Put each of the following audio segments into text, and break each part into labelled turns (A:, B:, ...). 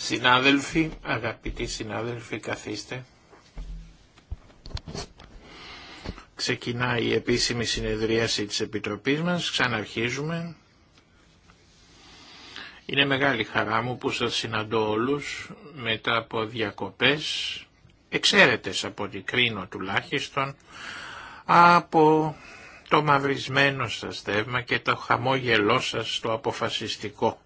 A: Συνάδελφοι, αγαπητοί συνάδελφοι, καθίστε. Ξεκινάει η επίσημη συνεδρίαση της Επιτροπής μας, ξαναρχίζουμε. Είναι μεγάλη χαρά μου που σας συναντώ όλους μετά από διακοπές εξαίρετες από ό,τι κρίνω τουλάχιστον από το μαυρισμένο σας στεύμα και το χαμόγελό σας το αποφασιστικό.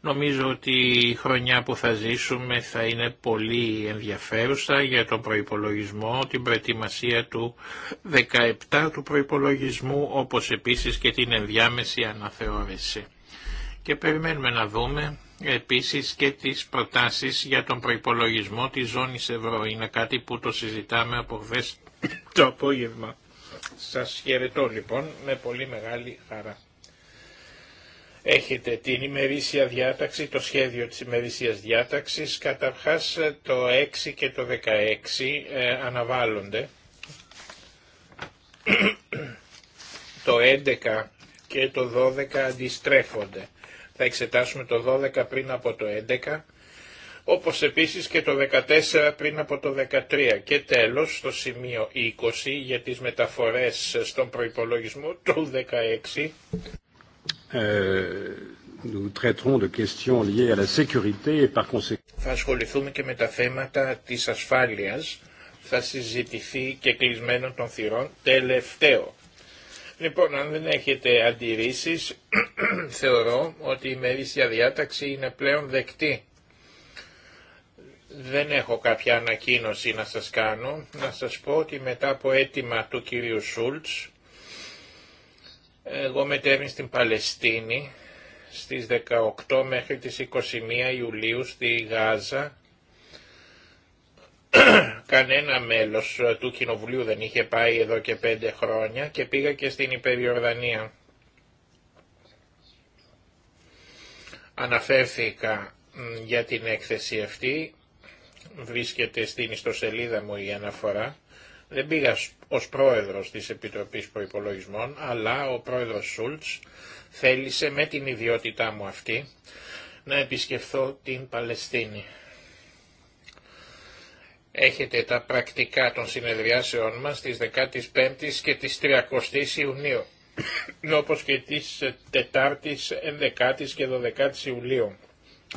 A: Νομίζω ότι η χρονιά που θα ζήσουμε θα είναι πολύ ενδιαφέρουσα για τον προϋπολογισμό, την προετοιμασία του 17 του προϋπολογισμού, όπως επίσης και την ενδιάμεση αναθεώρηση. Και περιμένουμε να δούμε Επίσης και τις προτάσεις για τον προϋπολογισμό της ζώνης ευρώ. Είναι κάτι που το συζητάμε από χθε το απόγευμα. Σας χαιρετώ λοιπόν με πολύ μεγάλη χαρά. Έχετε την ημερήσια διάταξη, το σχέδιο της ημερήσιας διάταξης. Καταρχάς το 6 και το 16 ε, αναβάλλονται. το 11 και το 12 αντιστρέφονται θα εξετάσουμε το 12 πριν από το 11, όπως επίσης και το 14 πριν από το 13. Και τέλος, στο σημείο 20 για τις μεταφορές στον προϋπολογισμό του 16. Ε, θα ασχοληθούμε και με τα θέματα της ασφάλειας. Θα συζητηθεί και κλεισμένο των θυρών τελευταίο Λοιπόν, αν δεν έχετε αντιρρήσεις, θεωρώ ότι η μερίσια διάταξη είναι πλέον δεκτή. Δεν έχω κάποια ανακοίνωση να σας κάνω. Να σας πω ότι μετά από αίτημα του κυρίου Σούλτς, εγώ μετέβη στην Παλαιστίνη στις 18 μέχρι τις 21 Ιουλίου στη Γάζα κανένα μέλος ε, του Κοινοβουλίου δεν είχε πάει εδώ και πέντε χρόνια και πήγα και στην Υπεριορδανία. Αναφέρθηκα για την έκθεση αυτή, βρίσκεται στην ιστοσελίδα μου η αναφορά. Δεν πήγα ως πρόεδρος της Επιτροπής Προϋπολογισμών, αλλά ο πρόεδρος Σούλτς θέλησε με την ιδιότητά μου αυτή να επισκεφθώ την Παλαιστίνη. Έχετε τα πρακτικά των συνεδριάσεών μας της 15ης και τις 30ης Ιουνίου, όπως και τις 4ης, 11ης και 12ης Ιουλίου.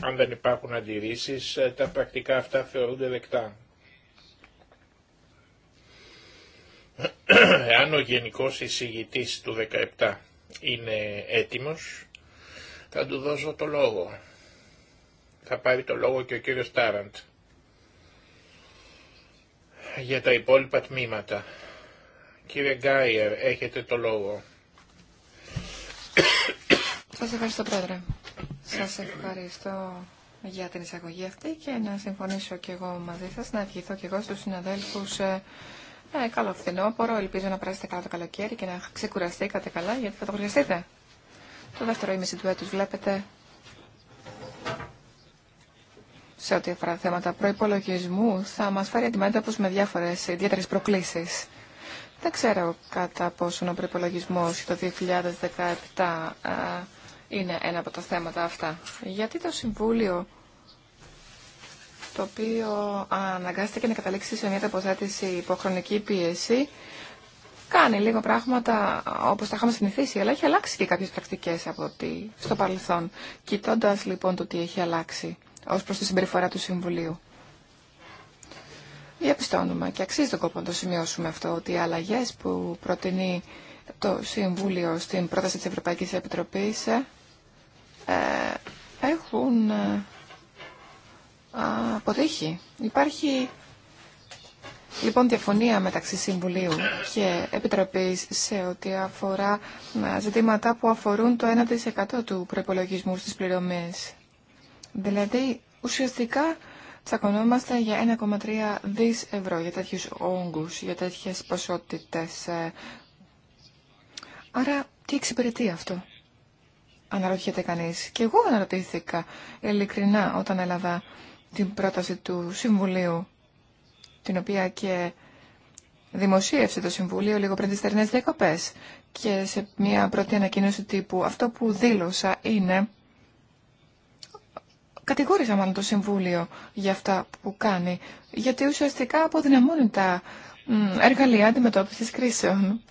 A: Αν δεν υπάρχουν αντιρρήσεις, τα πρακτικά αυτά θεωρούνται δεκτά. Εάν ο Γενικός Εισηγητής του 17 είναι έτοιμος, θα του δώσω το λόγο. Θα πάρει το λόγο και ο κύριος Τάραντ για τα υπόλοιπα τμήματα. Κύριε Γκάιερ, έχετε το λόγο.
B: Σας ευχαριστώ, Πρόεδρε. Σας ευχαριστώ για την εισαγωγή αυτή και να συμφωνήσω και εγώ μαζί σας, να ευχηθώ και εγώ στους συναδέλφους ε, ε, καλό φθινόπωρο, ελπίζω να περάσετε καλά το καλοκαίρι και να ξεκουραστήκατε καλά γιατί θα το χρειαστείτε. Το δεύτερο ήμιση του έτους βλέπετε σε ό,τι αφορά θέματα προπολογισμού θα μα φέρει αντιμέτωπους με διάφορε ιδιαίτερε προκλήσει. Δεν ξέρω κατά πόσο ο προπολογισμό το 2017 ε, είναι ένα από τα θέματα αυτά. Γιατί το Συμβούλιο το οποίο αναγκάστηκε να καταλήξει σε μια τοποθέτηση υποχρονική πίεση κάνει λίγο πράγματα όπω τα είχαμε συνηθίσει, αλλά έχει αλλάξει και κάποιε πρακτικέ στο παρελθόν. κοιτώντα λοιπόν το τι έχει αλλάξει, ως προς τη συμπεριφορά του Συμβουλίου. Διαπιστώνουμε και αξίζει τον κόπο να το σημειώσουμε αυτό ότι οι αλλαγές που προτείνει το Συμβούλιο στην πρόταση της Ευρωπαϊκής Επιτροπής ε, ε έχουν ε, αποτύχει. Υπάρχει λοιπόν διαφωνία μεταξύ Συμβουλίου και Επιτροπής σε ό,τι αφορά ε, ζητήματα που αφορούν το 1% του προϋπολογισμού στις πληρωμές. Δηλαδή ουσιαστικά τσακωνόμαστε για 1,3 δις ευρώ για τέτοιους όγκους, για τέτοιες ποσότητες. Ε. Άρα τι εξυπηρετεί αυτό, αναρωτιέται κανείς. Και εγώ αναρωτήθηκα ειλικρινά όταν έλαβα την πρόταση του Συμβουλίου, την οποία και δημοσίευσε το Συμβούλιο λίγο πριν τις θερινές διακοπές και σε μια πρώτη ανακοίνωση τύπου αυτό που δήλωσα είναι κατηγόρησα μάλλον το Συμβούλιο για αυτά που κάνει, γιατί ουσιαστικά αποδυναμώνει τα εργαλεία αντιμετώπιση κρίσεων,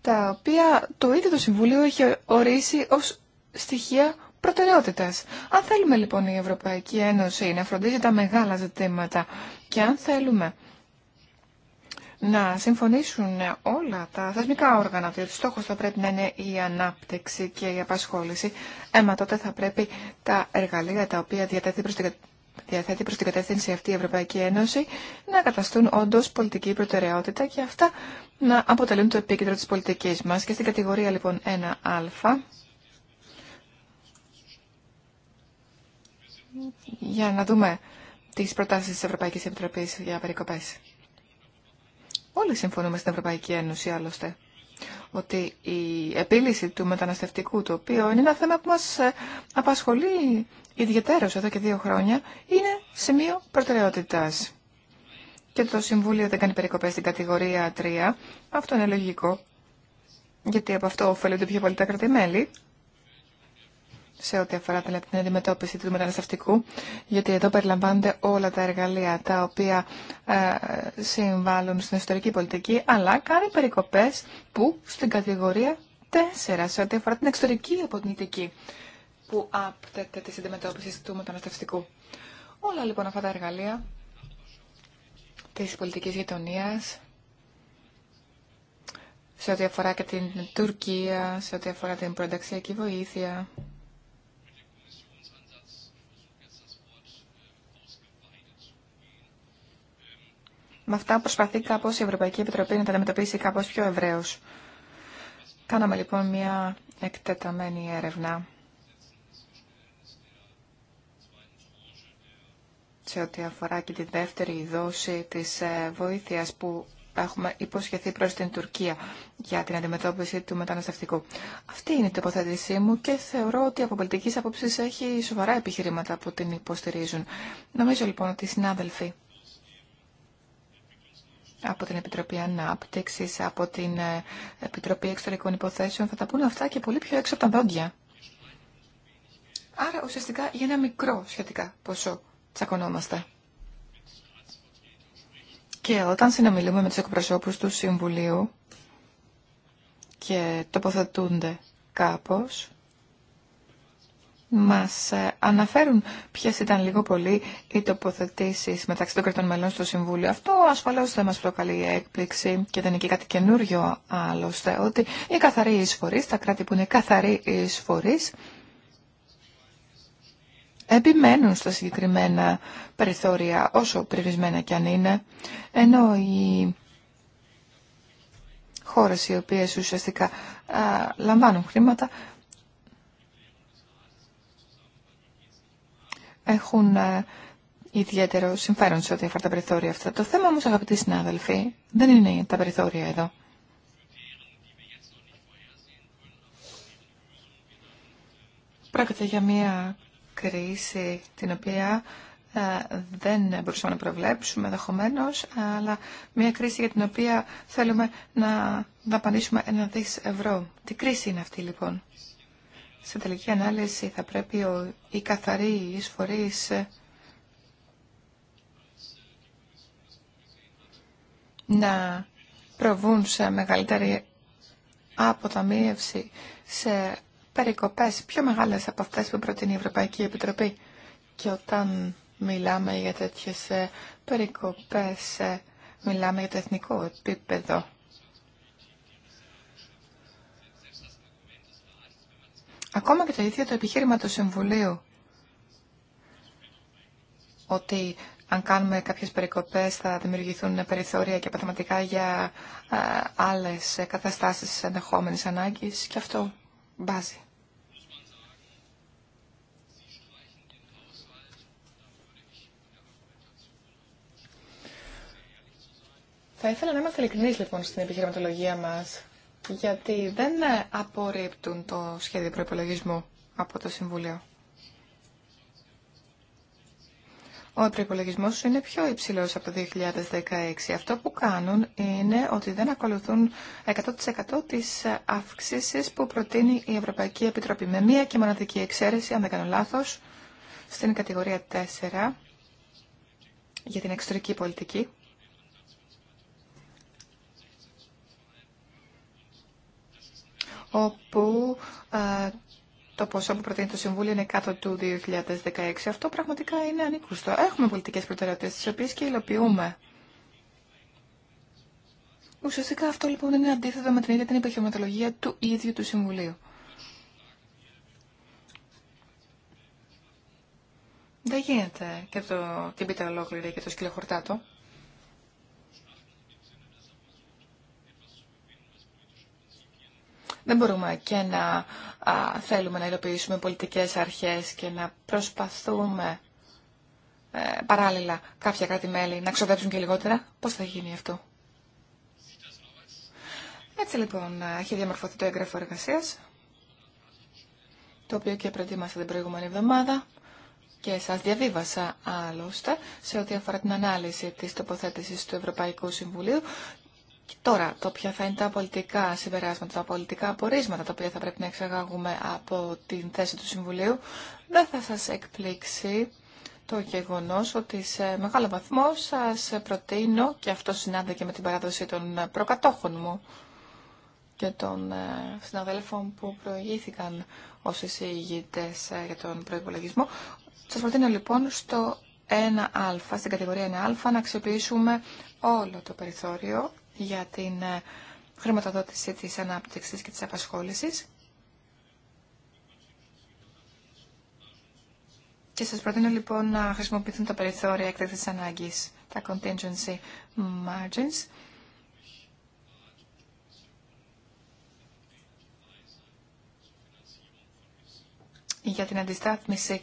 B: τα οποία το ίδιο το Συμβούλιο είχε ορίσει ως στοιχεία προτεραιότητας. Αν θέλουμε λοιπόν η Ευρωπαϊκή Ένωση να φροντίζει τα μεγάλα ζητήματα και αν θέλουμε να συμφωνήσουν όλα τα θεσμικά όργανα διότι ο στόχος θα πρέπει να είναι η ανάπτυξη και η απασχόληση. Έμα τότε θα πρέπει τα εργαλεία τα οποία διαθέτει προς την διαθέτει προς την κατεύθυνση αυτή η Ευρωπαϊκή Ένωση να καταστούν όντως πολιτική προτεραιότητα και αυτά να αποτελούν το επίκεντρο της πολιτικής μας. Και στην κατηγορία λοιπόν 1α για να δούμε τις προτάσεις της Ευρωπαϊκής Επιτροπής για περικοπές. Όλοι συμφωνούμε στην Ευρωπαϊκή Ένωση άλλωστε ότι η επίλυση του μεταναστευτικού, το είναι ένα θέμα που μας ε, απασχολεί ιδιαιτέρως εδώ και δύο χρόνια, είναι σημείο προτεραιότητας. Και το Συμβούλιο δεν κάνει περικοπές στην κατηγορία 3. Αυτό είναι λογικό, γιατί από αυτό ωφελούνται πιο πολύ τα κρατημέλη, σε ό,τι αφορά την αντιμετώπιση του μεταναστευτικού, γιατί εδώ περιλαμβάνονται όλα τα εργαλεία τα οποία ε, συμβάλλουν στην ιστορική πολιτική, αλλά κάνει περικοπές που στην κατηγορία 4, σε ό,τι αφορά την εξωτερική αποδυνητική που άπτεται της αντιμετώπιση του μεταναστευτικού. Όλα λοιπόν αυτά τα εργαλεία της πολιτικής γειτονίας, σε ό,τι αφορά και την Τουρκία, σε ό,τι αφορά την προενταξιακή βοήθεια, με αυτά προσπαθεί κάπω η Ευρωπαϊκή Επιτροπή να τα αντιμετωπίσει κάπως πιο ευρέως. Κάναμε λοιπόν μια εκτεταμένη έρευνα σε ό,τι αφορά και τη δεύτερη δόση της ε, βοήθειας που έχουμε υποσχεθεί προς την Τουρκία για την αντιμετώπιση του μεταναστευτικού. Αυτή είναι η τοποθέτησή μου και θεωρώ ότι από πολιτική άποψη έχει σοβαρά επιχειρήματα που την υποστηρίζουν. Νομίζω λοιπόν ότι οι συνάδελφοι από την Επιτροπή ανάπτυξη, από την ε, Επιτροπή Εξωτερικών Υποθέσεων, θα τα πούνε αυτά και πολύ πιο έξω από τα δόντια. Άρα ουσιαστικά για ένα μικρό σχετικά ποσό τσακωνόμαστε. Και όταν συνομιλούμε με τους εκπροσώπους του Συμβουλίου και τοποθετούνται κάπως, μας ε, αναφέρουν ποιες ήταν λίγο πολύ οι τοποθετήσεις μεταξύ των κρατών μελών στο Συμβούλιο. Αυτό ασφαλώς δεν μας προκαλεί έκπληξη και δεν είναι και κάτι καινούριο άλλωστε, ότι οι καθαροί εισφορείς, τα κράτη που είναι καθαροί εισφορείς, επιμένουν στα συγκεκριμένα περιθώρια, όσο περιορισμένα κι αν είναι, ενώ οι χώρες οι οποίες ουσιαστικά λαμβάνουν χρήματα έχουν ε, ιδιαίτερο συμφέρον σε ό,τι αφορά τα περιθώρια αυτά. Το θέμα όμως, αγαπητοί συνάδελφοι, δεν είναι τα περιθώρια εδώ. Πρόκειται για μια κρίση την οποία ε, δεν μπορούσαμε να προβλέψουμε ενδεχομένω, αλλά μια κρίση για την οποία θέλουμε να δαπανίσουμε ένα δις ευρώ. Τι κρίση είναι αυτή λοιπόν σε τελική ανάλυση θα πρέπει ο, οι καθαροί εισφορείς ε, να προβούν σε μεγαλύτερη αποταμίευση, σε περικοπές πιο μεγάλες από αυτές που προτείνει η Ευρωπαϊκή Επιτροπή. Και όταν μιλάμε για τέτοιες ε, περικοπές, ε, μιλάμε για το εθνικό επίπεδο. Ακόμα και το ίδιο το επιχείρημα του Συμβουλίου ότι αν κάνουμε κάποιες περικοπές θα δημιουργηθούν περιθώρια και παθηματικά για άλλε άλλες καταστάσεις ενδεχόμενης ανάγκης και αυτό μπάζει. Θα ήθελα να είμαστε ειλικρινείς λοιπόν στην επιχειρηματολογία μας γιατί δεν απορρίπτουν το σχέδιο προϋπολογισμού από το Συμβουλίο. Ο προπολογισμό είναι πιο υψηλός από το 2016. Αυτό που κάνουν είναι ότι δεν ακολουθούν 100% τις αυξήσεις που προτείνει η Ευρωπαϊκή Επιτροπή. Με μία και μοναδική εξαίρεση, αν δεν κάνω λάθος, στην κατηγορία 4 για την εξωτερική πολιτική. όπου το ποσό που προτείνει το Συμβούλιο είναι κάτω του 2016. Αυτό πραγματικά είναι ανήκουστο. Έχουμε πολιτικές προτεραιότητες, τις οποίες και υλοποιούμε. Ουσιαστικά αυτό λοιπόν είναι αντίθετο με την ίδια την επιχειρηματολογία του ίδιου του Συμβουλίου. Δεν γίνεται και το, την ολόκληρη και το σκυλοχορτάτο. Δεν μπορούμε και να θέλουμε να υλοποιήσουμε πολιτικές αρχές και να προσπαθούμε ε, παράλληλα κάποια κράτη-μέλη να ξοδέψουν και λιγότερα. Πώς θα γίνει αυτό. Έτσι λοιπόν έχει διαμορφωθεί το έγγραφο εργασία, το οποίο και προετοίμασα την προηγούμενη εβδομάδα και σας διαβίβασα άλλωστε σε ό,τι αφορά την ανάλυση της τοποθέτησης του Ευρωπαϊκού Συμβουλίου και τώρα, το ποια θα είναι τα πολιτικά συμπεράσματα, τα πολιτικά απορίσματα τα οποία θα πρέπει να εξαγάγουμε από την θέση του Συμβουλίου, δεν θα σας εκπλήξει το γεγονός ότι σε μεγάλο βαθμό σας προτείνω, και αυτό συνάντηκε και με την παράδοση των προκατόχων μου και των ε, συναδέλφων που προηγήθηκαν ως εισηγητές ε, για τον προϋπολογισμό, σας προτείνω λοιπόν στο 1α, στην κατηγορία 1α να αξιοποιήσουμε όλο το περιθώριο για την ε, χρηματοδότηση της ανάπτυξης και της απασχόλησης. Και σας προτείνω λοιπόν να χρησιμοποιηθούν τα περιθώρια έκτακτης ανάγκης, τα contingency margins. για την αντιστάθμιση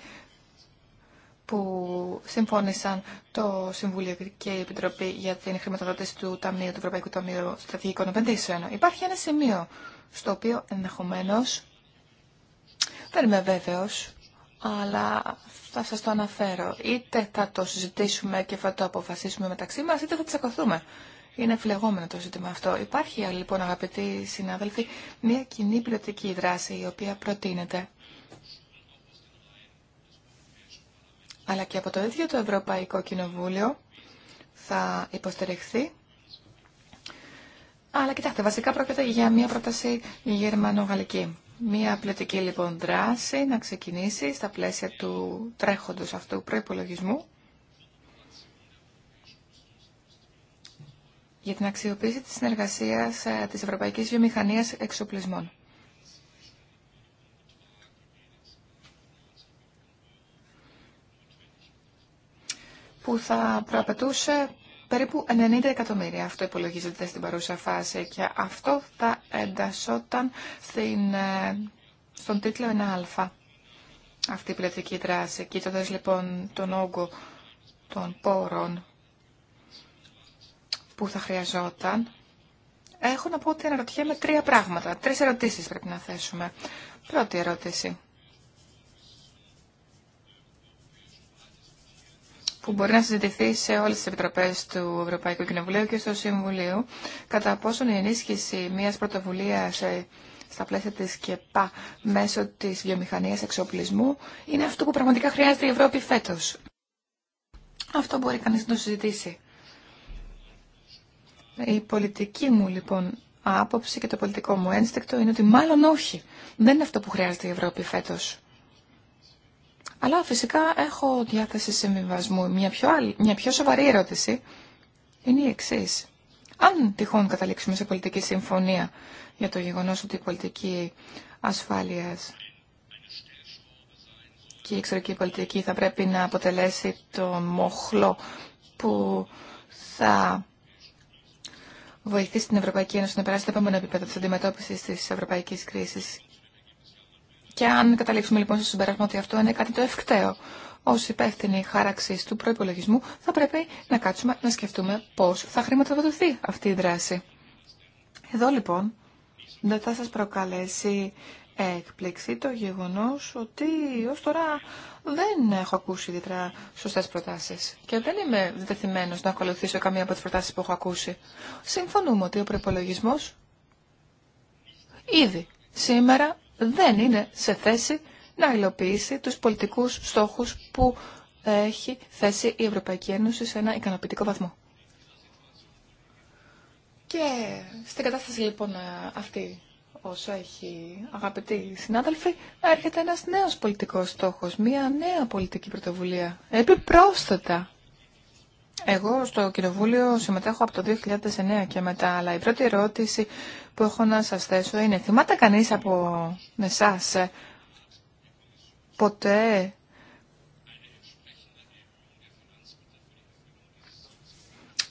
B: που συμφώνησαν το Συμβούλιο και η Επιτροπή για την χρηματοδότηση του Ταμείου, του Ευρωπαϊκού Ταμείου Στρατηγικών Επενδύσεων. Υπάρχει ένα σημείο στο οποίο ενδεχομένω δεν είμαι βέβαιο, αλλά θα σα το αναφέρω. Είτε θα το συζητήσουμε και θα το αποφασίσουμε μεταξύ μα, είτε θα τσακωθούμε. Είναι φλεγόμενο το ζήτημα αυτό. Υπάρχει λοιπόν, αγαπητοί συνάδελφοι, μια κοινή πιλωτική δράση η οποία προτείνεται αλλά και από το ίδιο το Ευρωπαϊκό Κοινοβούλιο θα υποστηριχθεί. Αλλά κοιτάξτε, βασικά πρόκειται για μια πρόταση γερμανογαλλική. Μια πλειοτική λοιπόν δράση να ξεκινήσει στα πλαίσια του τρέχοντος αυτού προϋπολογισμού για την αξιοποίηση της συνεργασίας ε, της Ευρωπαϊκής Βιομηχανίας Εξοπλισμών. που θα προαπαιτούσε περίπου 90 εκατομμύρια. Αυτό υπολογίζεται στην παρούσα φάση και αυτό θα εντασσόταν ε, στον τίτλο 1α. Αυτή η πιλωτική δράση, κοίτοντας λοιπόν τον όγκο των πόρων που θα χρειαζόταν, έχω να πω ότι αναρωτιέμαι τρία πράγματα. Τρεις ερωτήσεις πρέπει να θέσουμε. Πρώτη ερώτηση. που μπορεί να συζητηθεί σε όλε τι επιτροπέ του Ευρωπαϊκού Κοινοβουλίου και στο Συμβουλίο κατά πόσον η ενίσχυση μιας πρωτοβουλίας ε, στα πλαίσια της ΚΕΠΑ μέσω της βιομηχανίας εξοπλισμού είναι αυτό που πραγματικά χρειάζεται η Ευρώπη φέτος. Αυτό μπορεί κανείς να το συζητήσει. Η πολιτική μου λοιπόν άποψη και το πολιτικό μου ένστικτο είναι ότι μάλλον όχι. Δεν είναι αυτό που χρειάζεται η Ευρώπη φέτος. Αλλά φυσικά έχω διάθεση συμβιβασμού. Μια πιο, άλλη, μια πιο σοβαρή ερώτηση είναι η εξή. Αν τυχόν καταλήξουμε σε πολιτική συμφωνία για το γεγονός ότι η πολιτική ασφάλειας και η εξωτερική πολιτική θα πρέπει να αποτελέσει το μοχλό που θα βοηθήσει την Ευρωπαϊκή Ένωση να περάσει το επόμενο επίπεδο της αντιμετώπισης της ευρωπαϊκής κρίσης και αν καταλήξουμε λοιπόν στο συμπέρασμα ότι αυτό είναι κάτι το ευκταίο ω υπεύθυνη χάραξη του προπολογισμού, θα πρέπει να κάτσουμε να σκεφτούμε πώ θα χρηματοδοτηθεί αυτή η δράση. Εδώ λοιπόν δεν θα σας προκαλέσει έκπληξη το γεγονός ότι ως τώρα δεν έχω ακούσει ιδιαίτερα σωστές προτάσεις και δεν είμαι δεθυμένος να ακολουθήσω καμία από τις προτάσεις που έχω ακούσει. Συμφωνούμε ότι ο προπολογισμό ήδη σήμερα δεν είναι σε θέση να υλοποιήσει τους πολιτικούς στόχους που έχει θέσει η Ευρωπαϊκή Ένωση σε ένα ικανοποιητικό βαθμό. Και στην κατάσταση λοιπόν αυτή όσο έχει αγαπητοί συνάδελφοι, έρχεται ένας νέος πολιτικός στόχος, μία νέα πολιτική πρωτοβουλία, επιπρόσθετα εγώ στο Κοινοβούλιο συμμετέχω από το 2009 και μετά, αλλά η πρώτη ερώτηση που έχω να σας θέσω είναι θυμάται κανείς από εσάς ποτέ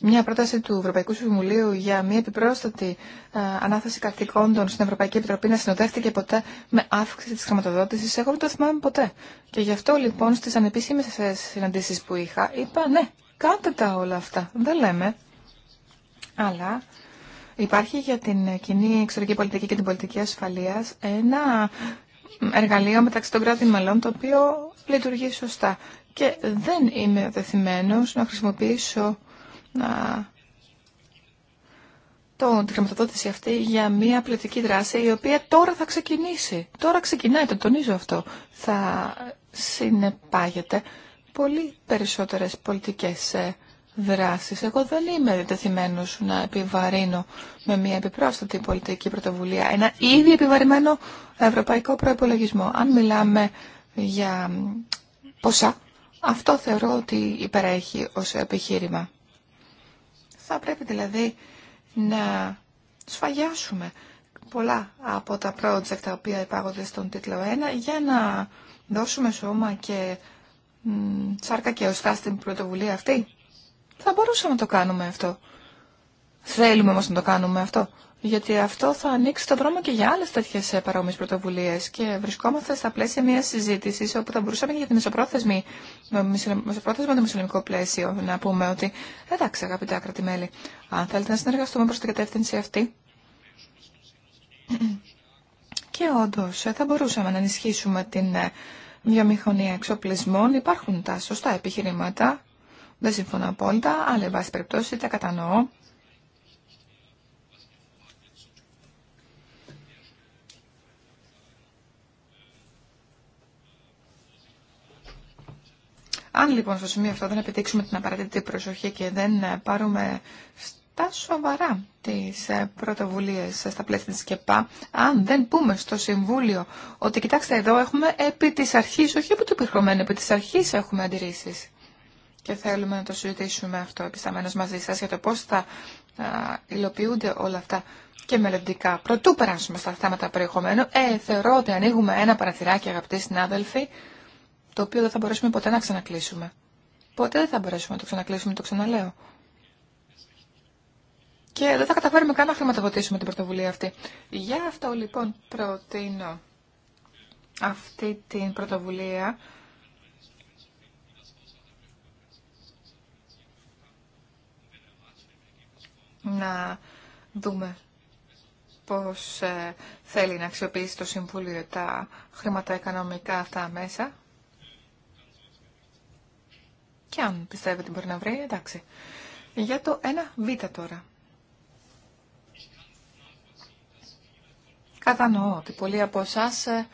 B: μια πρόταση του Ευρωπαϊκού Συμβουλίου για μια επιπρόσθετη ε, ανάθεση καθηκόντων στην Ευρωπαϊκή Επιτροπή να συνοδεύτηκε ποτέ με αύξηση της χρηματοδότησης. Εγώ δεν το θυμάμαι ποτέ. Και γι' αυτό λοιπόν στις ανεπίσημες συναντήσεις που είχα είπα ναι, Κάντε τα όλα αυτά. Δεν λέμε. Αλλά υπάρχει για την κοινή εξωτερική πολιτική και την πολιτική ασφαλείας ένα εργαλείο μεταξύ των κρατών μελών το οποίο λειτουργεί σωστά. Και δεν είμαι δεθειμένος να χρησιμοποιήσω να... Το, τη χρηματοδότηση αυτή για μια πολιτική δράση η οποία τώρα θα ξεκινήσει. Τώρα ξεκινάει, το τονίζω αυτό. Θα συνεπάγεται πολύ περισσότερες πολιτικές ε, δράσεις. Εγώ δεν είμαι διτεθειμένος να επιβαρύνω με μια επιπρόσθετη πολιτική πρωτοβουλία ένα ήδη επιβαρημένο ευρωπαϊκό προϋπολογισμό. Αν μιλάμε για ποσά, αυτό θεωρώ ότι υπερέχει ως επιχείρημα. Θα πρέπει δηλαδή να σφαγιάσουμε πολλά από τα project τα οποία υπάγονται στον τίτλο 1 για να δώσουμε σώμα και σάρκα και οστά στην πρωτοβουλία αυτή. Θα μπορούσαμε να το κάνουμε αυτό. Θέλουμε όμως να το κάνουμε αυτό. Γιατί αυτό θα ανοίξει το δρόμο και για άλλε τέτοιε παρόμοιε πρωτοβουλίε. Και βρισκόμαστε στα πλαίσια μια συζήτηση όπου θα μπορούσαμε και για τη μεσοπρόθεσμη, μεσοπρόθεσμο το μεσολυμικό πλαίσιο να πούμε ότι εντάξει αγαπητά κρατημέλη, αν θέλετε να συνεργαστούμε προ την κατεύθυνση αυτή. Και όντω ε, θα μπορούσαμε να ενισχύσουμε την ε, βιομηχανία εξοπλισμών υπάρχουν τα σωστά επιχειρήματα. Δεν συμφωνώ απόλυτα, αλλά εν περιπτώσει τα κατανοώ. Αν λοιπόν στο σημείο αυτό δεν επιτύξουμε την απαραίτητη προσοχή και δεν ε, πάρουμε σοβαρά τις ε, πρωτοβουλίες στα πλαίσια της ΚΕΠΑ, αν δεν πούμε στο Συμβούλιο ότι κοιτάξτε εδώ έχουμε επί της αρχής, όχι επί του υπηρχομένο επί της αρχής έχουμε αντιρρήσεις. Και θέλουμε να το συζητήσουμε αυτό επισταμένως μαζί σας για το πώς θα α, υλοποιούνται όλα αυτά και μελλοντικά. Προτού περάσουμε στα θέματα περιεχομένου, ε, θεωρώ ότι ανοίγουμε ένα παραθυράκι αγαπητοί συνάδελφοι, το οποίο δεν θα μπορέσουμε ποτέ να ξανακλείσουμε. Ποτέ δεν θα μπορέσουμε να το ξανακλείσουμε, το ξαναλέω και δεν θα καταφέρουμε καν να χρηματοδοτήσουμε την πρωτοβουλία αυτή. Για αυτό λοιπόν προτείνω αυτή την πρωτοβουλία να δούμε πώς ε, θέλει να αξιοποιήσει το Συμβούλιο τα χρήματα οικονομικά αυτά μέσα. Και αν πιστεύετε μπορεί να βρει, εντάξει. Για το 1β τώρα. Κατανοώ ότι πολλοί από εσά ε,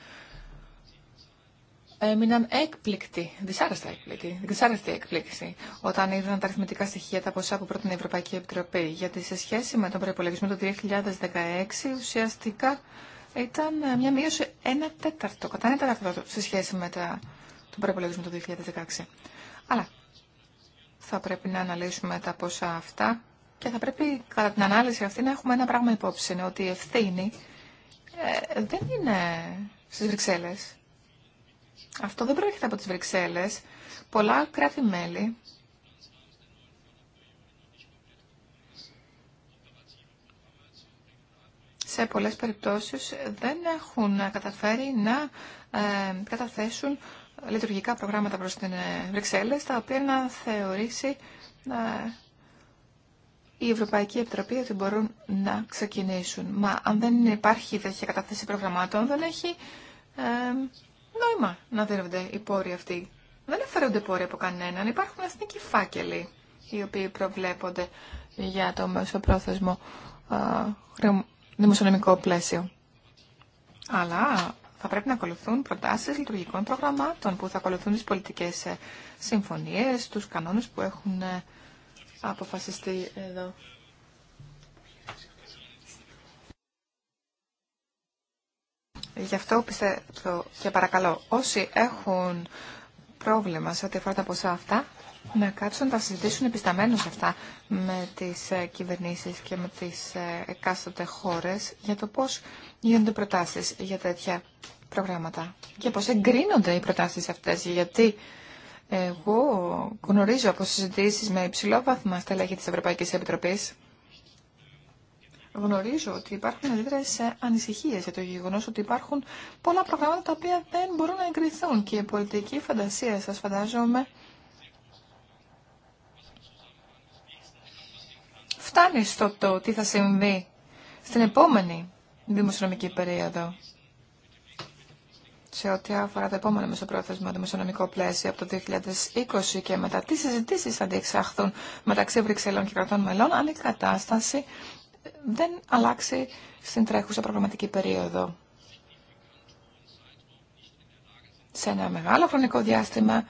B: έμειναν έκπληκτοι, δυσάρεστα έκπληκτοι, δυσάρεστη έκπληξη, όταν είδαν τα αριθμητικά στοιχεία, τα ποσά που πρότεινε η Ευρωπαϊκή Επιτροπή. Γιατί σε σχέση με τον προπολογισμό του 2016, ουσιαστικά ήταν ε, μια μείωση 1 τέταρτο, κατά 1 τέταρτο σε σχέση με τα, τον προπολογισμό του 2016. Αλλά θα πρέπει να αναλύσουμε τα ποσά αυτά και θα πρέπει κατά την ανάλυση αυτή να έχουμε ένα πράγμα υπόψη, ότι η ευθύνη ε, δεν είναι στις Βρυξέλλες. Αυτό δεν προέρχεται από τι Βρυξέλλες. Πολλά κράτη-μέλη σε πολλές περιπτώσεις δεν έχουν καταφέρει να ε, καταθέσουν λειτουργικά προγράμματα προς την ε, Βρυξέλλες, τα οποία να θεωρήσει η Ευρωπαϊκή Επιτροπή ότι μπορούν να ξεκινήσουν. Μα αν δεν υπάρχει τέτοια κατάθεση προγραμμάτων, δεν έχει νόημα να δίνονται οι πόροι αυτοί. Δεν αφαιρούνται πόροι από κανέναν. Υπάρχουν εθνικοί φάκελοι οι οποίοι προβλέπονται για το μεσοπρόθεσμο ε, δημοσιονομικό πλαίσιο. Αλλά θα πρέπει να ακολουθούν προτάσεις λειτουργικών προγραμμάτων που θα ακολουθούν τις πολιτικές ε, συμφωνίες, τους κανόνες που έχουν ε, αποφασιστεί εδώ. Γι' αυτό πιστεύω και παρακαλώ όσοι έχουν πρόβλημα σε ό,τι αφορά τα ποσά αυτά, να κάτσουν να συζητήσουν επισταμένως αυτά με τις ε, κυβερνήσεις και με τις ε, εκάστοτε χώρες για το πώς γίνονται προτάσεις για τέτοια προγράμματα και πώς εγκρίνονται οι προτάσεις αυτές, γιατί εγώ γνωρίζω από συζητήσει με υψηλό βαθμό στελέχη της Ευρωπαϊκής Επιτροπής γνωρίζω ότι υπάρχουν ιδιαίτερε ανησυχίε για το γεγονό ότι υπάρχουν πολλά προγράμματα τα οποία δεν μπορούν να εγκριθούν και η πολιτική φαντασία σας φαντάζομαι φτάνει στο το τι θα συμβεί στην επόμενη δημοσιονομική περίοδο σε ό,τι αφορά το επόμενο μεσοπρόθεσμο μεσονομικό πλαίσιο από το 2020 και μετά, τι συζητήσει θα διεξαχθούν μεταξύ Βρυξελών και κρατών μελών, αν η κατάσταση δεν αλλάξει στην τρέχουσα προγραμματική περίοδο. Σε ένα μεγάλο χρονικό διάστημα,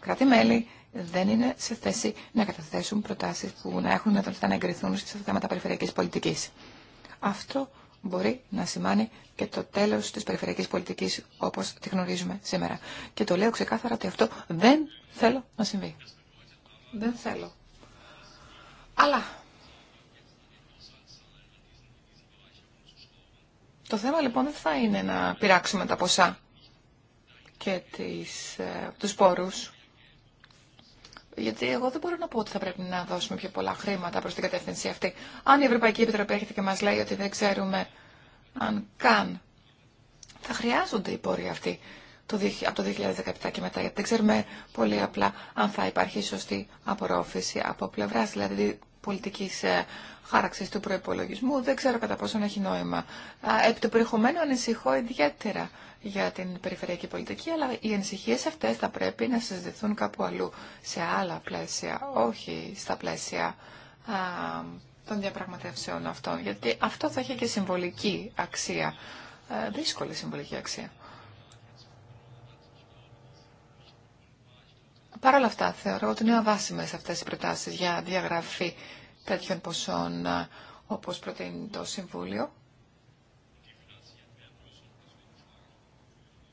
B: κράτη-μέλη δεν είναι σε θέση να καταθέσουν προτάσεις που να έχουν δυνατότητα να εγκριθούν σε θέματα περιφερειακής πολιτικής. Αυτό μπορεί να σημάνει και το τέλο της περιφερειακή πολιτική, όπω τη γνωρίζουμε σήμερα. Και το λέω ξεκάθαρα ότι αυτό δεν θέλω να συμβεί. Δεν θέλω. Αλλά το θέμα λοιπόν δεν θα είναι να πειράξουμε τα ποσά και τις, ε, τους πόρους γιατί εγώ δεν μπορώ να πω ότι θα πρέπει να δώσουμε πιο πολλά χρήματα προς την κατεύθυνση αυτή. Αν η Ευρωπαϊκή Επιτροπή έρχεται και μας λέει ότι δεν ξέρουμε αν καν θα χρειάζονται οι πόροι αυτοί από το 2017 και μετά, γιατί δεν ξέρουμε πολύ απλά αν θα υπάρχει σωστή απορρόφηση από πλευρά. δηλαδή πολιτικής ε, χάραξης του προπολογισμού. Δεν ξέρω κατά πόσον έχει νόημα. Επί το περιεχομένου ανησυχώ ιδιαίτερα για την περιφερειακή πολιτική, αλλά οι ανησυχίες αυτές θα πρέπει να συζητηθούν κάπου αλλού, σε άλλα πλαίσια, όχι στα πλαίσια των διαπραγματεύσεων αυτών, γιατί αυτό θα έχει και συμβολική αξία, ε, δύσκολη συμβολική αξία. Παρ' όλα αυτά, θεωρώ ότι είναι αβάσιμες αυτές οι προτάσεις για διαγραφή τέτοιων ποσών όπως προτείνει το Συμβούλιο.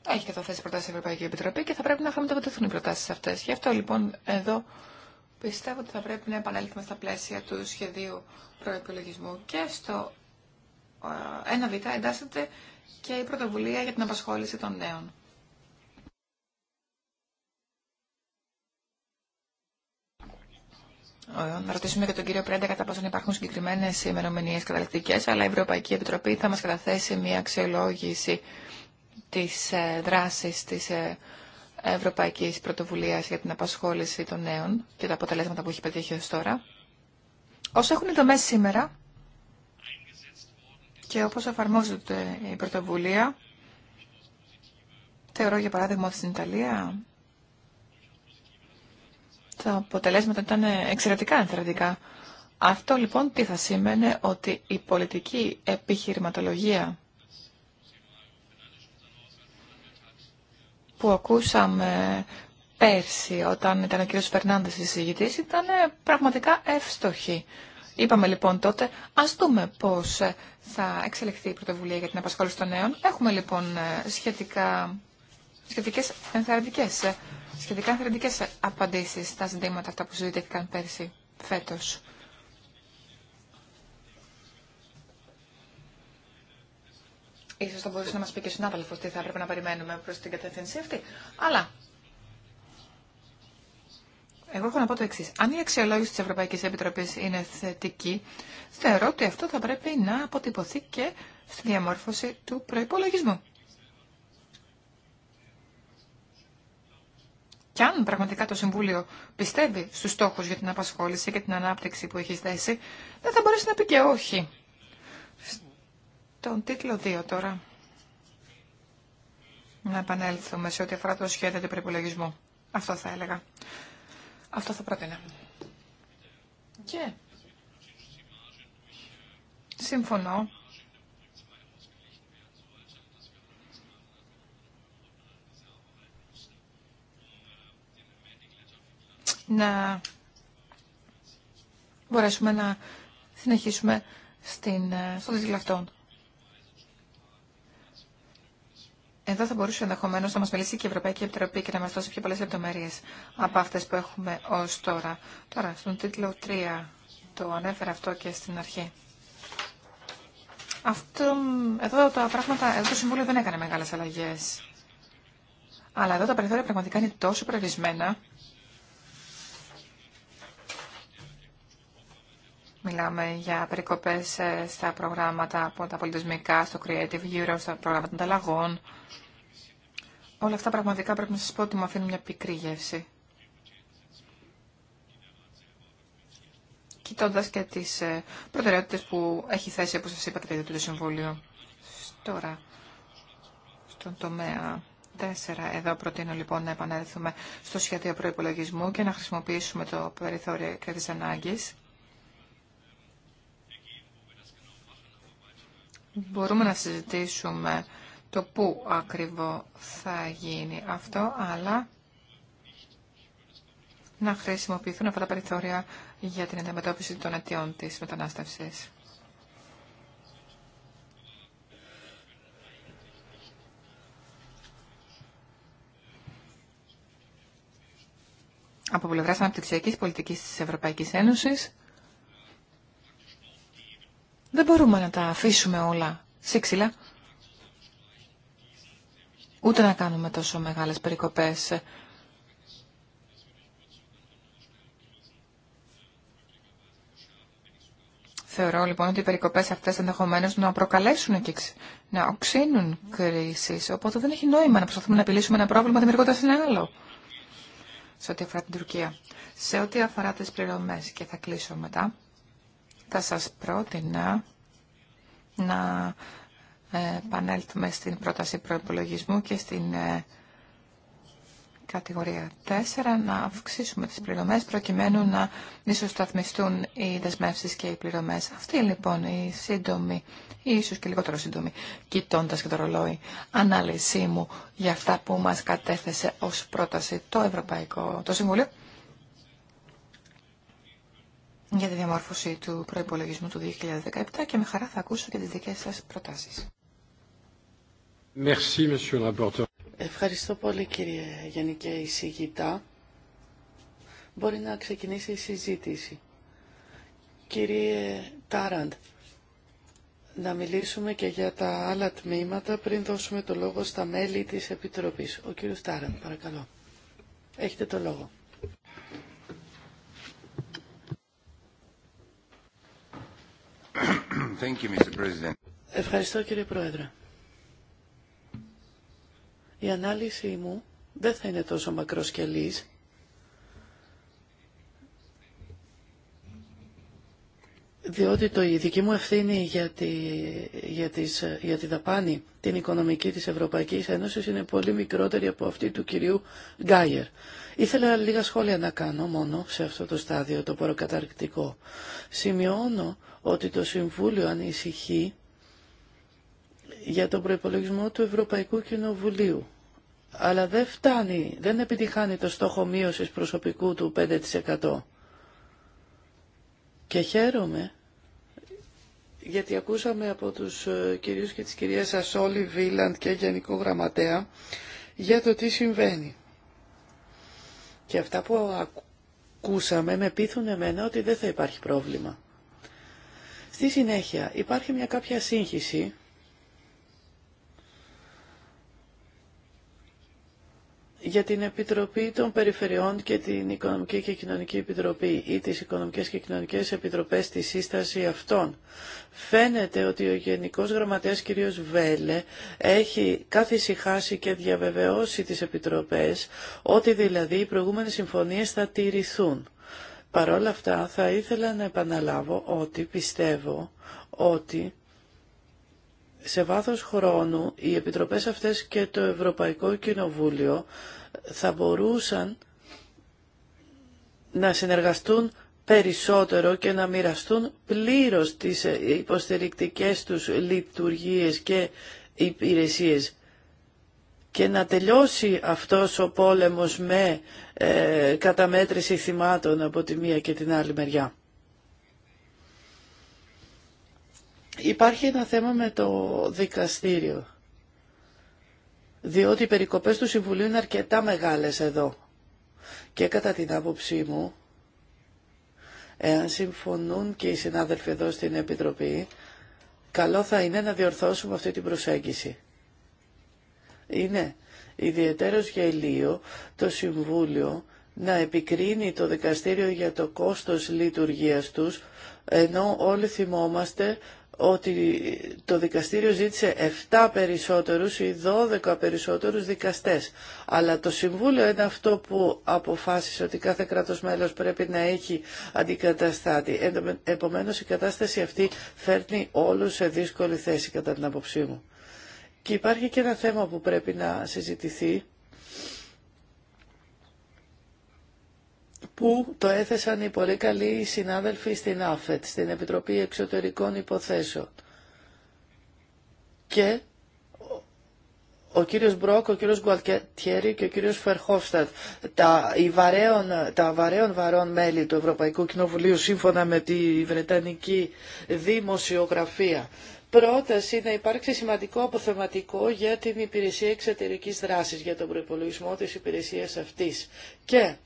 B: Έχει καταθέσει προτάσει η Ευρωπαϊκή Επιτροπή και θα πρέπει να χρηματοδοτηθούν οι προτάσει αυτέ. Γι' αυτό λοιπόν εδώ πιστεύω ότι θα πρέπει να επανέλθουμε στα πλαίσια του σχεδίου προεπιλογισμού. και στο 1β εντάσσεται και η πρωτοβουλία για την απασχόληση των νέων. να ε, ρωτήσουμε και τον κύριο Πρέντα κατά πόσο υπάρχουν συγκεκριμένε ημερομηνίε καταληκτικέ, αλλά η Ευρωπαϊκή Επιτροπή θα μα καταθέσει μια αξιολόγηση τη ε, δράση τη ε, Ευρωπαϊκή Πρωτοβουλία για την Απασχόληση των Νέων και τα αποτελέσματα που έχει πετύχει ω τώρα. Όσο έχουν οι δομέ σήμερα και όπω εφαρμόζεται η πρωτοβουλία, θεωρώ για παράδειγμα ότι στην Ιταλία τα αποτελέσματα ήταν εξαιρετικά ενθαρρυντικά. Αυτό λοιπόν τι θα σήμαινε ότι η πολιτική επιχειρηματολογία που ακούσαμε πέρσι όταν ήταν ο κ. η εισηγητής ήταν πραγματικά εύστοχη. Είπαμε λοιπόν τότε, ας δούμε πώς θα εξελιχθεί η πρωτοβουλία για την απασχόληση των νέων. Έχουμε λοιπόν σχετικά σχετικές ενθαρρυντικές, ε, σχετικά ενθαρρυντικές απαντήσεις στα ζητήματα αυτά που συζητήθηκαν πέρσι φέτος. Ίσως θα μπορούσε να μας πει και ο συνάδελφος τι θα έπρεπε να περιμένουμε προς την κατεύθυνση αυτή. Αλλά εγώ έχω να πω το εξή. Αν η αξιολόγηση τη Ευρωπαϊκή Επιτροπή είναι θετική, θεωρώ ότι αυτό θα πρέπει να αποτυπωθεί και στη διαμόρφωση του προπολογισμού. Και αν πραγματικά το Συμβούλιο πιστεύει στους στόχους για την απασχόληση και την ανάπτυξη που έχει θέσει, δεν θα μπορέσει να πει και όχι. Στον τίτλο 2 τώρα. Να επανέλθουμε σε ό,τι αφορά το σχέδιο του προπολογισμού. Αυτό θα έλεγα. Αυτό θα πρότεινα.
C: Και συμφωνώ
B: να μπορέσουμε να συνεχίσουμε στην, ε, στο Εδώ θα μπορούσε ενδεχομένω να μα μιλήσει και η Ευρωπαϊκή Επιτροπή και να μα δώσει πιο πολλέ λεπτομέρειε από αυτέ που έχουμε ω τώρα. Τώρα, στον τίτλο 3, το ανέφερα αυτό και στην αρχή. Αυτό, εδώ τα πράγματα, εδώ το Συμβούλιο δεν έκανε μεγάλε αλλαγέ. Αλλά εδώ τα περιθώρια πραγματικά είναι τόσο περιορισμένα Μιλάμε για περικοπές ε, στα προγράμματα από τα πολιτισμικά, στο Creative Euro, στα προγράμματα ανταλλαγών. Όλα αυτά πραγματικά πρέπει να σας πω ότι μου αφήνουν μια πικρή γεύση. Κοιτώντα και τις ε, προτεραιότητες που έχει θέσει, όπως σας είπα, και το Συμβούλιο. Τώρα, στον τομέα 4. Εδώ προτείνω λοιπόν να επανέλθουμε στο σχέδιο προϋπολογισμού και να χρησιμοποιήσουμε το περιθώριο και ανάγκης. Μπορούμε να συζητήσουμε το πού ακριβώς θα γίνει αυτό, αλλά να χρησιμοποιηθούν αυτά τα περιθώρια για την αντιμετώπιση των αιτιών της μετανάστευσης. Από πλευρά αναπτυξιακή πολιτική τη Ευρωπαϊκή Ένωση, δεν μπορούμε να τα αφήσουμε όλα σύξυλα. Ούτε να κάνουμε τόσο μεγάλες περικοπές. Θεωρώ λοιπόν ότι οι περικοπές αυτές ενδεχομένω να προκαλέσουν και να οξύνουν κρίσεις. Οπότε δεν έχει νόημα να προσπαθούμε να επιλύσουμε ένα πρόβλημα δημιουργώντας ένα άλλο. Σε ό,τι αφορά την Τουρκία. Σε ό,τι αφορά τις πληρωμές και θα κλείσω μετά θα σας πρότεινα να ε, επανέλθουμε στην πρόταση προπολογισμού και στην ε, κατηγορία 4 να αυξήσουμε τις πληρωμές προκειμένου να ισοσταθμιστούν οι δεσμεύσει και οι πληρωμές. Αυτή λοιπόν η σύντομη ή ίσως και λιγότερο σύντομη κοιτώντα και το ρολόι ανάλυση μου για αυτά που μας κατέθεσε ως πρόταση το Ευρωπαϊκό Συμβούλιο για τη διαμόρφωση του προϋπολογισμού του 2017 και με χαρά θα ακούσω
D: και τις δικές σας προτάσεις. Ευχαριστώ πολύ κύριε Γενική Εισηγητά. Μπορεί να ξεκινήσει η συζήτηση. Κύριε Τάραντ, να μιλήσουμε και για τα άλλα τμήματα πριν δώσουμε το λόγο στα μέλη της Επιτροπής. Ο κύριος Τάραντ, παρακαλώ. Έχετε το λόγο. Ευχαριστώ κύριε Πρόεδρε. Η ανάλυση μου δεν θα είναι τόσο μακροσκελής. Διότι το, η δική μου ευθύνη για τη, για, τη δαπάνη, την οικονομική της Ευρωπαϊκής Ένωσης είναι πολύ μικρότερη από αυτή του κυρίου Γκάιερ. Ήθελα λίγα σχόλια να κάνω μόνο σε αυτό το στάδιο, το προκαταρκτικό. Σημειώνω ότι το Συμβούλιο ανησυχεί για τον προϋπολογισμό του Ευρωπαϊκού Κοινοβουλίου. Αλλά δεν φτάνει, δεν επιτυχάνει το στόχο μείωσης προσωπικού του 5%. Και χαίρομαι, γιατί ακούσαμε από τους ε, κυρίους και τις κυρίες σας όλοι, Βίλαντ και Γενικό Γραμματέα, για το τι συμβαίνει. Και αυτά που ακούσαμε με πείθουν εμένα ότι δεν θα υπάρχει πρόβλημα. Στη συνέχεια υπάρχει μια κάποια σύγχυση για την Επιτροπή των Περιφερειών και την Οικονομική και Κοινωνική Επιτροπή ή τις Οικονομικές και Κοινωνικές Επιτροπές στη σύσταση αυτών. Φαίνεται ότι ο Γενικός Γραμματέας κ. Βέλε έχει καθησυχάσει και διαβεβαιώσει τις Επιτροπές ότι δηλαδή οι προηγούμενες συμφωνίες θα τηρηθούν. Παρ' όλα αυτά θα ήθελα να επαναλάβω ότι πιστεύω ότι σε βάθος χρόνου οι επιτροπές αυτές και το Ευρωπαϊκό Κοινοβούλιο θα μπορούσαν να συνεργαστούν περισσότερο και να μοιραστούν πλήρως τις υποστηρικτικές τους λειτουργίες και υπηρεσίες και να τελειώσει αυτός ο πόλεμος με ε, καταμέτρηση θυμάτων από τη μία και την άλλη μεριά. Υπάρχει ένα θέμα με το δικαστήριο, διότι οι περικοπές του Συμβουλίου είναι αρκετά μεγάλες εδώ. Και κατά την άποψή μου, εάν συμφωνούν και οι συνάδελφοι εδώ στην Επιτροπή, καλό θα είναι να διορθώσουμε αυτή την προσέγγιση είναι ιδιαίτερος γελίο το Συμβούλιο να επικρίνει το δικαστήριο για το κόστος λειτουργίας τους, ενώ όλοι θυμόμαστε ότι το δικαστήριο ζήτησε 7 περισσότερους ή 12 περισσότερους δικαστές. Αλλά το Συμβούλιο είναι αυτό που αποφάσισε ότι κάθε κράτος μέλος πρέπει να έχει αντικαταστάτη. Επομένως η κατάσταση αυτή φέρνει όλους σε δύσκολη θέση κατά την άποψή μου. Και υπάρχει και ένα θέμα που πρέπει να συζητηθεί, που το έθεσαν οι πολύ καλοί συνάδελφοι στην ΑΦΕΤ, στην Επιτροπή Εξωτερικών Υποθέσεων. Και ο κύριος Μπρόκ, ο κύριος Γκουαλτιέρη και ο κύριος Φερχόφστατ, τα, τα βαρέων βαρών μέλη του Ευρωπαϊκού Κοινοβουλίου σύμφωνα με τη Βρετανική Δημοσιογραφία πρόταση να υπάρξει σημαντικό αποθεματικό για την υπηρεσία εξωτερικής δράσης, για τον προπολογισμό της υπηρεσίας αυτής. Και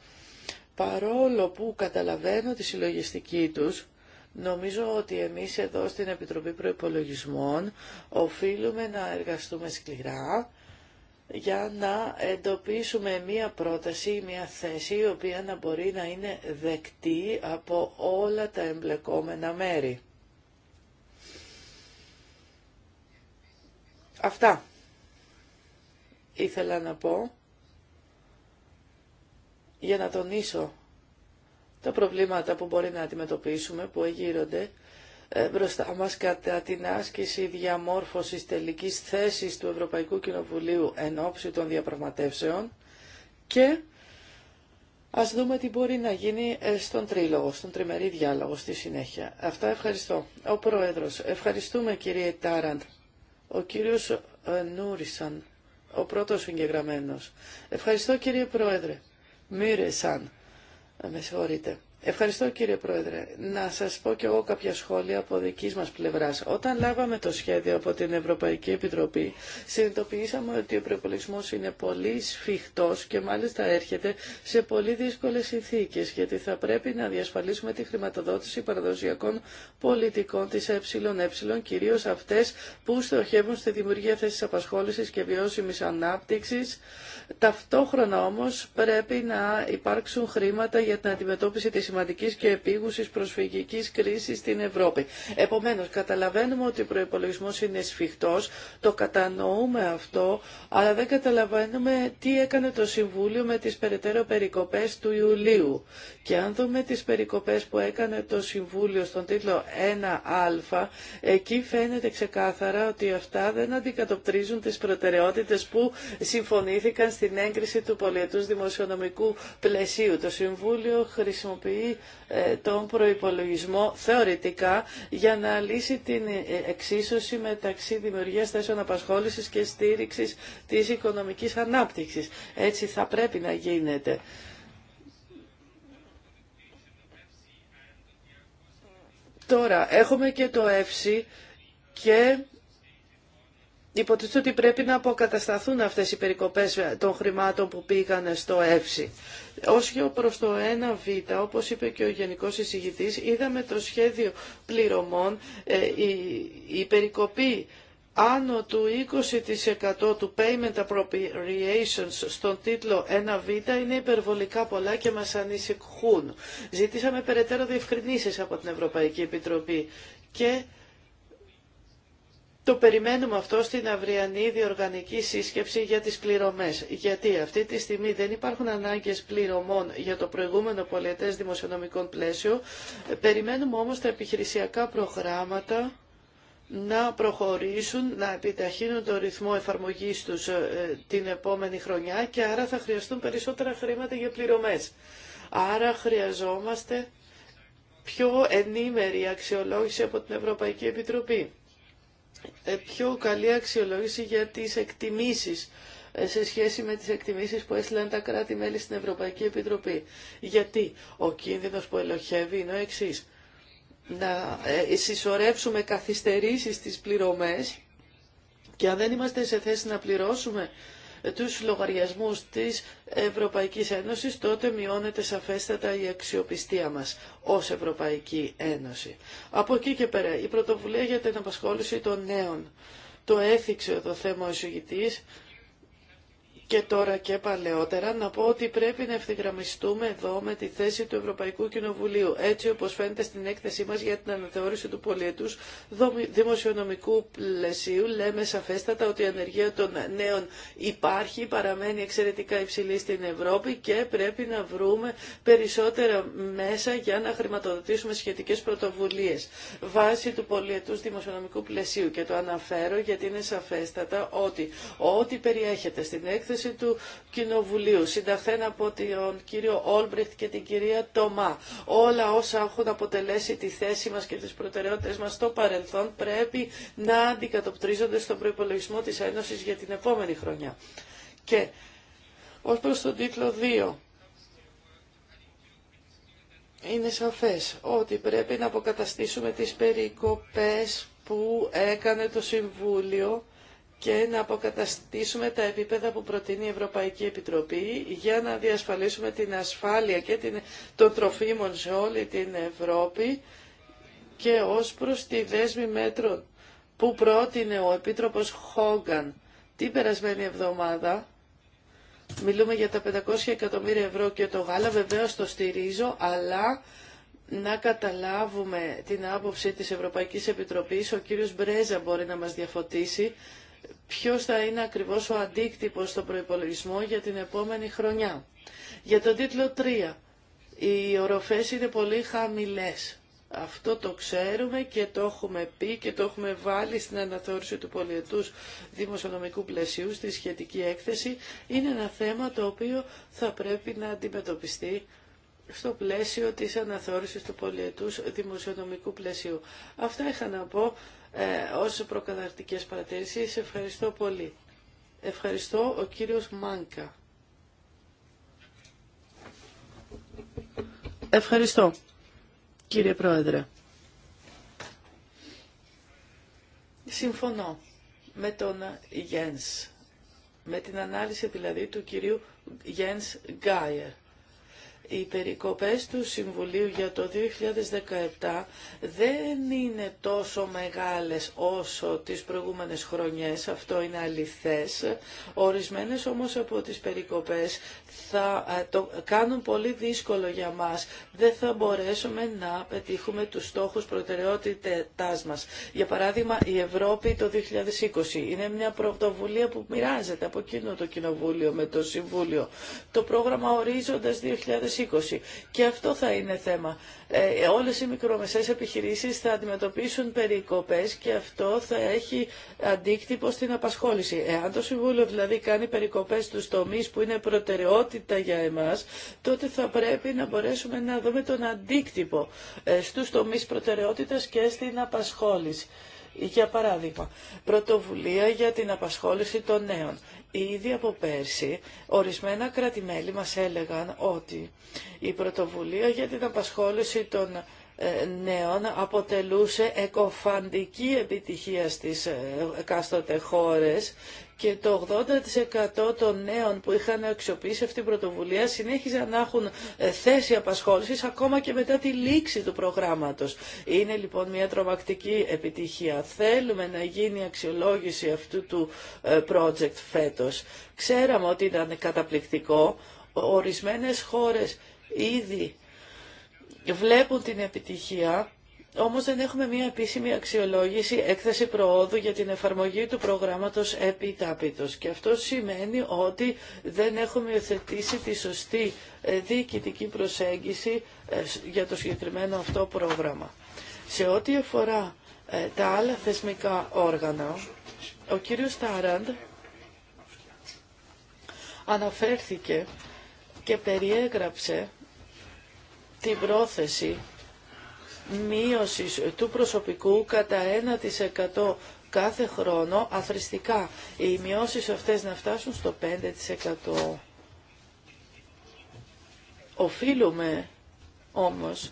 D: παρόλο που καταλαβαίνω τη συλλογιστική τους, Νομίζω ότι εμείς εδώ στην Επιτροπή Προϋπολογισμών οφείλουμε να εργαστούμε σκληρά για να εντοπίσουμε μία πρόταση ή μία θέση η οποία να μπορεί να είναι δεκτή από όλα τα εμπλεκόμενα μέρη. Αυτά ήθελα να πω για να τονίσω τα προβλήματα που μπορεί να αντιμετωπίσουμε, που εγείρονται ε, μπροστά μας κατά την άσκηση διαμόρφωσης τελικής θέσης του Ευρωπαϊκού Κοινοβουλίου εν ώψη των διαπραγματεύσεων και ας δούμε τι μπορεί να γίνει ε, στον τρίλογο, στον τριμερή διάλογο στη συνέχεια. Αυτά ευχαριστώ. Ο Πρόεδρος, ευχαριστούμε κύριε Τάραντ ο κύριος ε, Νούρισαν, ο πρώτος εγγεγραμμένος. Ευχαριστώ κύριε Πρόεδρε. Μύρεσαν, ε, με συγχωρείτε. Ευχαριστώ κύριε Πρόεδρε. Να σας πω κι εγώ κάποια σχόλια από δικής μας πλευράς. Όταν λάβαμε το σχέδιο από την Ευρωπαϊκή Επιτροπή, συνειδητοποιήσαμε ότι ο προπολογισμό είναι πολύ σφιχτός και μάλιστα έρχεται σε πολύ δύσκολες συνθήκες, γιατί θα πρέπει να διασφαλίσουμε τη χρηματοδότηση παραδοσιακών πολιτικών της ΕΕ, κυρίως αυτές που στοχεύουν στη δημιουργία θέσης απασχόλησης και βιώσιμης ανάπτυξης. Ταυτόχρονα όμως πρέπει να υπάρξουν χρήματα για την αντιμετώπιση σημαντικής και επίγουσης προσφυγικής κρίσης στην Ευρώπη. Επομένως, καταλαβαίνουμε ότι ο προϋπολογισμός είναι σφιχτός, το κατανοούμε αυτό, αλλά δεν καταλαβαίνουμε τι έκανε το Συμβούλιο με τις περαιτέρω περικοπές του Ιουλίου. Και αν δούμε τις περικοπές που έκανε το Συμβούλιο στον τίτλο 1α, εκεί φαίνεται ξεκάθαρα ότι αυτά δεν αντικατοπτρίζουν τις προτεραιότητες που συμφωνήθηκαν στην έγκριση του πολιετούς δημοσιονομικού πλαισίου. Το Συμβούλιο χρησιμοποιεί ε, τον προϋπολογισμό θεωρητικά για να λύσει την ε, εξίσωση μεταξύ δημιουργίας θέσεων απασχόλησης και στήριξης της οικονομικής ανάπτυξης. Έτσι θα πρέπει να γίνεται. Τώρα, έχουμε και το ΕΦΣΥ και Υποτίθεται ότι πρέπει να αποκατασταθούν αυτές οι περικοπές των χρημάτων που πήγαν στο ΕΦΣΙ. και προς το 1Β, όπως είπε και ο Γενικός Εισηγητής, είδαμε το σχέδιο πληρωμών, ε, η, η περικοπή άνω του 20% του Payment Appropriations στον τίτλο 1Β είναι υπερβολικά πολλά και μας ανησυχούν. Ζήτησαμε περαιτέρω διευκρινήσεις από την Ευρωπαϊκή Επιτροπή και το περιμένουμε αυτό στην αυριανή διοργανική σύσκεψη για τις πληρωμές. Γιατί αυτή τη στιγμή δεν υπάρχουν ανάγκες πληρωμών για το προηγούμενο πολιετές δημοσιονομικό πλαίσιο. Περιμένουμε όμως τα επιχειρησιακά προγράμματα να προχωρήσουν, να επιταχύνουν το ρυθμό εφαρμογής τους ε, την επόμενη χρονιά και άρα θα χρειαστούν περισσότερα χρήματα για πληρωμές. Άρα χρειαζόμαστε πιο ενήμερη αξιολόγηση από την Ευρωπαϊκή Επιτροπή. Ε, πιο καλή αξιολόγηση για τις εκτιμήσεις ε, σε σχέση με τις εκτιμήσεις που έστειλαν τα κράτη-μέλη στην Ευρωπαϊκή Επιτροπή. Γιατί ο κίνδυνος που ελοχεύει είναι ο εξής. Να ε, συσσωρεύσουμε καθυστερήσεις στις πληρωμές και αν δεν είμαστε σε θέση να πληρώσουμε τους λογαριασμούς της Ευρωπαϊκής Ένωσης, τότε μειώνεται σαφέστατα η αξιοπιστία μας ως Ευρωπαϊκή Ένωση. Από εκεί και πέρα, η πρωτοβουλία για την απασχόληση των νέων. Το έθιξε το θέμα ο εισηγητής και τώρα και παλαιότερα να πω ότι πρέπει να ευθυγραμμιστούμε εδώ με τη θέση του Ευρωπαϊκού Κοινοβουλίου, έτσι όπως φαίνεται στην έκθεσή μας για την αναθεώρηση του πολιετούς δημοσιονομικού πλαισίου. Λέμε σαφέστατα ότι η ανεργία των νέων υπάρχει, παραμένει εξαιρετικά υψηλή στην Ευρώπη και πρέπει να βρούμε περισσότερα μέσα για να χρηματοδοτήσουμε σχετικές πρωτοβουλίες βάσει του πολιετούς δημοσιονομικού πλαισίου. Και το αναφέρω γιατί είναι σαφέστατα ότι ό,τι περιέχεται στην έκθεση του Κοινοβουλίου, συνταχθέν από τον κύριο Όλμπριχτ και την κυρία Τομά. Όλα όσα έχουν αποτελέσει τη θέση μας και τις προτεραιότητες μας στο παρελθόν πρέπει να αντικατοπτρίζονται στον προϋπολογισμό της Ένωσης για την επόμενη χρονιά. Και ως προς τον τίτλο 2, είναι σαφές ότι πρέπει να αποκαταστήσουμε τις περικοπές που έκανε το Συμβούλιο και να αποκαταστήσουμε τα επίπεδα που προτείνει η Ευρωπαϊκή Επιτροπή για να διασφαλίσουμε την ασφάλεια και την, των τροφίμων σε όλη την Ευρώπη και ως προς τη δέσμη μέτρων που πρότεινε ο Επίτροπος Χόγκαν την περασμένη εβδομάδα. Μιλούμε για τα 500 εκατομμύρια ευρώ και το γάλα βεβαίως το στηρίζω, αλλά να καταλάβουμε την άποψη της Ευρωπαϊκής Επιτροπής. Ο κύριος Μπρέζα μπορεί να μας διαφωτίσει ποιος θα είναι ακριβώς ο αντίκτυπος στον προϋπολογισμό για την επόμενη χρονιά. Για τον τίτλο 3, οι οροφές είναι πολύ χαμηλές. Αυτό το ξέρουμε και το έχουμε πει και το έχουμε βάλει στην αναθεώρηση του πολιετούς δημοσιονομικού πλαισίου στη σχετική έκθεση. Είναι ένα θέμα το οποίο θα πρέπει να αντιμετωπιστεί στο πλαίσιο της αναθεώρησης του πολιετούς δημοσιονομικού πλαισίου. Αυτά είχα να πω ε, ως προκαταρκτικές παρατηρήσεις. Ευχαριστώ πολύ. Ευχαριστώ ο κύριος Μάνκα. Ευχαριστώ, κύριε Πρόεδρε. Συμφωνώ με τον Γιένς, με την ανάλυση δηλαδή του κυρίου Γιένς Γκάιερ οι περικοπές του Συμβουλίου για το 2017 δεν είναι τόσο μεγάλες όσο τις προηγούμενες χρονιές, αυτό είναι αληθές. Ορισμένες όμως από τις περικοπές θα ε, το κάνουν πολύ δύσκολο για μας. Δεν θα μπορέσουμε να πετύχουμε τους στόχους προτεραιότητάς μας. Για παράδειγμα, η Ευρώπη το 2020 είναι μια πρωτοβουλία που μοιράζεται από εκείνο το Κοινοβούλιο με το Συμβούλιο. Το πρόγραμμα Ορίζοντας 2020 και αυτό θα είναι θέμα. Ε, όλες οι μικρομεσαίες επιχειρήσεις θα αντιμετωπίσουν περικοπές και αυτό θα έχει αντίκτυπο στην απασχόληση. Εάν το Συμβούλιο δηλαδή κάνει περικοπές στους τομείς που είναι προτεραιότητα για εμάς, τότε θα πρέπει να μπορέσουμε να δούμε τον αντίκτυπο ε, στους τομείς προτεραιότητας και στην απασχόληση. Για παράδειγμα, πρωτοβουλία για την απασχόληση των νέων. Ήδη από πέρσι, ορισμένα κρατημέλη μας έλεγαν ότι η πρωτοβουλία για την απασχόληση των ε, νέων αποτελούσε εκοφαντική επιτυχία στις ε, εκάστοτε χώρες και το 80% των νέων που είχαν αξιοποιήσει αυτή την πρωτοβουλία συνέχιζαν να έχουν ε, θέση απασχόλησης ακόμα και μετά τη λήξη του προγράμματος. Είναι λοιπόν μια τρομακτική επιτυχία. Θέλουμε να γίνει αξιολόγηση αυτού του ε, project φέτος. Ξέραμε ότι ήταν καταπληκτικό. Ορισμένες χώρες ήδη βλέπουν την επιτυχία όμως δεν έχουμε μία επίσημη αξιολόγηση, έκθεση προόδου για την εφαρμογή του προγράμματος επιτάπητος. Και αυτό σημαίνει ότι δεν έχουμε υιοθετήσει τη σωστή ε, διοικητική προσέγγιση ε, για το συγκεκριμένο αυτό πρόγραμμα. Σε ό,τι αφορά ε, τα άλλα θεσμικά όργανα, ο κύριος Τάραντ αναφέρθηκε και περιέγραψε την πρόθεση μείωσης του προσωπικού κατά 1% κάθε χρόνο αθρηστικά. Οι μειώσεις αυτές να φτάσουν στο 5%. Οφείλουμε όμως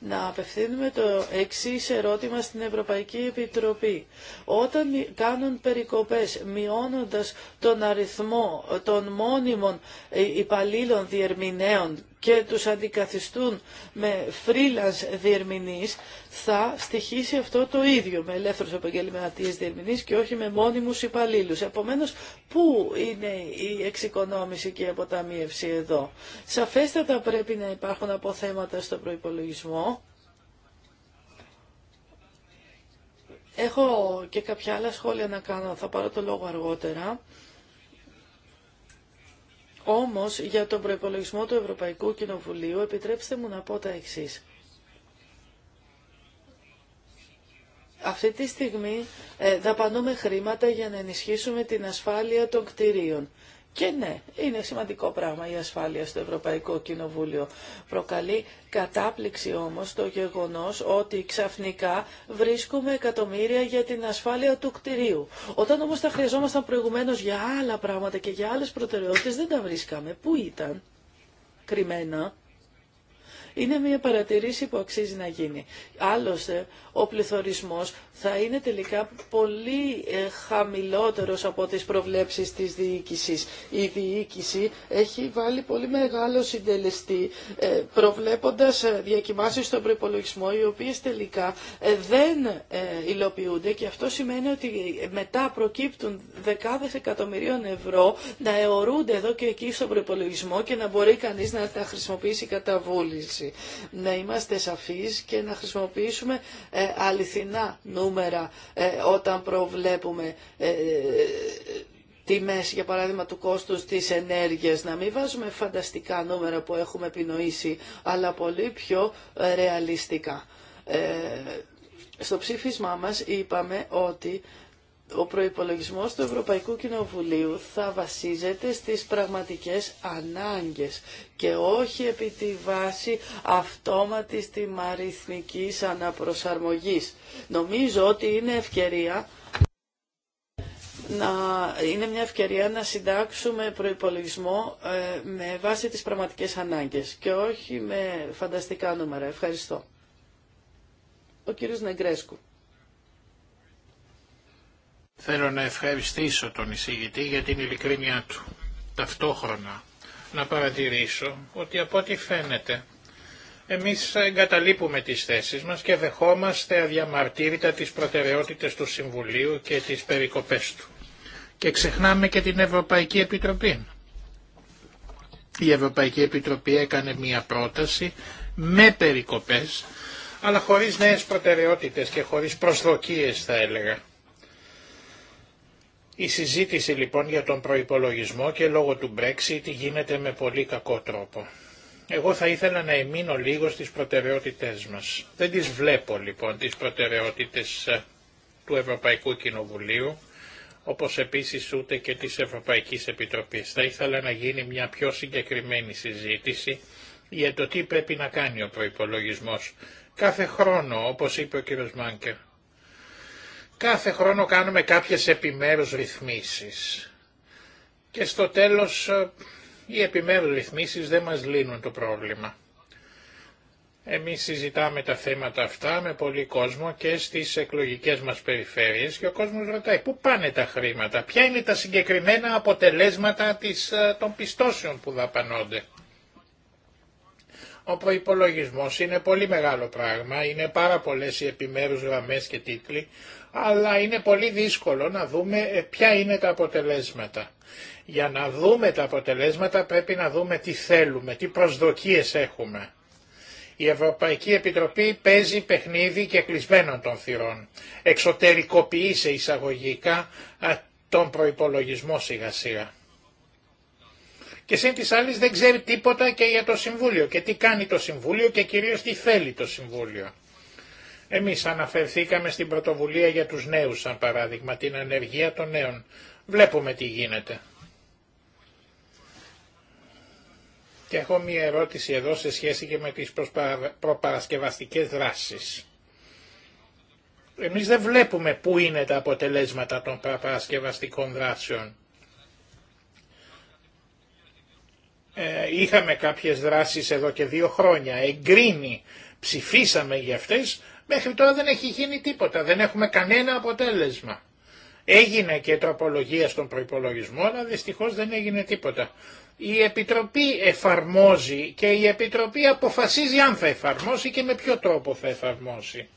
D: να απευθύνουμε το εξή ερώτημα στην Ευρωπαϊκή Επιτροπή. Όταν κάνουν περικοπές μειώνοντας τον αριθμό των μόνιμων ε, υπαλλήλων διερμηνέων και τους αντικαθιστούν με freelance διερμηνείς, θα στοιχήσει αυτό το ίδιο με ελεύθερους επαγγελματίες διερμηνείς και όχι με μόνιμους υπαλλήλους. Επομένως, πού είναι η εξοικονόμηση και η αποταμίευση εδώ. Σαφέστατα πρέπει να υπάρχουν αποθέματα στο προϋπολογισμό. Έχω και κάποια άλλα σχόλια να κάνω, θα πάρω το λόγο αργότερα. Όμως, για τον προϋπολογισμό του Ευρωπαϊκού Κοινοβουλίου, επιτρέψτε μου να πω τα εξής. Αυτή τη στιγμή ε, δαπανούμε χρήματα για να ενισχύσουμε την ασφάλεια των κτηρίων. Και ναι, είναι σημαντικό πράγμα η ασφάλεια στο Ευρωπαϊκό Κοινοβούλιο. Προκαλεί κατάπληξη όμως το γεγονός ότι ξαφνικά βρίσκουμε εκατομμύρια για την ασφάλεια του κτηρίου. Όταν όμως τα χρειαζόμασταν προηγουμένως για άλλα πράγματα και για άλλες προτεραιότητες δεν τα βρίσκαμε. Πού ήταν κρυμμένα είναι μια παρατηρήση που αξίζει να γίνει. Άλλωστε, ο πληθωρισμός θα είναι τελικά πολύ ε, χαμηλότερος από τις προβλέψεις της διοίκησης. Η διοίκηση έχει βάλει πολύ μεγάλο συντελεστή ε, προβλέποντας ε, διακοιμάσεις στον προπολογισμό οι οποίες τελικά δεν υλοποιούνται και αυτό σημαίνει ότι μετά προκύπτουν δεκάδες εκατομμυρίων ευρώ να αιωρούνται εδώ και εκεί στον προπολογισμό και να μπορεί κανείς να τα χρησιμοποιήσει κατά βούληση. Να είμαστε σαφείς και να χρησιμοποιήσουμε ε, αληθινά νούμερα ε, όταν προβλέπουμε ε, τιμές, για παράδειγμα, του κόστους της ενέργειας, να μην βάζουμε φανταστικά νούμερα που έχουμε επινοήσει, αλλά πολύ πιο ρεαλιστικά. Ε, στο ψήφισμά μας είπαμε ότι ο προϋπολογισμός του Ευρωπαϊκού Κοινοβουλίου θα βασίζεται στις πραγματικές ανάγκες και όχι επί τη βάση αυτόματης τιμαριθμικής αναπροσαρμογής. Νομίζω ότι είναι ευκαιρία να, είναι μια ευκαιρία να συντάξουμε προϋπολογισμό ε, με βάση τις πραγματικές ανάγκες και όχι με φανταστικά νούμερα. Ευχαριστώ. Ο κύριος Νεγκρέσκου.
A: Θέλω να ευχαριστήσω τον εισηγητή για την ειλικρίνειά του. Ταυτόχρονα να παρατηρήσω ότι από ό,τι φαίνεται εμείς εγκαταλείπουμε τις θέσεις μας και δεχόμαστε αδιαμαρτύρητα τις προτεραιότητες του Συμβουλίου και τις περικοπές του. Και ξεχνάμε και την Ευρωπαϊκή Επιτροπή. Η Ευρωπαϊκή Επιτροπή έκανε μία πρόταση με περικοπές, αλλά χωρίς νέες προτεραιότητες και χωρίς προσδοκίες θα έλεγα. Η συζήτηση λοιπόν για τον προϋπολογισμό και λόγω του Brexit γίνεται με πολύ κακό τρόπο. Εγώ θα ήθελα να εμείνω λίγο στις προτεραιότητές μας. Δεν τις βλέπω λοιπόν τις προτεραιότητες ε, του Ευρωπαϊκού Κοινοβουλίου, όπως επίσης ούτε και της Ευρωπαϊκής Επιτροπής. Θα ήθελα να γίνει μια πιο συγκεκριμένη συζήτηση για το τι πρέπει να κάνει ο προϋπολογισμός. Κάθε χρόνο, όπως είπε ο κ. Μάνκερ, Κάθε χρόνο κάνουμε κάποιες επιμέρους ρυθμίσεις και στο τέλος ε, οι επιμέρους ρυθμίσεις δεν μας λύνουν το πρόβλημα. Εμείς συζητάμε τα θέματα αυτά με πολύ κόσμο και στις εκλογικές μας περιφέρειες και ο κόσμος ρωτάει πού πάνε τα χρήματα, ποια είναι τα συγκεκριμένα αποτελέσματα της, ε, των πιστώσεων που δαπανώνται. Ο προϋπολογισμός είναι πολύ μεγάλο πράγμα, είναι πάρα πολλές οι επιμέρους γραμμές και τίτλοι αλλά είναι πολύ δύσκολο να δούμε ε, ποια είναι τα αποτελέσματα. Για να δούμε τα αποτελέσματα πρέπει να δούμε τι θέλουμε, τι προσδοκίες έχουμε. Η Ευρωπαϊκή Επιτροπή παίζει παιχνίδι και κλεισμένων των θυρών. Εξωτερικοποιεί σε εισαγωγικά τον προϋπολογισμό σιγά σιγά. Και σύν της άλλης δεν ξέρει τίποτα και για το Συμβούλιο και τι κάνει το Συμβούλιο και κυρίως τι θέλει το Συμβούλιο. Εμείς αναφερθήκαμε στην πρωτοβουλία για τους νέους, σαν παράδειγμα, την ανεργία των νέων. Βλέπουμε τι γίνεται. Και έχω μία ερώτηση εδώ σε σχέση και με τις προπαρασκευαστικές δράσεις. Εμείς δεν βλέπουμε πού είναι τα αποτελέσματα των προπαρασκευαστικών δράσεων. Ε, είχαμε κάποιες δράσεις εδώ και δύο χρόνια, εγκρίνει, ψηφίσαμε για αυτές, Μέχρι τώρα δεν έχει γίνει τίποτα, δεν έχουμε κανένα αποτέλεσμα. Έγινε και τροπολογία στον προϋπολογισμό, αλλά δυστυχώς δεν έγινε τίποτα. Η Επιτροπή εφαρμόζει και η Επιτροπή αποφασίζει αν θα εφαρμόσει και με ποιο τρόπο θα εφαρμόσει.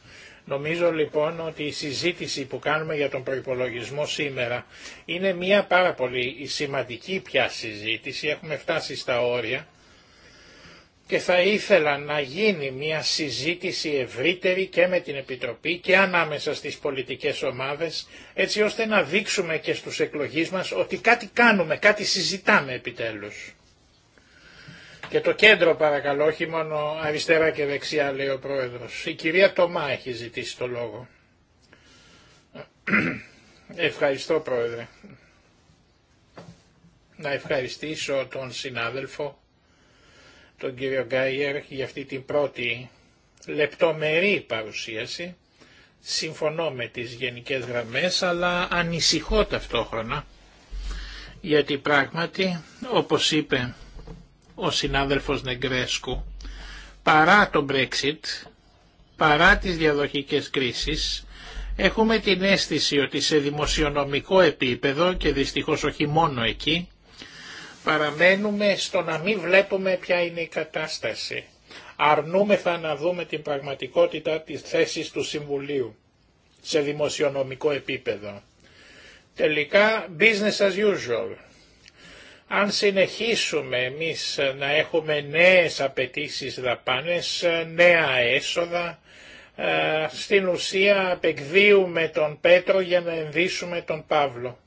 A: Νομίζω λοιπόν ότι η συζήτηση που κάνουμε για τον προϋπολογισμό σήμερα είναι μια πάρα πολύ σημαντική πια συζήτηση, έχουμε φτάσει στα όρια και θα ήθελα να γίνει μια συζήτηση ευρύτερη και με την Επιτροπή και ανάμεσα στις πολιτικές ομάδες έτσι ώστε να δείξουμε και στους εκλογείς μας ότι κάτι κάνουμε, κάτι συζητάμε επιτέλους. Και το κέντρο παρακαλώ, όχι μόνο αριστερά και δεξιά λέει ο Πρόεδρος. Η κυρία Τομά έχει ζητήσει το λόγο. Ευχαριστώ Πρόεδρε. Να ευχαριστήσω τον συνάδελφο τον κύριο Γκάιερ για αυτή την πρώτη λεπτομερή παρουσίαση. Συμφωνώ με τις γενικές γραμμές, αλλά ανησυχώ ταυτόχρονα, γιατί πράγματι, όπως είπε ο συνάδελφος Νεγκρέσκου, παρά το Brexit, παρά τις διαδοχικές κρίσεις, έχουμε την αίσθηση ότι σε δημοσιονομικό επίπεδο, και δυστυχώς όχι μόνο εκεί, παραμένουμε στο να μην βλέπουμε ποια είναι η κατάσταση. Αρνούμεθα να δούμε την πραγματικότητα της θέσης του Συμβουλίου σε δημοσιονομικό επίπεδο. Τελικά, business as usual. Αν συνεχίσουμε εμείς να έχουμε νέες απαιτήσει δαπάνες, νέα έσοδα, ε, στην ουσία απεκδίουμε τον Πέτρο για να ενδύσουμε τον Παύλο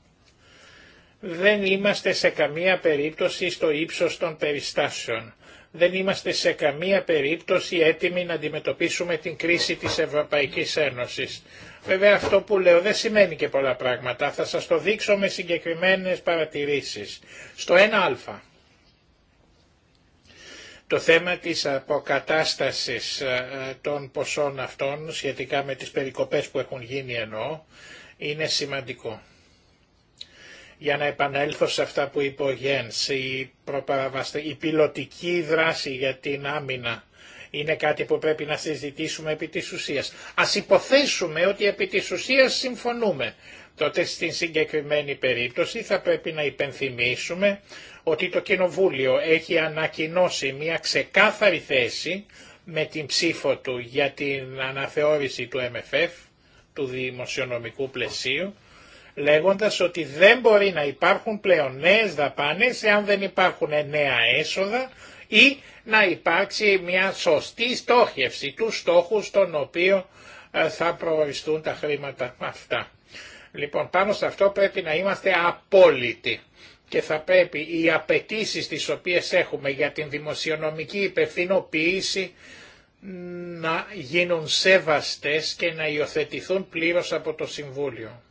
A: δεν είμαστε σε καμία περίπτωση στο ύψος των περιστάσεων. Δεν είμαστε σε καμία περίπτωση έτοιμοι να αντιμετωπίσουμε την κρίση της Ευρωπαϊκής Ένωσης. Βέβαια αυτό που λέω δεν σημαίνει και πολλά πράγματα. Θα σας το δείξω με συγκεκριμένες παρατηρήσεις. Στο 1α. Το θέμα της αποκατάστασης ε, των ποσών αυτών σχετικά με τις περικοπές που έχουν γίνει εννοώ είναι σημαντικό για να επανέλθω σε αυτά που είπε ο Γένς, η, η πιλωτική δράση για την άμυνα είναι κάτι που πρέπει να συζητήσουμε επί της ουσίας. Ας υποθέσουμε ότι επί της ουσίας συμφωνούμε. Τότε στην συγκεκριμένη περίπτωση θα πρέπει να υπενθυμίσουμε ότι το Κοινοβούλιο έχει ανακοινώσει μια ξεκάθαρη θέση με την ψήφο του για την αναθεώρηση του MFF, του δημοσιονομικού πλαισίου, λέγοντας ότι δεν μπορεί να υπάρχουν πλέον νέες δαπάνες εάν δεν υπάρχουν νέα έσοδα ή να υπάρξει μια σωστή στόχευση του στόχου στον οποίο ε, θα προοριστούν τα χρήματα αυτά. Λοιπόν, πάνω σε αυτό πρέπει να είμαστε απόλυτοι και θα πρέπει οι απαιτήσει τις οποίες έχουμε για την δημοσιονομική υπευθυνοποίηση να γίνουν σεβαστές και να υιοθετηθούν πλήρως από το Συμβούλιο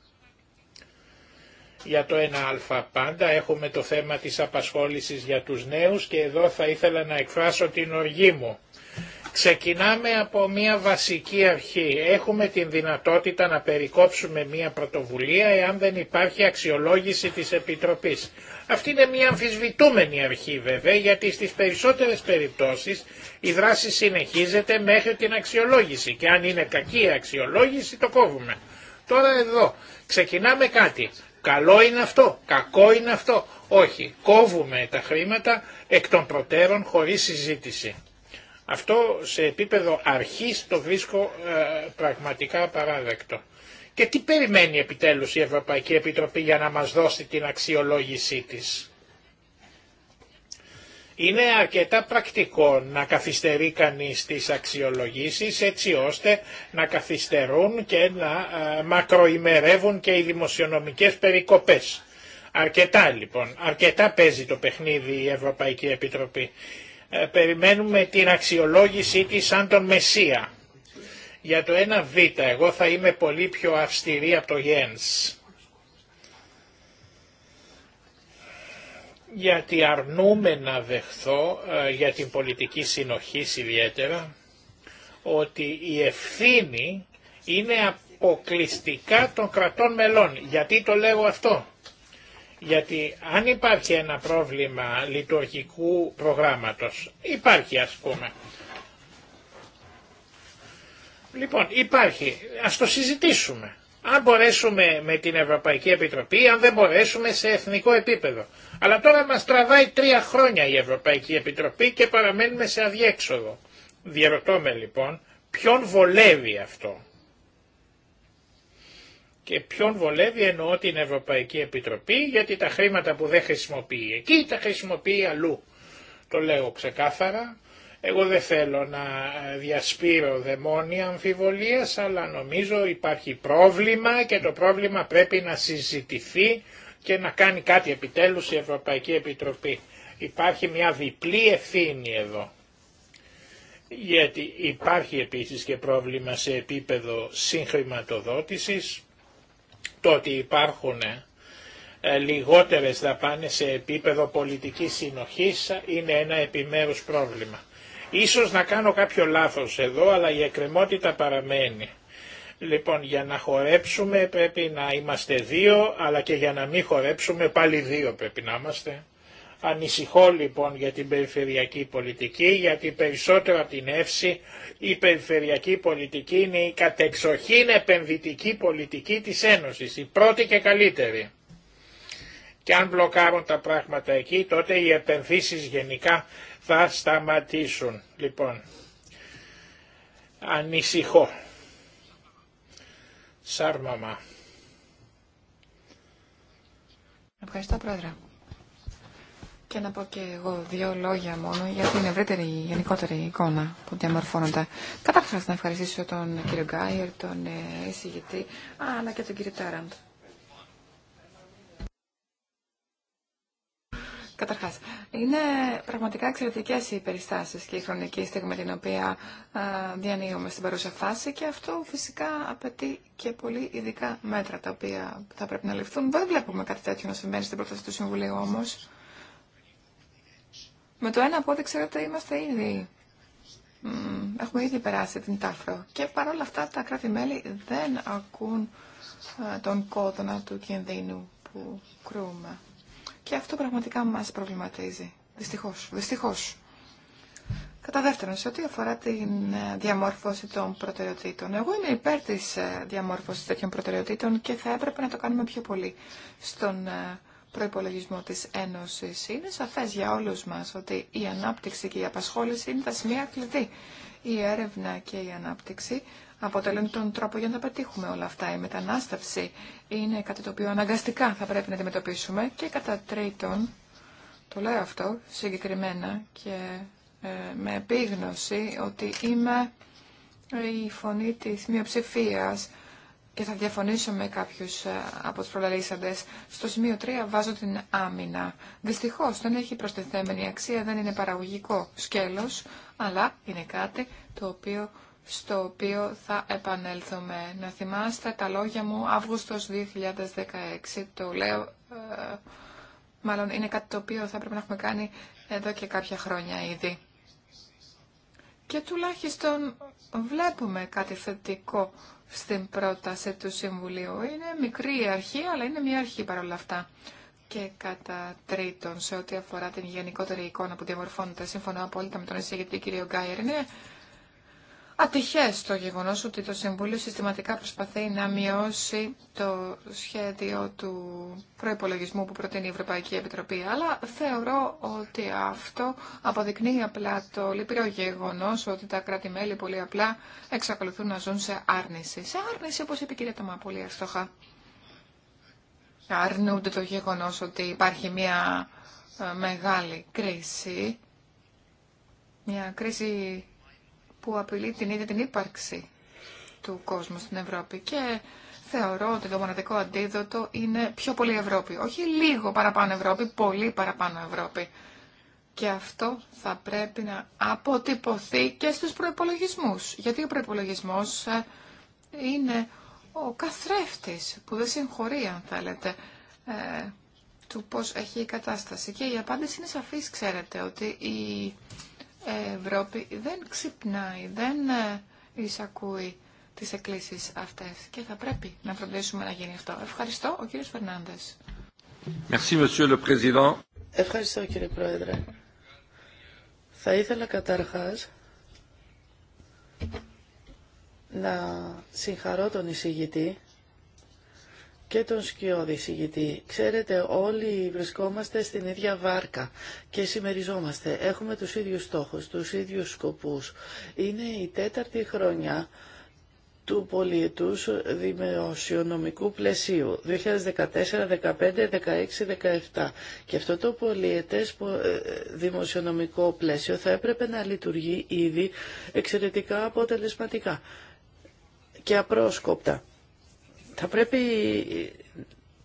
A: για το 1α πάντα, έχουμε το θέμα της απασχόλησης για τους νέους και εδώ θα ήθελα να εκφράσω την οργή μου. Ξεκινάμε από μια βασική αρχή. Έχουμε την δυνατότητα να περικόψουμε μια πρωτοβουλία εάν δεν υπάρχει αξιολόγηση της Επιτροπής. Αυτή είναι μια αμφισβητούμενη αρχή βέβαια γιατί στις περισσότερες περιπτώσεις η δράση συνεχίζεται μέχρι την αξιολόγηση και αν είναι κακή η αξιολόγηση το κόβουμε. Τώρα εδώ ξεκινάμε κάτι. Καλό είναι αυτό, κακό είναι αυτό. Όχι, κόβουμε τα χρήματα εκ των προτέρων χωρίς συζήτηση. Αυτό σε επίπεδο αρχής το βρίσκω ε, πραγματικά παράδεκτο. Και τι περιμένει επιτέλους η Ευρωπαϊκή Επιτροπή για να μας δώσει την αξιολόγησή της. Είναι αρκετά πρακτικό να καθυστερεί κανείς τις αξιολογήσεις έτσι ώστε να καθυστερούν και να μακροημερεύουν και οι δημοσιονομικές περικοπές. Αρκετά λοιπόν, αρκετά παίζει το παιχνίδι η Ευρωπαϊκή Επιτροπή. Ε, περιμένουμε την αξιολόγησή της σαν τον Μεσσία. Για το ένα β εγώ θα είμαι πολύ πιο αυστηρή από το Γένς. γιατί αρνούμε να δεχθώ ε, για την πολιτική συνοχή ιδιαίτερα ότι η ευθύνη είναι αποκλειστικά των κρατών μελών. Γιατί το λέω αυτό. Γιατί αν υπάρχει ένα πρόβλημα λειτουργικού προγράμματος, υπάρχει ας πούμε. Λοιπόν, υπάρχει, ας το συζητήσουμε αν μπορέσουμε με την Ευρωπαϊκή Επιτροπή, αν δεν μπορέσουμε σε εθνικό επίπεδο. Αλλά τώρα μας τραβάει τρία χρόνια η Ευρωπαϊκή Επιτροπή και παραμένουμε σε αδιέξοδο. Διερωτώ με λοιπόν ποιον βολεύει αυτό. Και ποιον βολεύει εννοώ την Ευρωπαϊκή Επιτροπή γιατί τα χρήματα που δεν χρησιμοποιεί εκεί τα χρησιμοποιεί αλλού. Το λέω ξεκάθαρα εγώ δεν θέλω να διασπείρω δαιμόνια αμφιβολίας, αλλά νομίζω υπάρχει πρόβλημα και το πρόβλημα πρέπει να συζητηθεί και να κάνει κάτι επιτέλους η Ευρωπαϊκή Επιτροπή. Υπάρχει μια διπλή ευθύνη εδώ. Γιατί υπάρχει επίσης και πρόβλημα σε επίπεδο συγχρηματοδότησης, το ότι υπάρχουν ε, λιγότερες δαπάνες σε επίπεδο πολιτικής συνοχής είναι ένα επιμέρους πρόβλημα. Ίσως να κάνω κάποιο λάθος εδώ, αλλά η εκκρεμότητα παραμένει. Λοιπόν, για να χορέψουμε πρέπει να είμαστε δύο, αλλά και για να μην χορέψουμε πάλι δύο πρέπει να είμαστε. Ανησυχώ λοιπόν για την περιφερειακή πολιτική, γιατί περισσότερο από την εύση η περιφερειακή πολιτική είναι η κατεξοχήν επενδυτική πολιτική της Ένωσης, η πρώτη και καλύτερη. Και αν μπλοκάρουν τα πράγματα εκεί, τότε οι επενδύσεις γενικά θα σταματήσουν. Λοιπόν, ανησυχώ. Σάρμαμα.
B: Ευχαριστώ πρόεδρε. Και να πω και εγώ δύο λόγια μόνο για την ευρύτερη, γενικότερη εικόνα που διαμορφώνονται. Καταρχάς να ευχαριστήσω τον κύριο Γκάιερ, τον ε, εισηγητή, αλλά και τον κύριο Τάραντ Καταρχά, είναι πραγματικά εξαιρετικέ οι περιστάσει και η χρονική στιγμή την οποία διανύουμε στην παρούσα φάση και αυτό φυσικά απαιτεί και πολύ ειδικά μέτρα τα οποία θα πρέπει να ληφθούν. Δεν βλέπουμε κάτι τέτοιο να συμβαίνει στην πρόταση του Συμβουλίου όμω. Με το ένα από ό,τι ξέρετε, είμαστε ήδη. Έχουμε ήδη περάσει την τάφρο. Και παρόλα αυτά τα κράτη-μέλη δεν ακούν τον κόδωνα του κινδύνου που κρούμε. Και αυτό πραγματικά μας προβληματίζει. Δυστυχώ. Δυστυχώς. Κατά δεύτερον, σε ό,τι αφορά την ε, διαμόρφωση των προτεραιοτήτων. Εγώ είμαι υπέρ τη ε, διαμόρφωση τέτοιων προτεραιοτήτων και θα έπρεπε να το κάνουμε πιο πολύ στον ε, προπολογισμό της Ένωσης. Είναι σαφές για όλους μας ότι η ανάπτυξη και η απασχόληση είναι τα σημεία κλειδί. Η έρευνα και η ανάπτυξη αποτελούν τον τρόπο για να πετύχουμε όλα αυτά. Η μετανάστευση είναι κάτι το οποίο αναγκαστικά θα πρέπει να αντιμετωπίσουμε και κατά τρίτον, το λέω αυτό συγκεκριμένα και ε, με επίγνωση ότι είμαι η φωνή της μειοψηφίας και θα διαφωνήσω με κάποιους ε, από τους προλαλήσαντες. Στο σημείο 3 βάζω την άμυνα. Δυστυχώς δεν έχει προστιθέμενη αξία, δεν είναι παραγωγικό σκέλος, αλλά είναι κάτι το οποίο στο οποίο θα επανέλθουμε. Να θυμάστε τα λόγια μου Αύγουστος 2016. Το λέω, ε, μάλλον είναι κάτι το οποίο θα πρέπει να έχουμε κάνει εδώ και κάποια χρόνια ήδη. Και τουλάχιστον βλέπουμε κάτι θετικό στην πρόταση του Συμβουλίου. Είναι μικρή η αρχή, αλλά είναι μια αρχή παρόλα αυτά. Και κατά τρίτον, σε ό,τι αφορά την γενικότερη εικόνα που διαμορφώνεται, συμφωνώ απόλυτα με τον εισηγητή κύριο Γκάιερ, είναι ατυχές το γεγονός ότι το Συμβούλιο συστηματικά προσπαθεί να μειώσει το σχέδιο του προϋπολογισμού που προτείνει η Ευρωπαϊκή Επιτροπή. Αλλά θεωρώ ότι αυτό αποδεικνύει απλά το λυπηρό γεγονός ότι τα κράτη-μέλη πολύ απλά εξακολουθούν να ζουν σε άρνηση. Σε άρνηση, όπως είπε η κυρία Τωμά, πολύ εύστοχα. Αρνούνται το γεγονός ότι υπάρχει μια ε, μεγάλη κρίση, μια κρίση που απειλεί την ίδια την ύπαρξη του κόσμου στην Ευρώπη. Και θεωρώ ότι το μοναδικό αντίδοτο είναι πιο πολύ Ευρώπη. Όχι λίγο παραπάνω Ευρώπη, πολύ παραπάνω Ευρώπη. Και αυτό θα πρέπει να αποτυπωθεί και στους προϋπολογισμούς. Γιατί ο προϋπολογισμός ε, είναι ο καθρέφτης που δεν συγχωρεί, αν θέλετε, ε, του πώς έχει η κατάσταση. Και η απάντηση είναι σαφής, ξέρετε, ότι η Ευρώπη δεν ξυπνάει, δεν ε, εισακούει τις εκκλήσεις αυτές και θα πρέπει να φροντίσουμε να γίνει αυτό. Ευχαριστώ,
D: ο κύριος Φερνάνδες. Ευχαριστώ κύριε Πρόεδρε. Θα ήθελα καταρχάς να συγχαρώ τον εισηγητή και τον σκιώδη συγητή. Ξέρετε, όλοι βρισκόμαστε στην ίδια βάρκα και συμμεριζόμαστε. Έχουμε τους ίδιους στόχους, τους ίδιους σκοπούς. Είναι η τέταρτη χρονιά του πολιετούς δημοσιονομικού πλαισίου 2014, 2015 2014-2015, 2016-2017 Και αυτό το πολιετές ε, δημοσιονομικό πλαίσιο θα έπρεπε να λειτουργεί ήδη εξαιρετικά αποτελεσματικά και απρόσκοπτα. Θα πρέπει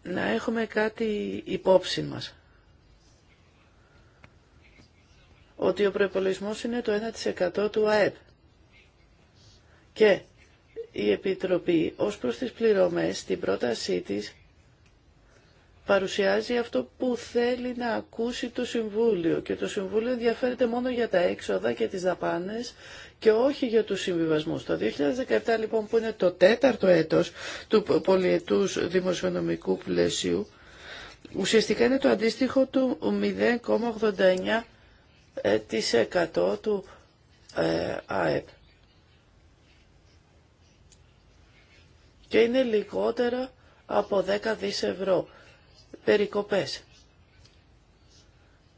D: να έχουμε κάτι υπόψη μας. Ότι ο προϋπολογισμός είναι το 1% του ΑΕΠ. Και η Επιτροπή ως προς τις πληρωμές στην πρότασή της παρουσιάζει αυτό που θέλει να ακούσει το Συμβούλιο και το Συμβούλιο ενδιαφέρεται μόνο για τα έξοδα και τις δαπάνες και όχι για τους συμβιβασμούς. Το 2017 λοιπόν που είναι το τέταρτο έτος του πολιετούς δημοσιονομικού πλαισίου ουσιαστικά είναι το αντίστοιχο του 0,89% του ε, ΑΕΠ. και είναι λιγότερα από 10 δις ευρώ. Περικοπές.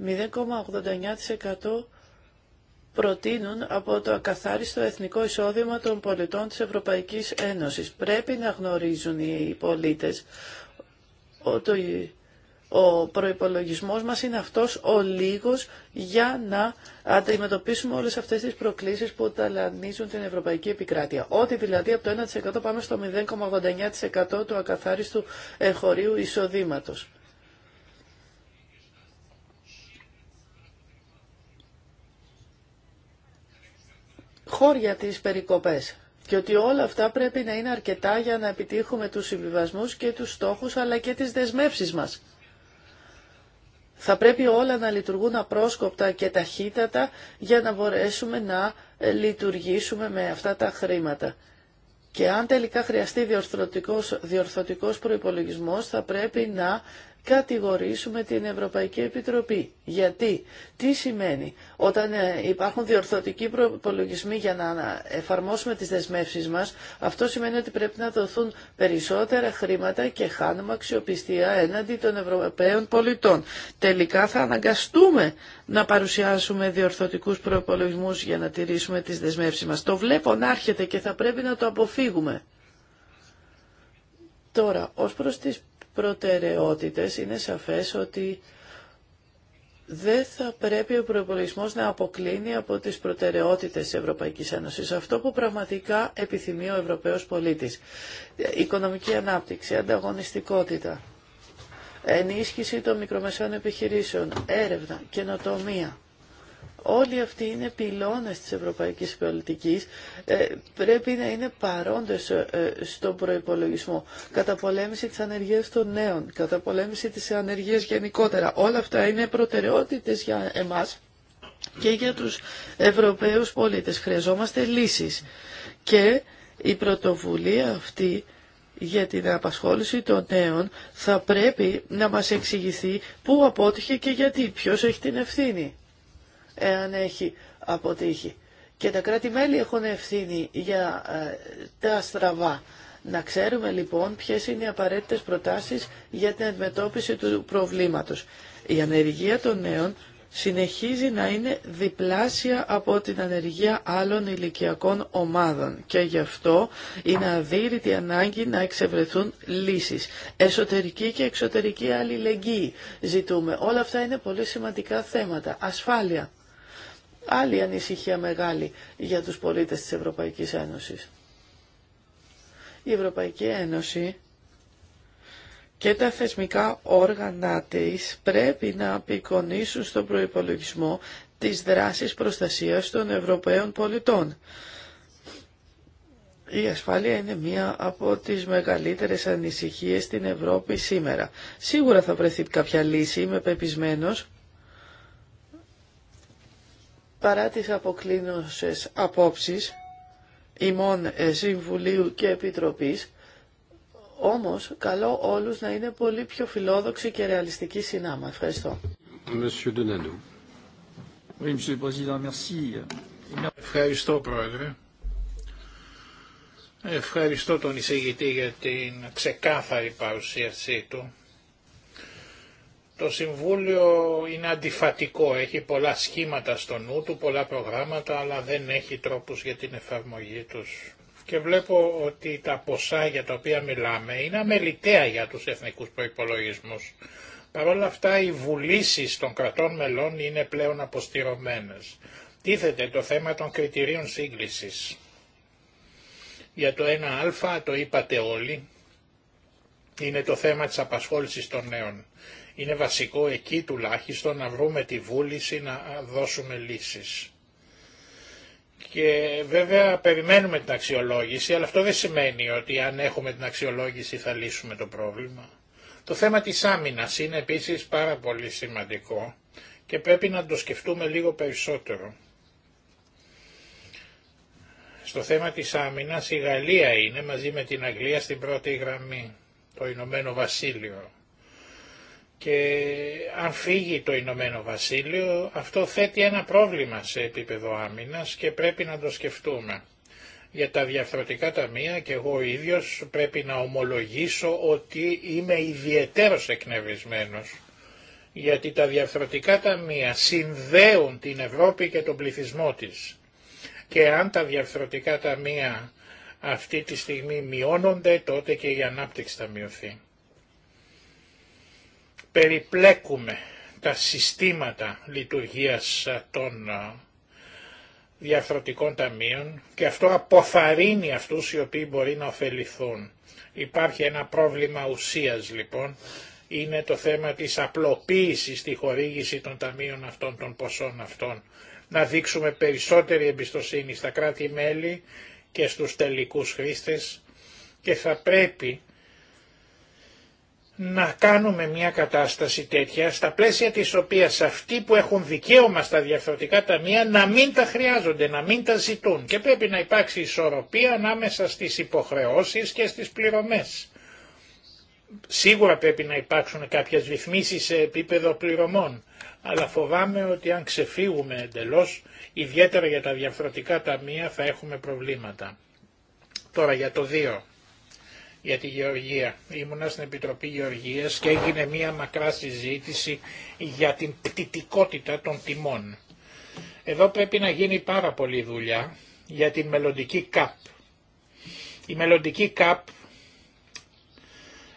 D: 0,89% προτείνουν από το ακαθάριστο εθνικό εισόδημα των πολιτών της Ευρωπαϊκής Ένωσης. Πρέπει να γνωρίζουν οι πολίτες ότι ο προϋπολογισμός μας είναι αυτός ο λίγος για να αντιμετωπίσουμε όλες αυτές τις προκλήσεις που ταλανίζουν την Ευρωπαϊκή Επικράτεια. Ότι δηλαδή από το 1% πάμε στο 0,89% του ακαθάριστου εγχωρίου εισοδήματος. χώρια τις περικοπές και ότι όλα αυτά πρέπει να είναι αρκετά για να επιτύχουμε τους συμβιβασμούς και τους στόχους αλλά και τις δεσμεύσεις μας. Θα πρέπει όλα να λειτουργούν απρόσκοπτα και ταχύτατα για να μπορέσουμε να ε, λειτουργήσουμε με αυτά τα χρήματα. Και αν τελικά χρειαστεί διορθωτικός, διορθωτικός προϋπολογισμός θα πρέπει να κατηγορήσουμε την Ευρωπαϊκή Επιτροπή. Γιατί, τι σημαίνει, όταν ε, υπάρχουν διορθωτικοί προπολογισμοί για να εφαρμόσουμε τις δεσμεύσεις μας, αυτό σημαίνει ότι πρέπει να δοθούν περισσότερα χρήματα και χάνουμε αξιοπιστία έναντι των Ευρωπαίων πολιτών. Τελικά θα αναγκαστούμε να παρουσιάσουμε διορθωτικούς προπολογισμούς για να τηρήσουμε τις δεσμεύσεις μας. Το βλέπω να έρχεται και θα πρέπει να το αποφύγουμε. Τώρα, ως προς τις προτεραιότητες, είναι σαφές ότι δεν θα πρέπει ο προπολογισμό να αποκλίνει από τις προτεραιότητες της Ευρωπαϊκής Ένωσης. Αυτό που πραγματικά επιθυμεί ο Ευρωπαίος πολίτης. Οικονομική ανάπτυξη, ανταγωνιστικότητα, ενίσχυση των μικρομεσαίων επιχειρήσεων, έρευνα, καινοτομία. Όλοι αυτοί είναι πυλώνες της ευρωπαϊκής πολιτικής. Ε, πρέπει να είναι παρόντες ε, ε, στον προϋπολογισμό. Καταπολέμηση της ανεργίας των νέων, καταπολέμηση της ανεργίας γενικότερα. Όλα αυτά είναι προτεραιότητες για εμάς και για τους Ευρωπαίους πολίτες. Χρειαζόμαστε λύσεις. Και η πρωτοβουλία αυτή για την απασχόληση των νέων θα πρέπει να μας εξηγηθεί πού απότυχε και γιατί, ποιος έχει την ευθύνη εάν έχει αποτύχει. Και τα κράτη-μέλη έχουν ευθύνη για ε, τα στραβά. Να ξέρουμε λοιπόν ποιες είναι οι απαραίτητες προτάσεις για την αντιμετώπιση του προβλήματος. Η ανεργία των νέων συνεχίζει να είναι διπλάσια από την ανεργία άλλων ηλικιακών ομάδων και γι' αυτό είναι αδύρυτη ανάγκη να εξευρεθούν λύσεις. Εσωτερική και εξωτερική αλληλεγγύη ζητούμε. Όλα αυτά είναι πολύ σημαντικά θέματα. Ασφάλεια άλλη ανησυχία μεγάλη για τους πολίτες της Ευρωπαϊκής Ένωσης. Η Ευρωπαϊκή Ένωση και τα θεσμικά όργανα της πρέπει να απεικονίσουν στον προϋπολογισμό της δράσεις προστασίας των Ευρωπαίων πολιτών. Η ασφάλεια είναι μία από τις μεγαλύτερες ανησυχίες στην Ευρώπη σήμερα. Σίγουρα θα βρεθεί κάποια λύση, είμαι πεπισμένος, παρά τις αποκλίνωσες απόψεις ημών ε, Συμβουλίου και Επιτροπής, όμως καλό όλους να είναι πολύ πιο φιλόδοξοι και ρεαλιστικοί συνάμα. Ευχαριστώ.
E: Ευχαριστώ Πρόεδρε.
A: Ευχαριστώ τον εισηγητή για την ξεκάθαρη παρουσίασή του το Συμβούλιο είναι αντιφατικό, έχει πολλά σχήματα στο νου του, πολλά προγράμματα, αλλά δεν έχει τρόπους για την εφαρμογή τους. Και βλέπω ότι τα ποσά για τα οποία μιλάμε είναι αμεληταία για τους εθνικούς προϋπολογισμούς. Παρ' όλα αυτά οι βουλήσεις των κρατών μελών είναι πλέον αποστηρωμένες. Τίθεται το θέμα των κριτηρίων σύγκλησης. Για το 1α το είπατε όλοι, είναι το θέμα της απασχόλησης των νέων. Είναι βασικό εκεί τουλάχιστον να βρούμε τη βούληση να δώσουμε λύσεις. Και βέβαια περιμένουμε την αξιολόγηση, αλλά αυτό δεν σημαίνει ότι αν έχουμε την αξιολόγηση θα λύσουμε το πρόβλημα. Το θέμα της άμυνας είναι επίσης πάρα πολύ σημαντικό και πρέπει να το σκεφτούμε λίγο περισσότερο. Στο θέμα της άμυνας η Γαλλία είναι μαζί με την Αγγλία στην πρώτη γραμμή, το Ηνωμένο Βασίλειο. Και αν φύγει το Ηνωμένο Βασίλειο, αυτό θέτει ένα πρόβλημα σε επίπεδο άμυνας και πρέπει να το σκεφτούμε. Για τα διαφορετικά ταμεία και εγώ ίδιος πρέπει να ομολογήσω ότι είμαι ιδιαιτέρως εκνευρισμένος. Γιατί τα διαφθορτικά ταμεία συνδέουν την Ευρώπη και τον πληθυσμό της. Και αν τα διαφορετικά ταμεία αυτή τη στιγμή μειώνονται, τότε και η ανάπτυξη θα μειωθεί περιπλέκουμε τα συστήματα λειτουργίας των διαφθορτικών ταμείων και αυτό αποθαρρύνει αυτούς οι οποίοι μπορεί να ωφεληθούν. Υπάρχει ένα πρόβλημα ουσίας λοιπόν, είναι το θέμα της απλοποίησης στη χορήγηση των ταμείων αυτών, των ποσών αυτών. Να δείξουμε περισσότερη εμπιστοσύνη στα κράτη-μέλη και στους τελικούς χρήστες και θα πρέπει να κάνουμε μια κατάσταση τέτοια στα πλαίσια της οποίας αυτοί που έχουν δικαίωμα στα διαφορετικά ταμεία να μην τα χρειάζονται, να μην τα ζητούν και πρέπει να υπάρξει ισορροπία ανάμεσα στις υποχρεώσεις και στις πληρωμές. Σίγουρα πρέπει να υπάρξουν κάποιες ρυθμίσεις σε επίπεδο πληρωμών, αλλά φοβάμαι ότι αν ξεφύγουμε εντελώς, ιδιαίτερα για τα διαφορετικά ταμεία θα έχουμε προβλήματα. Τώρα για το 2 για τη Γεωργία. Ήμουνα στην Επιτροπή Γεωργίας και έγινε μία μακρά συζήτηση για την πτητικότητα των τιμών. Εδώ πρέπει να γίνει πάρα πολλή δουλειά για την μελλοντική ΚΑΠ. Η μελλοντική ΚΑΠ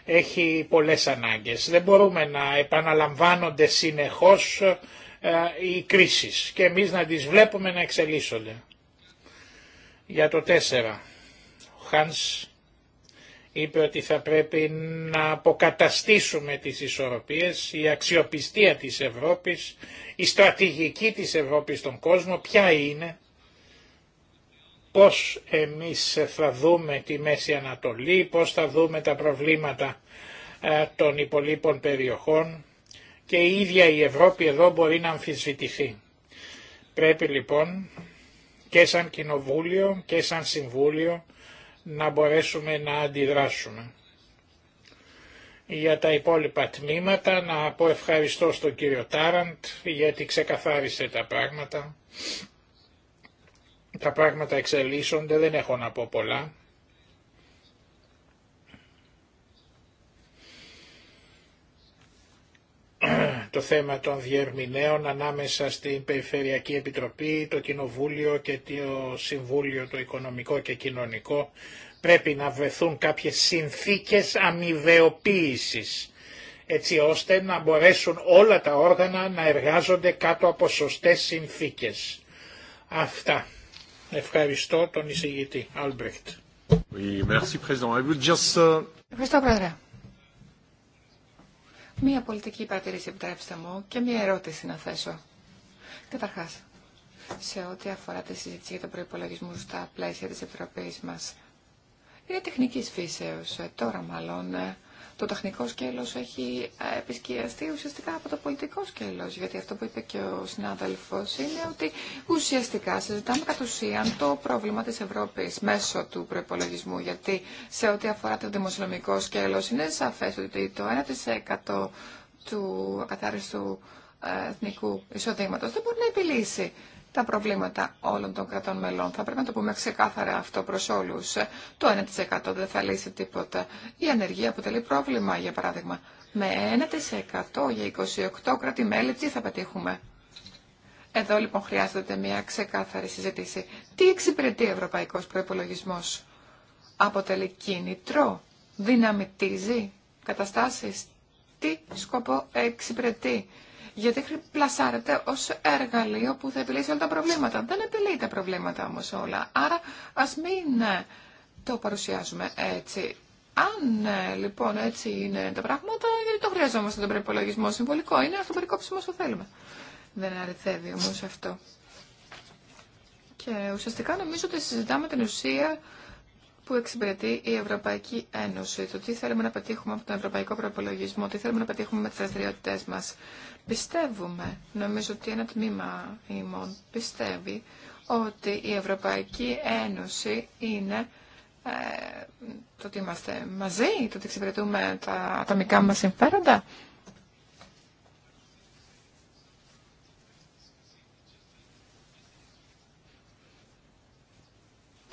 A: έχει πολλές ανάγκες. Δεν μπορούμε να επαναλαμβάνονται συνεχώς ε, οι κρίσεις και εμείς να τις βλέπουμε να εξελίσσονται. Για το 4 είπε ότι θα πρέπει να αποκαταστήσουμε τις ισορροπίες, η αξιοπιστία της Ευρώπης, η στρατηγική της Ευρώπης στον κόσμο, ποια είναι, πώς εμείς θα δούμε τη Μέση Ανατολή, πώς θα δούμε τα προβλήματα ε, των υπολείπων περιοχών και η ίδια η Ευρώπη εδώ μπορεί να αμφισβητηθεί. Πρέπει λοιπόν και σαν Κοινοβούλιο και σαν Συμβούλιο να μπορέσουμε να αντιδράσουμε. Για τα υπόλοιπα τμήματα να πω ευχαριστώ στον κύριο Τάραντ γιατί ξεκαθάρισε τα πράγματα. Τα πράγματα εξελίσσονται, δεν έχω να πω πολλά. το θέμα των διερμηνέων ανάμεσα στην Περιφερειακή Επιτροπή, το Κοινοβούλιο και το Συμβούλιο το Οικονομικό και Κοινωνικό. Πρέπει να βρεθούν κάποιες συνθήκες αμοιβαιοποίησης έτσι ώστε να μπορέσουν όλα τα όργανα να εργάζονται κάτω από σωστές συνθήκες. Αυτά. Ευχαριστώ τον εισηγητή Άλμπρεχτ.
E: Oui, uh,
B: Ευχαριστώ, Πρόεδρε. Μία πολιτική παρατηρήση, επιτρέψτε μου, και μία ερώτηση να θέσω. Καταρχά, σε ό,τι αφορά τη συζήτηση για τον προπολογισμό στα πλαίσια τη Επιτροπή μα, είναι τεχνική φύσεω. Ε, τώρα, μάλλον, ε, το τεχνικό σκέλος έχει ε, επισκιαστεί ουσιαστικά από το πολιτικό σκέλος. Γιατί αυτό που είπε και ο συνάδελφος είναι ότι ουσιαστικά συζητάμε κατ' ουσίαν το πρόβλημα της Ευρώπης μέσω του προπολογισμού. Γιατί σε ό,τι αφορά το δημοσιονομικό σκέλος είναι σαφές ότι το 1% του ακαθάριστου ε, εθνικού εισοδήματος δεν μπορεί να επιλύσει τα προβλήματα όλων των κρατών μελών. Θα πρέπει να το πούμε ξεκάθαρα αυτό προ όλου. Το 1% δεν θα λύσει τίποτα. Η ανεργία αποτελεί πρόβλημα, για παράδειγμα. Με 1% για 28 κράτη-μέλη τι θα πετύχουμε. Εδώ λοιπόν χρειάζεται μια ξεκάθαρη συζήτηση. Τι εξυπηρετεί ευρωπαϊκό προπολογισμό. Αποτελεί κίνητρο. Δυναμητίζει καταστάσει Τι σκοπό εξυπηρετεί γιατί πλασάρεται ω εργαλείο που θα επιλύσει όλα τα προβλήματα. Δεν επιλύει τα προβλήματα όμω όλα. Άρα ας μην ε, το παρουσιάζουμε έτσι. Αν ε, λοιπόν έτσι είναι τα πράγματα, γιατί το χρειαζόμαστε τον προπολογισμό συμβολικό, είναι αυτό το περικόψουμε όσο θέλουμε. Δεν αριθεύει όμω αυτό. Και ουσιαστικά νομίζω ότι συζητάμε την ουσία που εξυπηρετεί η Ευρωπαϊκή Ένωση. Το τι θέλουμε να πετύχουμε από τον Ευρωπαϊκό Προπολογισμό, τι θέλουμε να πετύχουμε με τι δραστηριότητέ μα. Πιστεύουμε, νομίζω ότι ένα τμήμα ημών πιστεύει, ότι η Ευρωπαϊκή Ένωση είναι ε, το ότι είμαστε μαζί, το ότι εξυπηρετούμε τα ατομικά μα συμφέροντα.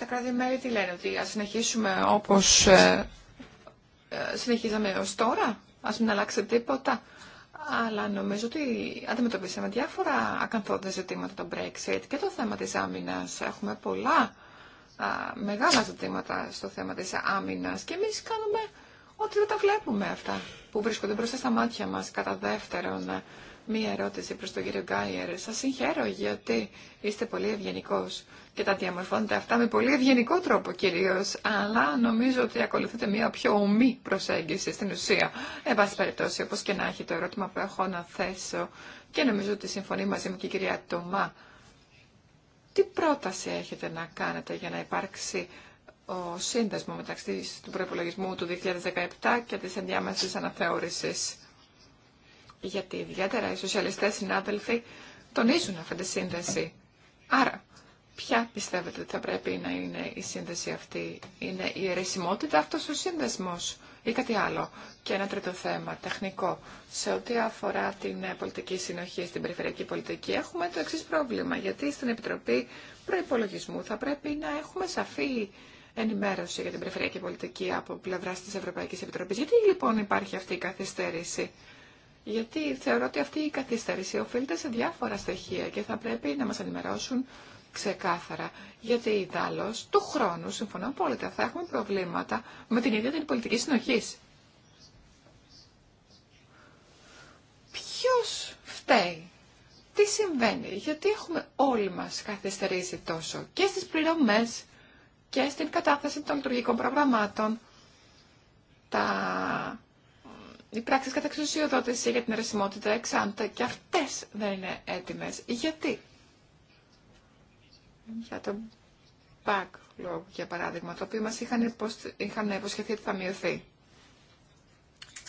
B: Τα κράτη-μέλη τι λένε, ότι ας συνεχίσουμε όπως ε, ε συνεχίζαμε ως τώρα, ας μην αλλάξει τίποτα. Αλλά νομίζω ότι αντιμετωπίσαμε διάφορα ακαθόδε ζητήματα το Brexit και το θέμα της άμυνας. Έχουμε πολλά μεγάλα ζητήματα στο θέμα της άμυνας και εμείς κάνουμε ότι δεν τα βλέπουμε αυτά που βρίσκονται μπροστά στα μάτια μας. Κατά δεύτερον, Μία ερώτηση προς τον κύριο Γκάιερ. Σας συγχαίρω γιατί είστε πολύ ευγενικός και τα διαμορφώνετε αυτά με πολύ ευγενικό τρόπο κυρίως, αλλά νομίζω ότι ακολουθείτε μια πιο ομή προσέγγιση στην ουσία. Εν πάση περιπτώσει, όπως και να έχει το ερώτημα που έχω να θέσω και νομίζω ότι συμφωνεί μαζί μου και η κυρία Τωμά. Τι πρόταση έχετε να κάνετε για να υπάρξει ο σύνδεσμο μεταξύ του προπολογισμού του 2017 και της ενδιάμεσης αναθεώρησης γιατί ιδιαίτερα οι σοσιαλιστές συνάδελφοι τονίζουν αυτή τη σύνδεση. Άρα, ποια πιστεύετε ότι θα πρέπει να είναι η σύνδεση αυτή. Είναι η αιρεσιμότητα αυτός ο σύνδεσμος ή κάτι άλλο. Και ένα τρίτο θέμα, τεχνικό. Σε ό,τι αφορά την ε, πολιτική συνοχή στην περιφερειακή πολιτική, έχουμε το εξή πρόβλημα. Γιατί στην Επιτροπή Προπολογισμού θα πρέπει να έχουμε σαφή ενημέρωση για την περιφερειακή πολιτική από πλευρά τη Ευρωπαϊκή Επιτροπή. Γιατί λοιπόν υπάρχει αυτή η καθυστέρηση γιατί θεωρώ ότι αυτή η καθυστέρηση οφείλεται σε διάφορα στοιχεία και θα πρέπει να μας ενημερώσουν ξεκάθαρα. Γιατί η του χρόνου, συμφωνώ απόλυτα, θα έχουμε προβλήματα με την ίδια την πολιτική συνοχή. Ποιο φταίει, τι συμβαίνει, γιατί έχουμε όλοι μας καθυστερήσει τόσο και στις πληρωμές και στην κατάθεση των λειτουργικών προγραμμάτων. Τα οι πράξεις κατά εξουσιοδότηση για την αριθμότητα εξάντα και αυτές δεν είναι έτοιμες. Γιατί? Για το backlog, για παράδειγμα, το οποίο μας είχαν, είχαν υποσχεθεί ότι θα μειωθεί.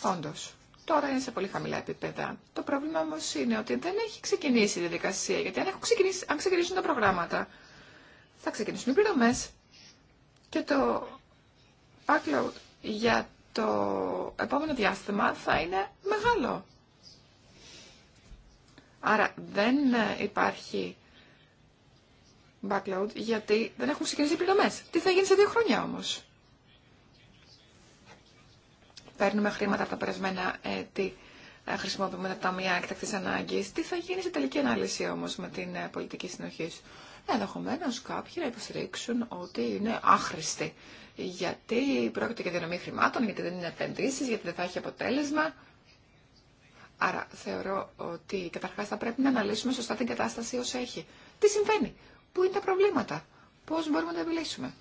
B: Όντως. Τώρα είναι σε πολύ χαμηλά επίπεδα. Το πρόβλημα όμω είναι ότι δεν έχει ξεκινήσει η διαδικασία. Γιατί αν, έχουν ξεκινήσει, αν ξεκινήσουν τα προγράμματα, θα ξεκινήσουν οι πληρωμέ. Και το backlog για το επόμενο διάστημα θα είναι μεγάλο. Άρα δεν ε, υπάρχει backload γιατί δεν έχουν ξεκινήσει οι πληρωμές. Τι θα γίνει σε δύο χρόνια όμως. Παίρνουμε χρήματα από τα περασμένα έτη, ε, χρησιμοποιούμε τα ταμεία εκτακτή ανάγκη. Τι θα γίνει σε τελική ανάλυση όμως με την ε, πολιτική συνοχή. Ενδεχομένω κάποιοι να υποστηρίξουν ότι είναι άχρηστη γιατί πρόκειται για διανομή χρημάτων, γιατί δεν είναι επενδύσεις, γιατί δεν θα έχει αποτέλεσμα. Άρα θεωρώ ότι καταρχάς θα πρέπει να αναλύσουμε σωστά την κατάσταση όσο έχει. Τι συμβαίνει, πού είναι τα προβλήματα, πώς μπορούμε να τα επιλύσουμε.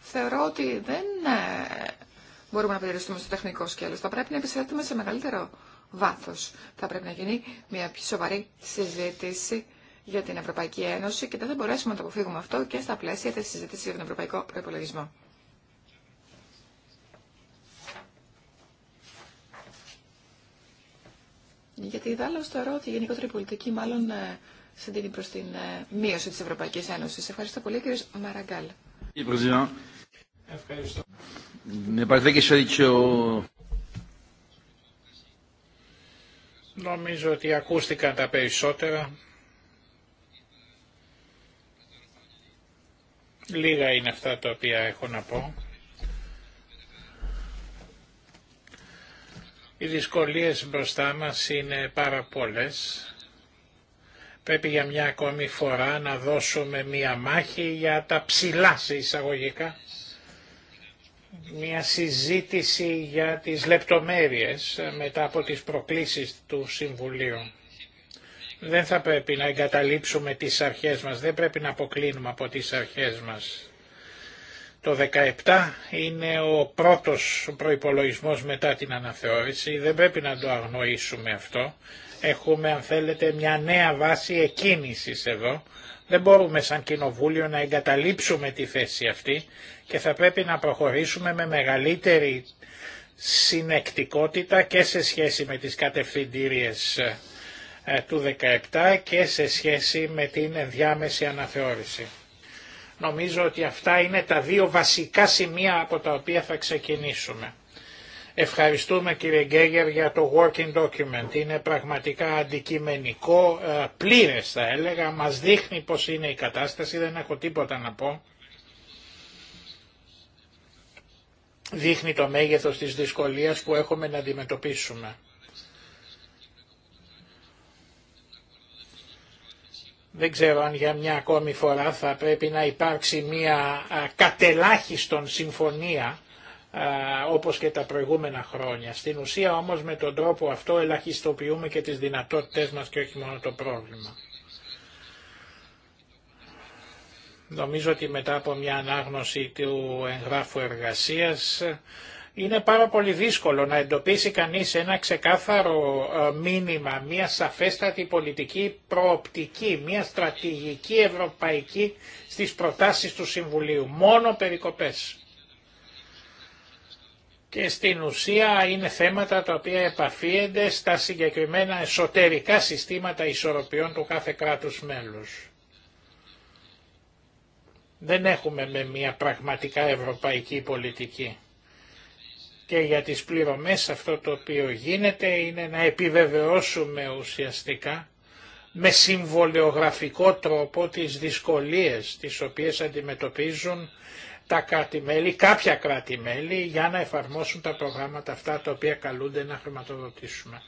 B: Θεωρώ ότι δεν ε, μπορούμε να περιοριστούμε στο τεχνικό σκέλος. Θα πρέπει να επιστρέψουμε σε μεγαλύτερο βάθος. Θα πρέπει να γίνει μια πιο σοβαρή συζήτηση για την Ευρωπαϊκή Ένωση και δεν θα μπορέσουμε να το αποφύγουμε αυτό και στα πλαίσια της συζήτηση για τον Ευρωπαϊκό Προϋπολογισμό. Γιατί στο θεωρώ ότι η γενικότερη πολιτική μάλλον ε, συντείνει προς την ε, μείωση της Ευρωπαϊκής Ένωσης. Ευχαριστώ πολύ κύριε Μαραγκάλ.
A: Ευχαριστώ. Ναι, Νομίζω ότι ακούστηκαν τα περισσότερα. Λίγα είναι αυτά τα οποία έχω να πω. Οι δυσκολίες μπροστά μας είναι πάρα πολλές. Πρέπει για μια ακόμη φορά να δώσουμε μια μάχη για τα ψηλά σε εισαγωγικά. Μια συζήτηση για τις λεπτομέρειες μετά από τις προκλήσεις του Συμβουλίου. Δεν θα πρέπει να εγκαταλείψουμε τις αρχές μας, δεν πρέπει να αποκλίνουμε από τις αρχές μας. Το 17 είναι ο πρώτος προϋπολογισμός μετά την αναθεώρηση, δεν πρέπει να το αγνοήσουμε αυτό. Έχουμε αν θέλετε μια νέα βάση εκκίνησης εδώ. Δεν μπορούμε σαν κοινοβούλιο να εγκαταλείψουμε τη θέση αυτή και θα πρέπει να προχωρήσουμε με μεγαλύτερη συνεκτικότητα και σε σχέση με τις κατευθυντήριες ε, του 17 και σε σχέση με την ενδιάμεση αναθεώρηση. Νομίζω ότι αυτά είναι τα δύο βασικά σημεία από τα οποία θα ξεκινήσουμε. Ευχαριστούμε κύριε Γκέγερ για το working document. Είναι πραγματικά αντικειμενικό, ε, πλήρες θα έλεγα, μας δείχνει πως είναι η κατάσταση, δεν έχω τίποτα να πω. Δείχνει το μέγεθος της δυσκολίας που έχουμε να αντιμετωπίσουμε. Δεν ξέρω αν για μια ακόμη φορά θα πρέπει να υπάρξει μια κατελάχιστον συμφωνία όπως και τα προηγούμενα χρόνια. Στην ουσία όμως με τον τρόπο αυτό ελαχιστοποιούμε και τις δυνατότητες μας και όχι μόνο το πρόβλημα. Νομίζω ότι μετά από μια ανάγνωση του εγγράφου εργασίας είναι πάρα πολύ δύσκολο να εντοπίσει κανείς ένα ξεκάθαρο ε, μήνυμα, μια σαφέστατη πολιτική προοπτική, μια στρατηγική ευρωπαϊκή στις προτάσεις του Συμβουλίου. Μόνο περικοπές. Και στην ουσία είναι θέματα τα οποία επαφίενται στα συγκεκριμένα εσωτερικά συστήματα ισορροπιών του κάθε κράτους μέλους. Δεν έχουμε με μια πραγματικά ευρωπαϊκή πολιτική και για τις πληρωμές αυτό το οποίο γίνεται είναι να επιβεβαιώσουμε ουσιαστικά με συμβολεογραφικό τρόπο τις δυσκολίες τις οποίες αντιμετωπίζουν τα κράτη-μέλη, κάποια κράτη-μέλη για να εφαρμόσουν τα προγράμματα αυτά τα οποία καλούνται να χρηματοδοτήσουμε.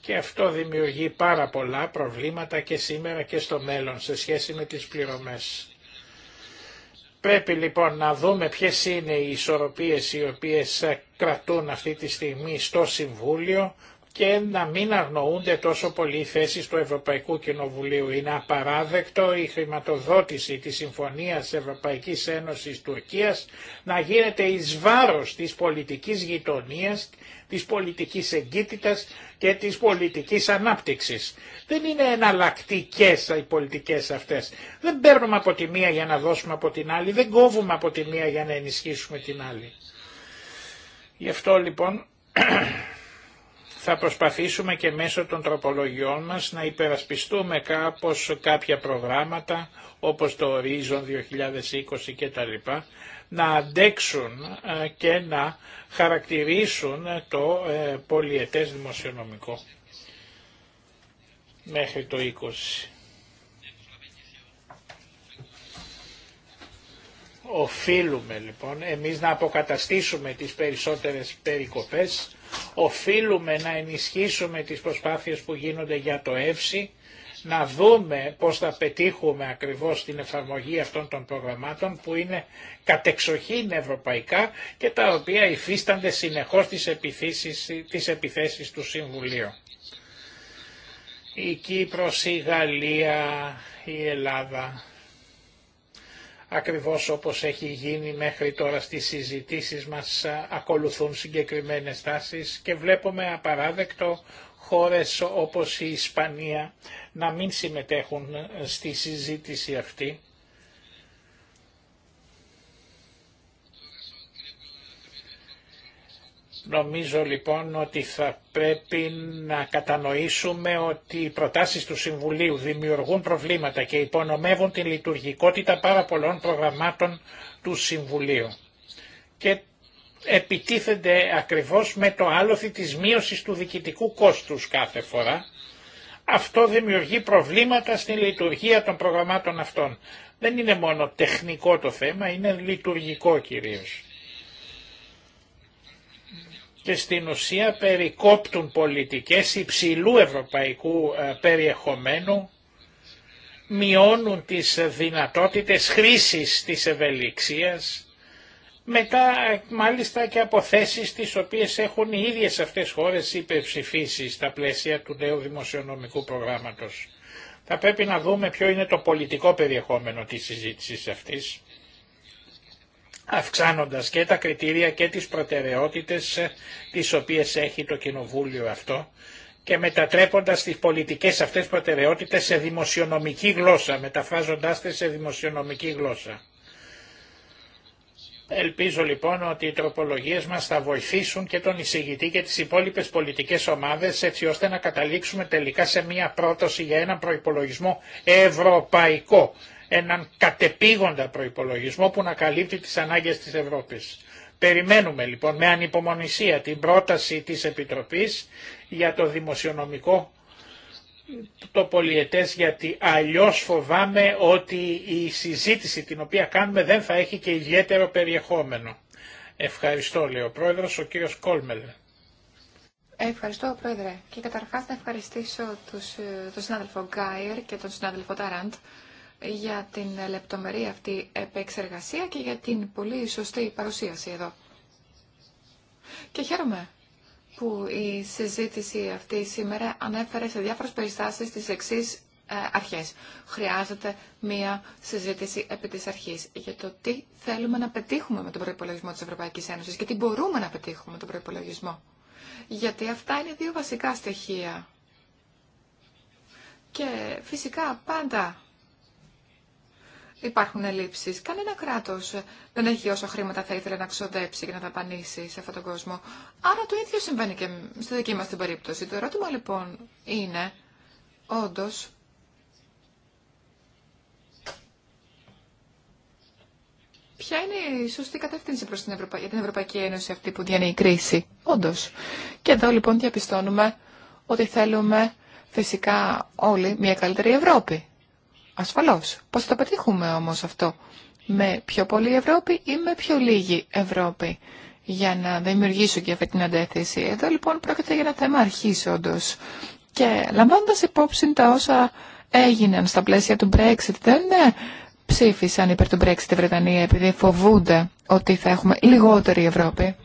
A: Και αυτό δημιουργεί πάρα πολλά προβλήματα και σήμερα και στο μέλλον σε σχέση με τις πληρωμές πρέπει λοιπόν να δούμε ποιες είναι οι ισορροπίες οι οποίες κρατούν αυτή τη στιγμή στο Συμβούλιο και να μην αγνοούνται τόσο πολύ οι θέσεις του Ευρωπαϊκού Κοινοβουλίου. Είναι απαράδεκτο η χρηματοδότηση της Συμφωνίας Ευρωπαϊκής Ένωσης Τουρκίας να γίνεται εις βάρος της πολιτικής γειτονίας, της πολιτικής εγκύτητας και της πολιτικής ανάπτυξης. Δεν είναι εναλλακτικέ οι πολιτικές αυτές. Δεν παίρνουμε από τη μία για να δώσουμε από την άλλη, δεν κόβουμε από τη μία για να ενισχύσουμε την άλλη. Γι' αυτό λοιπόν θα προσπαθήσουμε και μέσω των τροπολογιών μας να υπερασπιστούμε κάπως κάποια προγράμματα όπως το Horizon 2020 κτλ να αντέξουν ε, και να χαρακτηρίσουν ε, το ε, πολιετές δημοσιονομικό μέχρι το 20. Οφείλουμε λοιπόν εμείς να αποκαταστήσουμε τις περισσότερες περικοπές, οφείλουμε να ενισχύσουμε τις προσπάθειες που γίνονται για το ΕΦΣΥ, να δούμε πώς θα πετύχουμε ακριβώς την εφαρμογή αυτών των προγραμμάτων που είναι κατεξοχήν ευρωπαϊκά και τα οποία υφίστανται συνεχώς τις επιθέσεις, τις επιθέσεις του Συμβουλίου. Η Κύπρος, η Γαλλία, η Ελλάδα, ακριβώς όπως έχει γίνει μέχρι τώρα στις συζητήσεις μας ακολουθούν συγκεκριμένες τάσεις και βλέπουμε απαράδεκτο χώρες όπως η Ισπανία να μην συμμετέχουν στη συζήτηση αυτή. Νομίζω λοιπόν ότι θα πρέπει να κατανοήσουμε ότι οι προτάσεις του Συμβουλίου δημιουργούν προβλήματα και υπονομεύουν την λειτουργικότητα πάρα πολλών προγραμμάτων του Συμβουλίου επιτίθενται ακριβώς με το άλοθη της μείωσης του διοικητικού κόστους κάθε φορά. Αυτό δημιουργεί προβλήματα στη λειτουργία των προγραμμάτων αυτών. Δεν είναι μόνο τεχνικό το θέμα, είναι λειτουργικό κυρίως. Και στην ουσία περικόπτουν πολιτικές υψηλού ευρωπαϊκού ε, περιεχομένου, μειώνουν τις δυνατότητες χρήσης της ευελιξίας, μετά μάλιστα και από θέσει τις οποίες έχουν οι ίδιες αυτές χώρες υπερψηφίσει στα πλαίσια του νέου δημοσιονομικού προγράμματος. Θα πρέπει να δούμε ποιο είναι το πολιτικό περιεχόμενο της συζήτησης αυτής, αυξάνοντας και τα κριτήρια και τις προτεραιότητες ε, τις οποίες έχει το κοινοβούλιο αυτό και μετατρέποντας τις πολιτικές αυτές προτεραιότητες σε δημοσιονομική γλώσσα, μεταφράζοντάς τις σε δημοσιονομική γλώσσα. Ελπίζω λοιπόν ότι οι τροπολογίες μας θα βοηθήσουν και τον εισηγητή και τις υπόλοιπες πολιτικές ομάδες έτσι ώστε να καταλήξουμε τελικά σε μια πρόταση για έναν προϋπολογισμό ευρωπαϊκό, έναν κατεπήγοντα προϋπολογισμό που να καλύπτει τις ανάγκες της Ευρώπης. Περιμένουμε λοιπόν με ανυπομονησία την πρόταση της Επιτροπής για το δημοσιονομικό το πολιετές γιατί αλλιώς φοβάμαι ότι η συζήτηση την οποία κάνουμε δεν θα έχει και ιδιαίτερο περιεχόμενο. Ευχαριστώ λέει ο πρόεδρος, ο κύριος Κόλμελ.
B: Ευχαριστώ πρόεδρε και καταρχάς να ευχαριστήσω τους, ε, τον συνάδελφο Γκάιερ και τον συνάδελφο Ταραντ για την λεπτομερή αυτή επεξεργασία και για την πολύ σωστή παρουσίαση εδώ. Και χαίρομαι που η συζήτηση αυτή σήμερα ανέφερε σε διάφορες περιστάσεις τις εξής ε, αρχές. Χρειάζεται μία συζήτηση επί της αρχής για το τι θέλουμε να πετύχουμε με τον προϋπολογισμό της Ευρωπαϊκής Ένωσης και τι μπορούμε να πετύχουμε με τον προϋπολογισμό. Γιατί αυτά είναι δύο βασικά στοιχεία. Και φυσικά πάντα υπάρχουν ελλείψει. Κανένα κράτο δεν έχει όσο χρήματα θα ήθελε να ξοδέψει και να δαπανίσει σε αυτόν τον κόσμο. Άρα το ίδιο συμβαίνει και στη δική μα την περίπτωση. Το ερώτημα λοιπόν είναι, όντω, Ποια είναι η σωστή κατεύθυνση προς την για την Ευρωπαϊκή Ένωση αυτή που διανύει η κρίση, Όντω. Και εδώ λοιπόν διαπιστώνουμε ότι θέλουμε φυσικά όλοι μια καλύτερη Ευρώπη. Ασφαλώς. Πώς θα το πετύχουμε όμως αυτό. Με πιο πολλή Ευρώπη ή με πιο λίγη Ευρώπη για να δημιουργήσω και αυτή την αντέθεση. Εδώ λοιπόν πρόκειται για ένα θέμα αρχής όντως. Και λαμβάνοντας υπόψη τα όσα έγιναν στα πλαίσια του Brexit, δεν ε, ψήφισαν υπέρ του Brexit η Βρετανία επειδή φοβούνται ότι θα έχουμε λιγότερη Ευρώπη.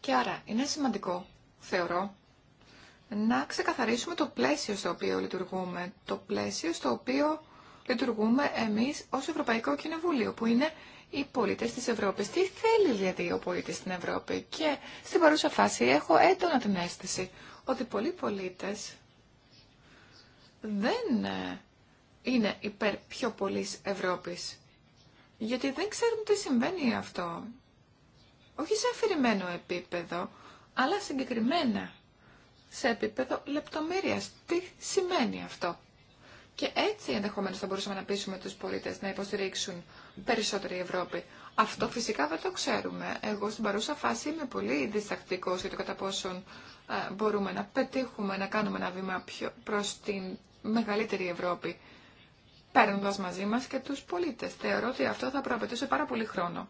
B: Και άρα είναι σημαντικό, θεωρώ, να ξεκαθαρίσουμε το πλαίσιο στο οποίο λειτουργούμε. Το πλαίσιο στο οποίο λειτουργούμε εμείς ως Ευρωπαϊκό Κοινοβούλιο, που είναι οι πολίτες της Ευρώπης. Τι θέλει δηλαδή ο πολίτης στην Ευρώπη. Και στην παρούσα φάση έχω έντονα την αίσθηση ότι πολλοί πολίτες δεν ε, είναι υπέρ πιο πολλή Ευρώπης. Γιατί δεν ξέρουν τι συμβαίνει αυτό. Όχι σε αφηρημένο επίπεδο, αλλά συγκεκριμένα σε επίπεδο λεπτομέρειας. Τι σημαίνει αυτό. Και έτσι ενδεχομένως θα μπορούσαμε να πείσουμε τους πολίτες να υποστηρίξουν περισσότερη Ευρώπη. Αυτό φυσικά δεν το ξέρουμε. Εγώ στην παρούσα φάση είμαι πολύ διστακτικός για το κατά πόσον ε, μπορούμε να πετύχουμε, να κάνουμε ένα βήμα πιο προς την μεγαλύτερη Ευρώπη, παίρνοντα μαζί μας και τους πολίτες. Θεωρώ ότι αυτό θα προαπαιτούσε πάρα πολύ χρόνο.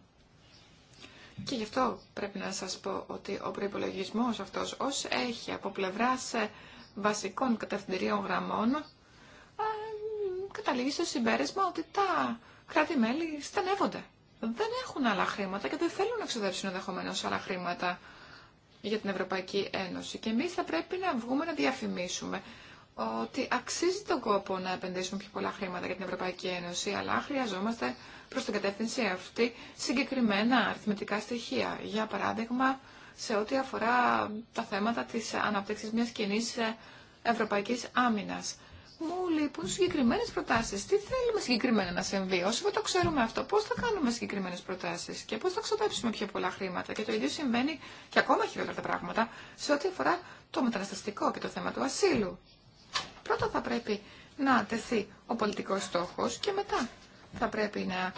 B: Και γι' αυτό πρέπει να σας πω ότι ο προϋπολογισμός αυτός ως έχει από πλευράς ε, βασικών κατευθυντηρίων γραμμών ε, καταλήγει στο συμπέρασμα ότι τα κράτη-μέλη στενεύονται. Δεν έχουν άλλα χρήματα και δεν θέλουν να εξοδεύσουν ενδεχομένω άλλα χρήματα για την Ευρωπαϊκή Ένωση. Και εμεί θα πρέπει να βγούμε να διαφημίσουμε ότι αξίζει τον κόπο να επενδύσουμε πιο πολλά χρήματα για την Ευρωπαϊκή Ένωση, αλλά χρειαζόμαστε προς την κατεύθυνση αυτή συγκεκριμένα αριθμητικά στοιχεία. Για παράδειγμα, σε ό,τι αφορά τα θέματα της αναπτύξης μιας κοινή ευρωπαϊκής άμυνας. Μου λείπουν συγκεκριμένε προτάσει. Τι θέλουμε συγκεκριμένα να συμβεί. Όσο δεν το ξέρουμε αυτό, Πώς θα κάνουμε συγκεκριμένες προτάσεις και πώς θα ξοδέψουμε πιο πολλά χρήματα. Και το ίδιο συμβαίνει και ακόμα χειρότερα τα πράγματα σε ό,τι αφορά το μεταναστευτικό και το θέμα του ασύλου. Πρώτα θα πρέπει να τεθεί ο πολιτικός στόχος και μετά θα πρέπει να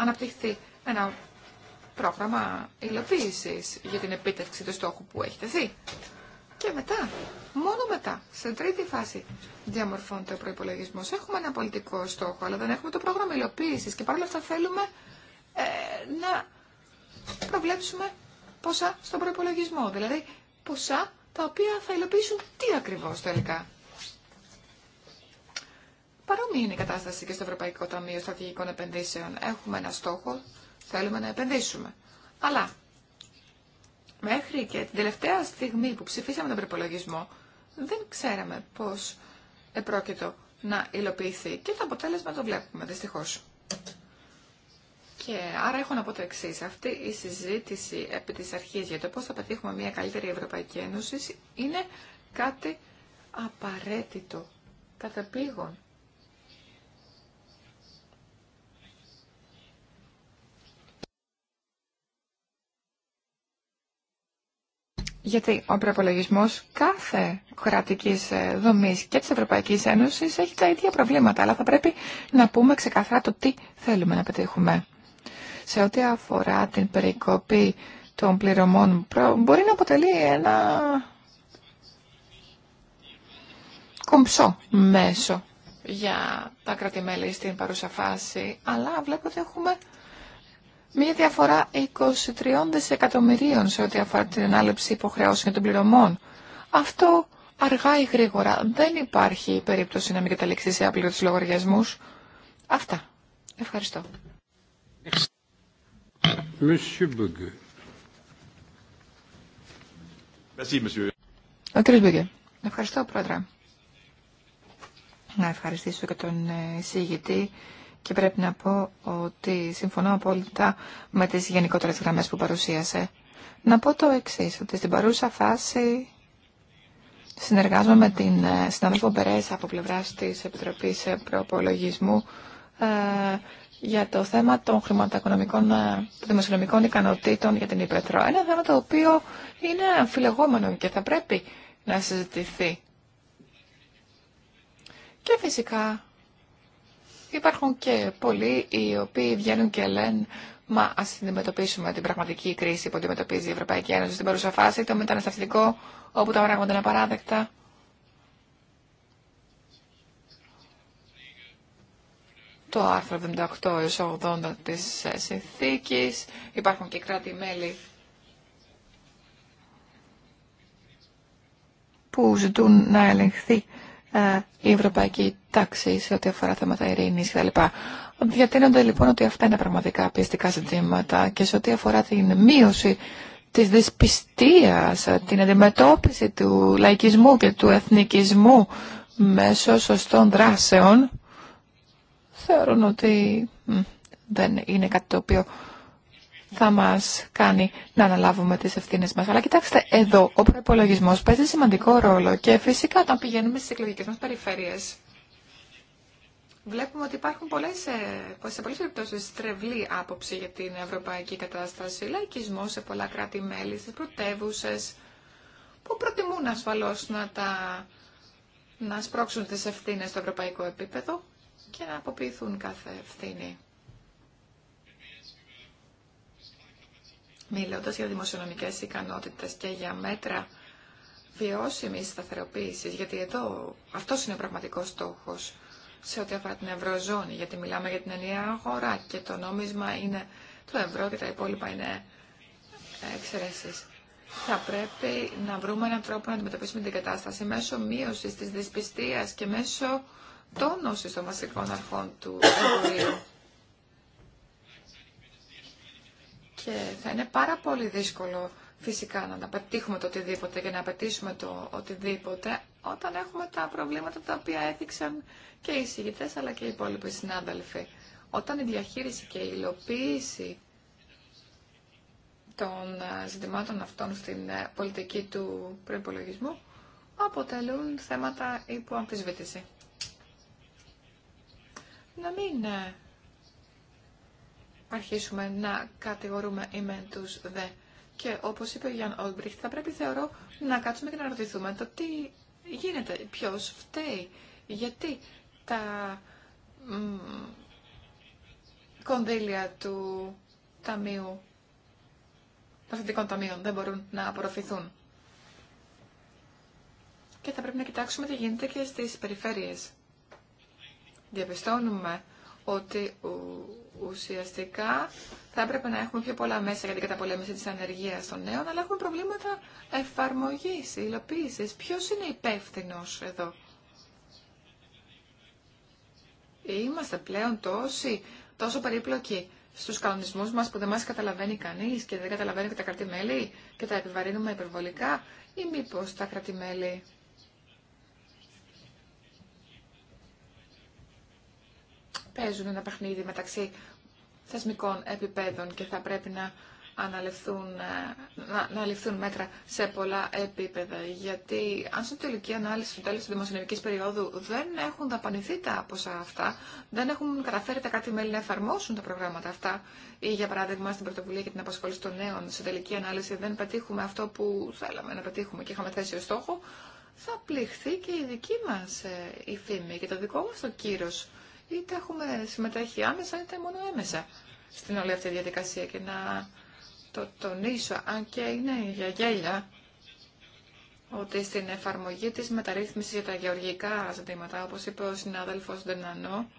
B: αναπτυχθεί ένα πρόγραμμα υλοποίηση για την επίτευξη του στόχου που έχει τεθεί. Και μετά, μόνο μετά, σε τρίτη φάση διαμορφώνεται ο προπολογισμό. Έχουμε ένα πολιτικό στόχο, αλλά δεν έχουμε το πρόγραμμα υλοποίηση και παρόλα αυτά θέλουμε ε, να προβλέψουμε ποσά στον προπολογισμό. Δηλαδή, ποσά τα οποία θα υλοποιήσουν τι ακριβώ τελικά. Παρόμοια είναι η κατάσταση και στο Ευρωπαϊκό Ταμείο Στρατηγικών Επενδύσεων. Έχουμε ένα στόχο, θέλουμε να επενδύσουμε. Αλλά μέχρι και την τελευταία στιγμή που ψηφίσαμε τον προπολογισμό, δεν ξέραμε πώ επρόκειτο να υλοποιηθεί. Και το αποτέλεσμα το βλέπουμε, δυστυχώ. Και άρα έχω να πω το εξή. Αυτή η συζήτηση επί τη αρχή για το πώ θα πετύχουμε μια καλύτερη Ευρωπαϊκή Ένωση είναι κάτι απαραίτητο, καταπήγον. Γιατί ο προπολογισμό κάθε κρατική ε, δομή και τη Ευρωπαϊκή Ένωση έχει τα ίδια προβλήματα, αλλά θα πρέπει να πούμε ξεκαθαρά το τι θέλουμε να πετύχουμε. Σε ό,τι αφορά την περικοπή των πληρωμών, μπορεί να αποτελεί ένα κομψό μέσο για τα κρατημέλη στην παρούσα φάση, αλλά βλέπω ότι έχουμε μία διαφορά 23 δισεκατομμυρίων σε ό,τι αφορά την ανάληψη υποχρεώσεων των πληρωμών. Αυτό αργά ή γρήγορα. Δεν υπάρχει περίπτωση να μην καταληξεί σε του λογαριασμούς. Αυτά. Ευχαριστώ. Ο κ. Ευχαριστώ, Πρόεδρε. Να ευχαριστήσω και τον ε, εισηγητή και πρέπει να πω ότι συμφωνώ απόλυτα με τις γενικότερες γραμμές που παρουσίασε. Να πω το εξή ότι στην παρούσα φάση συνεργάζομαι με την ε, συνάδελφο Μπερέσα από πλευράς της Επιτροπής ε, Προπολογισμού ε, για το θέμα των χρηματοοικονομικών, δημοσιονομικών ικανοτήτων για την Υπέτρο. Ένα θέμα το οποίο είναι αμφιλεγόμενο και θα πρέπει να συζητηθεί. Και φυσικά Υπάρχουν και πολλοί οι οποίοι βγαίνουν και λένε Μα α αντιμετωπίσουμε την πραγματική κρίση που αντιμετωπίζει η Ευρωπαϊκή Ένωση στην παρούσα φάση, το μεταναστευτικό, όπου τα πράγματα είναι απαράδεκτα. Το άρθρο 78 80 της συνθήκης, υπάρχουν και κράτη-μέλη που ζητούν να ελεγχθεί ε, η ευρωπαϊκή τάξη σε ό,τι αφορά θέματα ειρήνη κτλ. Διατείνονται λοιπόν ότι αυτά είναι πραγματικά πιεστικά ζητήματα και σε ό,τι αφορά την μείωση τη δυσπιστία, την αντιμετώπιση του λαϊκισμού και του εθνικισμού μέσω σωστών δράσεων, θεωρούν ότι δεν είναι κάτι το οποίο θα μα κάνει να αναλάβουμε τι ευθύνε μα. Αλλά κοιτάξτε, εδώ ο προπολογισμό παίζει σημαντικό ρόλο και φυσικά όταν πηγαίνουμε στι εκλογικέ μα περιφέρειες βλέπουμε ότι υπάρχουν πολλές, ε, σε πολλέ περιπτώσει τρευλή άποψη για την ευρωπαϊκή κατάσταση, λαϊκισμό σε πολλά κράτη-μέλη, στι πρωτεύουσε που προτιμούν ασφαλώ να, τα, να σπρώξουν τις ευθύνες στο ευρωπαϊκό επίπεδο και να αποποιηθούν κάθε ευθύνη. Μιλώντας για δημοσιονομικές ικανότητες και για μέτρα βιώσιμης σταθεροποίησης, γιατί εδώ αυτός είναι ο πραγματικός στόχος σε ό,τι αφορά την Ευρωζώνη, γιατί μιλάμε για την ενιαία αγορά και το νόμισμα είναι το ευρώ και τα υπόλοιπα είναι εξαιρέσεις. Θα πρέπει να βρούμε έναν τρόπο να αντιμετωπίσουμε την κατάσταση μέσω μείωσης της δυσπιστίας και μέσω τόνωσης των βασικών αρχών του ευρωβουλίου. Και θα είναι πάρα πολύ δύσκολο φυσικά να πετύχουμε το οτιδήποτε και να απαιτήσουμε το οτιδήποτε όταν έχουμε τα προβλήματα τα οποία έδειξαν και οι συγητές αλλά και οι υπόλοιποι συνάδελφοι. Όταν η διαχείριση και η υλοποίηση των ε, ζητημάτων αυτών στην ε, πολιτική του προϋπολογισμού αποτελούν θέματα υπό αμφισβήτηση. Να μην ε, αρχίσουμε να κατηγορούμε μεν τους δε. Και όπως είπε ο Γιάνν Ολμπριχτ, θα πρέπει θεωρώ να κάτσουμε και να ρωτηθούμε το τι γίνεται, ποιος φταίει, γιατί τα κονδύλια του ταμείου, των θετικών ταμείων δεν μπορούν να απορροφηθούν. Και θα πρέπει να κοιτάξουμε τι γίνεται και στις περιφέρειες. Διαπιστώνουμε ότι Ουσιαστικά θα έπρεπε να έχουμε πιο πολλά μέσα για την καταπολέμηση της ανεργίας των νέων, αλλά έχουμε προβλήματα εφαρμογής, υλοποίηση. Ποιο είναι υπεύθυνο εδώ. Είμαστε πλέον τόσοι, τόσο περίπλοκοι στους κανονισμούς μας που δεν μας καταλαβαίνει κανείς και δεν καταλαβαίνει και τα κρατημέλη και τα επιβαρύνουμε υπερβολικά ή μήπως τα κρατημέλη παίζουν ένα παιχνίδι μεταξύ θεσμικών επιπέδων και θα πρέπει να αναλυθούν ε, να, να ληφθούν μέτρα σε πολλά επίπεδα. Γιατί αν στην τελική ανάλυση του τέλος τη δημοσιονομικής περίοδου δεν έχουν δαπανηθεί τα ποσά αυτά, δεν έχουν καταφέρει τα κάτι μέλη να εφαρμόσουν τα προγράμματα αυτά ή για παράδειγμα στην πρωτοβουλία για την απασχόληση των νέων, σε τελική ανάλυση δεν πετύχουμε αυτό που θέλαμε να πετύχουμε και είχαμε θέσει ως στόχο, θα πληχθεί και η δική μας ε, η φήμη και το δικό μας το κύρος είτε έχουμε συμμετέχει άμεσα είτε μόνο έμεσα στην όλη αυτή τη διαδικασία και να το τονίσω, αν και είναι για γέλια, ότι στην εφαρμογή της μεταρρύθμισης για τα γεωργικά ζητήματα, όπως είπε ο συνάδελφος Ντενανό,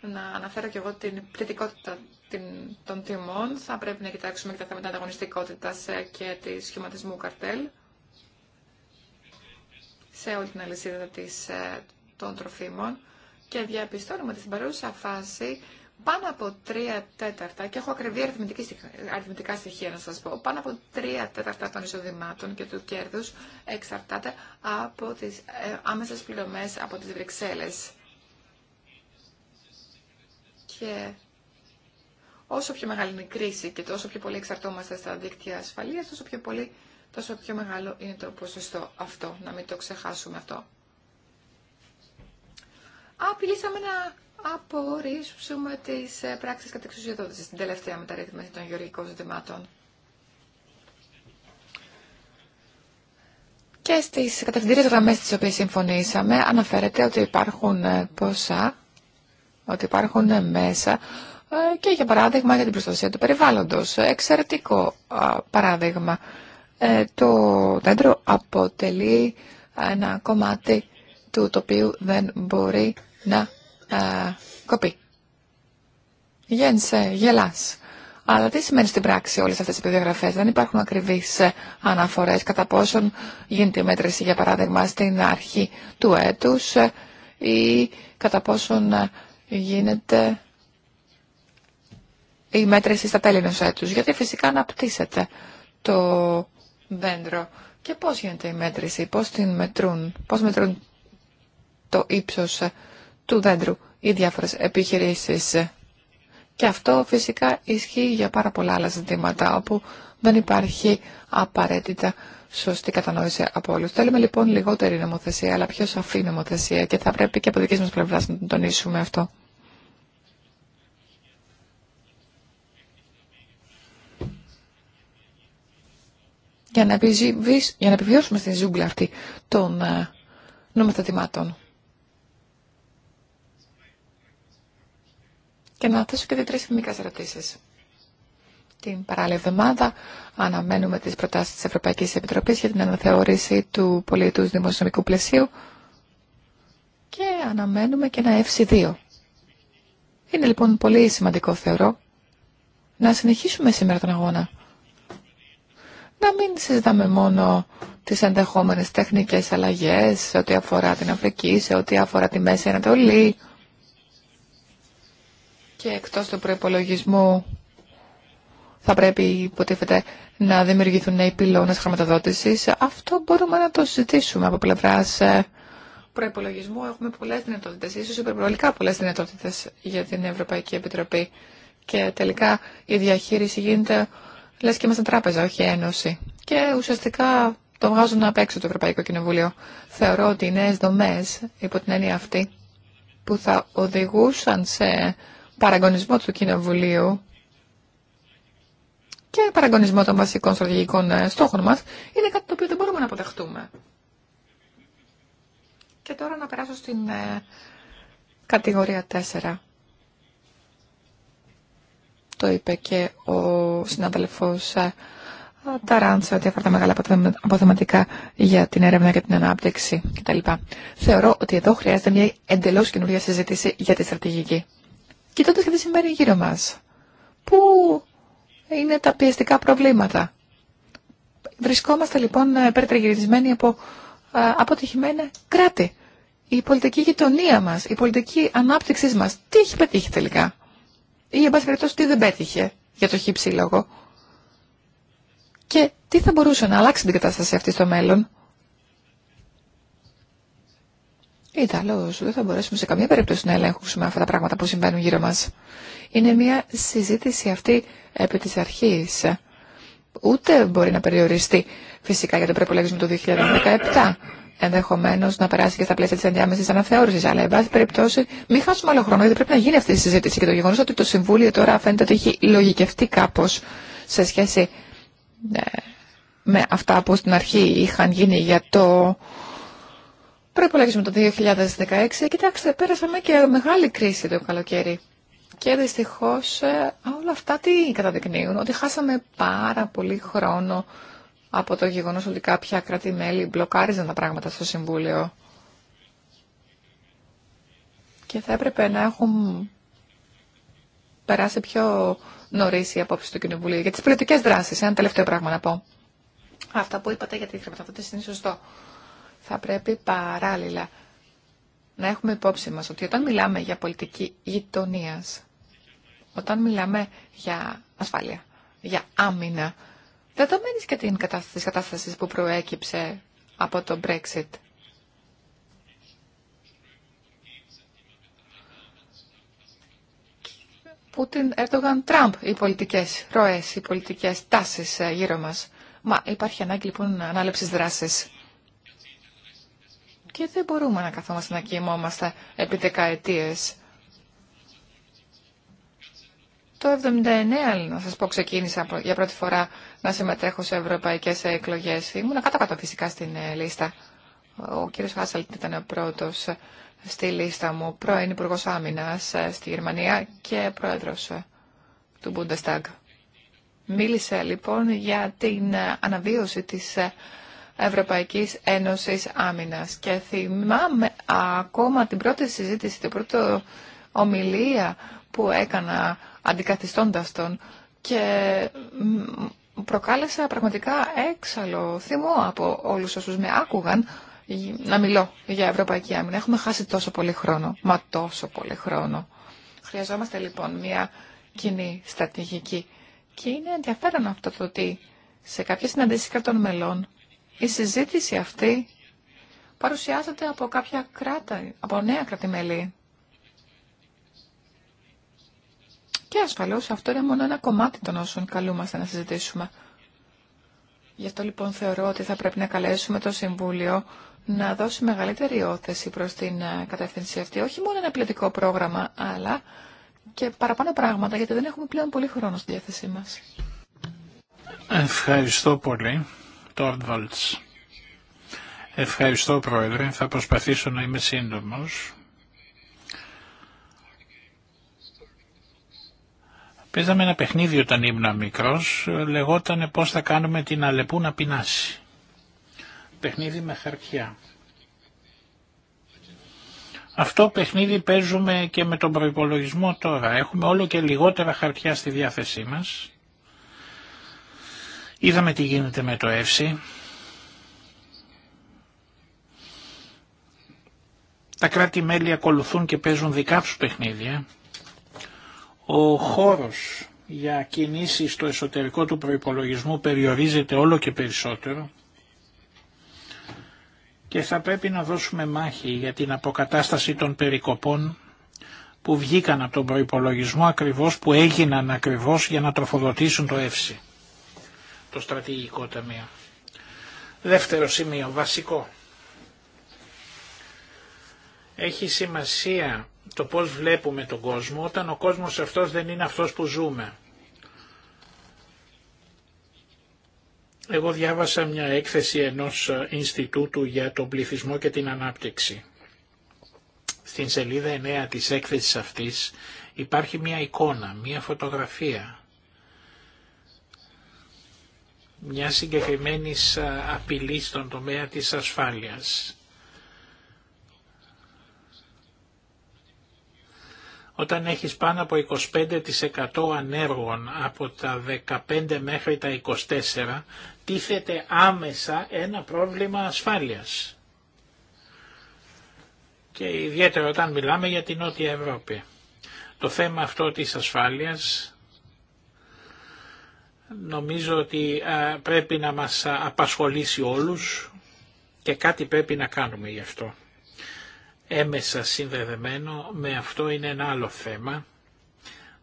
B: να αναφέρω και εγώ την πτυτικότητα των τιμών, θα πρέπει να κοιτάξουμε και τα θέματα ε, και τη σχηματισμού καρτέλ σε όλη την αλυσίδα ε, των τροφίμων και διαπιστώνουμε ότι στην παρούσα φάση πάνω από τρία τέταρτα, και έχω ακριβή αριθμητικά στοιχεία να σας πω, πάνω από τρία τέταρτα των εισοδημάτων και του κέρδους εξαρτάται από τις ε, άμεσες πληρωμές από τις Βρυξέλλες. Και όσο πιο μεγάλη είναι η κρίση και τόσο πιο πολύ εξαρτώμαστε στα δίκτυα ασφαλείας, τόσο πιο, πολύ, τόσο πιο μεγάλο είναι το ποσοστό αυτό, να μην το ξεχάσουμε αυτό απειλήσαμε να απορρίσουμε τις ε, πράξεις κατά εξουσιοδότηση στην τελευταία μεταρρύθμιση των γεωργικών ζητημάτων. Και στι κατευθυντήριες γραμμές τι οποίες συμφωνήσαμε αναφέρεται ότι υπάρχουν ε, ποσά, ότι υπάρχουν ε, μέσα και για παράδειγμα για την προστασία του περιβάλλοντος. Εξαιρετικό παράδειγμα. Το δέντρο αποτελεί ένα κομμάτι του τοπίου δεν μπορεί να κοπεί. Γένσε, γελάς. Αλλά τι σημαίνει στην πράξη όλες αυτές οι επιδιογραφές Δεν υπάρχουν ακριβείς ε, αναφορές κατά πόσον γίνεται η μέτρηση, για παράδειγμα, στην αρχή του έτους ε, ή κατά πόσον ε, γίνεται η μέτρηση στα τέλη ενός έτους. Γιατί φυσικά αναπτύσσεται το δέντρο. Και πώς γίνεται η μέτρηση, πώς την μετρούν, πώς μετρούν το ύψος του δέντρου ή διάφορες επιχειρήσεις. Και αυτό φυσικά ισχύει για πάρα πολλά άλλα ζητήματα, όπου δεν υπάρχει απαραίτητα σωστή κατανόηση από όλου. Θέλουμε λοιπόν λιγότερη νομοθεσία, αλλά πιο σαφή νομοθεσία και θα πρέπει και από δική μα πλευρά να τονίσουμε αυτό. Για να, επιβιώσουμε στην ζούγκλα αυτή των ε, νομοθετημάτων. και να θέσω και τρει φημικέ ερωτήσει. Την παράλληλη εβδομάδα αναμένουμε τις προτάσεις τη Ευρωπαϊκής Επιτροπής για την αναθεώρηση του πολιτού δημοσιονομικού πλαισίου και αναμένουμε και ένα FC2. Είναι λοιπόν πολύ σημαντικό θεωρώ να συνεχίσουμε σήμερα τον αγώνα. Να μην συζητάμε μόνο τις ενδεχόμενε τεχνικέ αλλαγέ, σε ό,τι αφορά την Αφρική, σε ό,τι αφορά τη Μέση Ανατολή, και εκτός του προϋπολογισμού θα πρέπει υποτίθεται να δημιουργηθούν νέοι πυλώνες χρηματοδότησης. Αυτό μπορούμε να το συζητήσουμε από πλευράς ε, προϋπολογισμού. Έχουμε πολλές δυνατότητες, ίσως υπερβολικά πολλές δυνατότητες για την Ευρωπαϊκή Επιτροπή. Και τελικά η διαχείριση γίνεται, λες και είμαστε τράπεζα, όχι ένωση. Και ουσιαστικά το βγάζουν απ' έξω το Ευρωπαϊκό Κοινοβούλιο. Θεωρώ ότι οι νέες δομές, υπό την έννοια αυτή, που θα οδηγούσαν σε παραγωνισμό του Κοινοβουλίου και παραγωνισμό των βασικών στρατηγικών ε, στόχων μας είναι κάτι το οποίο δεν μπορούμε να αποδεχτούμε. Και τώρα να περάσω στην ε, κατηγορία 4. Το είπε και ο συνάδελφος ε, ταράντσα ό,τι αφορά τα μεγάλα αποθεματικά για την έρευνα και την ανάπτυξη κτλ. Θεωρώ ότι εδώ χρειάζεται μια εντελώς καινούργια συζήτηση για τη στρατηγική κοιτώντας και τι συμβαίνει γύρω μας. Πού είναι τα πιεστικά προβλήματα. Βρισκόμαστε λοιπόν περιτριγυρισμένοι από αποτυχημένα κράτη. Η πολιτική γειτονία μας, η πολιτική ανάπτυξή μας, τι έχει πετύχει τελικά. Ή εν πάση τι δεν πέτυχε για το χύψη λόγο. Και τι θα μπορούσε να αλλάξει την κατάσταση αυτή στο μέλλον. Ιταλός, δεν θα μπορέσουμε σε καμία περίπτωση να ελέγχουμε αυτά τα πράγματα που συμβαίνουν γύρω μας. Είναι μια συζήτηση αυτή επί της αρχής. Ούτε μπορεί να περιοριστεί φυσικά για το προπολογισμό του 2017 ενδεχομένω να περάσει και στα πλαίσια τη ενδιάμεση αναθεώρηση. Αλλά, εν πάση περιπτώσει, μην χάσουμε άλλο χρόνο, γιατί πρέπει να γίνει αυτή η συζήτηση. Και το γεγονό ότι το Συμβούλιο τώρα φαίνεται ότι έχει λογικευτεί κάπω σε σχέση ε, με αυτά που στην αρχή είχαν γίνει για το Προπολογισμό το 2016, κοιτάξτε, πέρασαμε και μεγάλη κρίση το καλοκαίρι. Και δυστυχώ ε, όλα αυτά τι καταδεικνύουν, ότι χάσαμε πάρα πολύ χρόνο από το γεγονός ότι κάποια κράτη-μέλη μπλοκάριζαν τα πράγματα στο Συμβούλιο. Και θα έπρεπε να έχουν περάσει πιο νωρί η απόψη του Κοινοβουλίου. Για τις πολιτικές δράσει ένα τελευταίο πράγμα να πω. Αυτά που είπατε για τη χρηματοδότηση είναι σωστό θα πρέπει παράλληλα να έχουμε υπόψη μας ότι όταν μιλάμε για πολιτική γειτονία, όταν μιλάμε για ασφάλεια, για άμυνα, δεδομένης και την κατάσταση, κατάσταση που προέκυψε από το Brexit. Πούτιν, Έρτογαν, Τραμπ, οι πολιτικές ροές, οι πολιτικές τάσεις ε, γύρω μας. Μα υπάρχει ανάγκη λοιπόν ανάλεψης δράσης. Και δεν μπορούμε να καθόμαστε να κοιμόμαστε επί δεκαετίες. Το 79, να σας πω, ξεκίνησα για πρώτη φορά να συμμετέχω σε ευρωπαϊκές εκλογές. Ήμουν κάτω-κάτω φυσικά στην ε, λίστα. Ο κύριος Χάσελτ ήταν ο πρώτος ε, στη λίστα μου, πρώην υπουργό Άμυνα ε, στη Γερμανία και πρόεδρος του Bundestag. Μίλησε λοιπόν για την αναβίωση της Ευρωπαϊκής Ένωσης Άμυνας. Και θυμάμαι ακόμα την πρώτη συζήτηση, την πρώτη ομιλία που έκανα αντικαθιστώντας τον και προκάλεσα πραγματικά έξαλλο θυμό από όλους όσους με άκουγαν να μιλώ για Ευρωπαϊκή Άμυνα. Έχουμε χάσει τόσο πολύ χρόνο, μα τόσο πολύ χρόνο. Χρειαζόμαστε λοιπόν μια κοινή στρατηγική. Και είναι ενδιαφέρον αυτό το ότι σε κάποιες συναντήσεις κρατών μελών η συζήτηση αυτή παρουσιάζεται από κάποια κράτα, από νέα κρατημέλη. Και ασφαλώς αυτό είναι μόνο ένα κομμάτι των όσων καλούμαστε να συζητήσουμε. Γι' αυτό λοιπόν θεωρώ ότι θα πρέπει να καλέσουμε το Συμβούλιο να δώσει μεγαλύτερη όθεση προς την ε, κατεύθυνση αυτή. Όχι μόνο ένα πλαιτικό πρόγραμμα, αλλά και παραπάνω πράγματα, γιατί δεν έχουμε πλέον πολύ χρόνο στη διάθεσή μας.
A: Ευχαριστώ πολύ. Ευχαριστώ Πρόεδρε, θα προσπαθήσω να είμαι σύντομος. Παίζαμε ένα παιχνίδι όταν ήμουν μικρός, Λεγότανε πώς θα κάνουμε την Αλεπού να πεινάσει. Παιχνίδι με χαρτιά. Αυτό παιχνίδι παίζουμε και με τον προϋπολογισμό τώρα. Έχουμε όλο και λιγότερα χαρτιά στη διάθεσή μας Είδαμε τι γίνεται με το Εύση. Τα κράτη-μέλη ακολουθούν και παίζουν δικά τους παιχνίδια. Ο χώρος για κινήσεις στο εσωτερικό του προϋπολογισμού περιορίζεται όλο και περισσότερο και θα πρέπει να δώσουμε μάχη για την αποκατάσταση των περικοπών που βγήκαν από τον προϋπολογισμό ακριβώς που έγιναν ακριβώς για να τροφοδοτήσουν το εύση το στρατηγικό ταμείο. Δεύτερο σημείο, βασικό. Έχει σημασία το πώς βλέπουμε τον κόσμο όταν ο κόσμος αυτός δεν είναι αυτός που ζούμε. Εγώ διάβασα μια έκθεση ενός Ινστιτούτου για τον πληθυσμό και την ανάπτυξη. Στην σελίδα 9 της έκθεσης αυτής υπάρχει μια εικόνα, μια φωτογραφία μια συγκεκριμένη απειλή στον τομέα της ασφάλειας. Όταν έχεις πάνω από 25% ανέργων από τα 15 μέχρι τα 24, τίθεται άμεσα ένα πρόβλημα ασφάλειας. Και ιδιαίτερα όταν μιλάμε για την Νότια Ευρώπη. Το θέμα αυτό της ασφάλειας Νομίζω ότι πρέπει να μας απασχολήσει όλους και κάτι πρέπει να κάνουμε γι' αυτό. Έμεσα συνδεδεμένο με αυτό είναι ένα άλλο θέμα,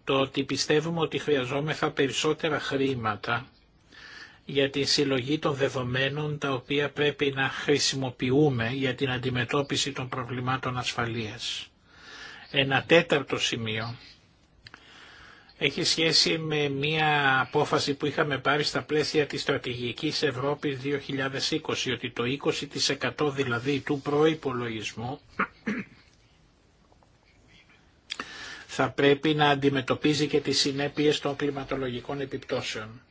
A: το ότι πιστεύουμε ότι χρειαζόμεθα περισσότερα χρήματα για τη συλλογή των δεδομένων τα οποία πρέπει να χρησιμοποιούμε για την αντιμετώπιση των προβλημάτων ασφαλείας. Ένα τέταρτο σημείο έχει σχέση με μια απόφαση που είχαμε πάρει στα πλαίσια της στρατηγικής Ευρώπης 2020, ότι το 20% δηλαδή του προϋπολογισμού θα πρέπει να αντιμετωπίζει και τις συνέπειες των κλιματολογικών επιπτώσεων.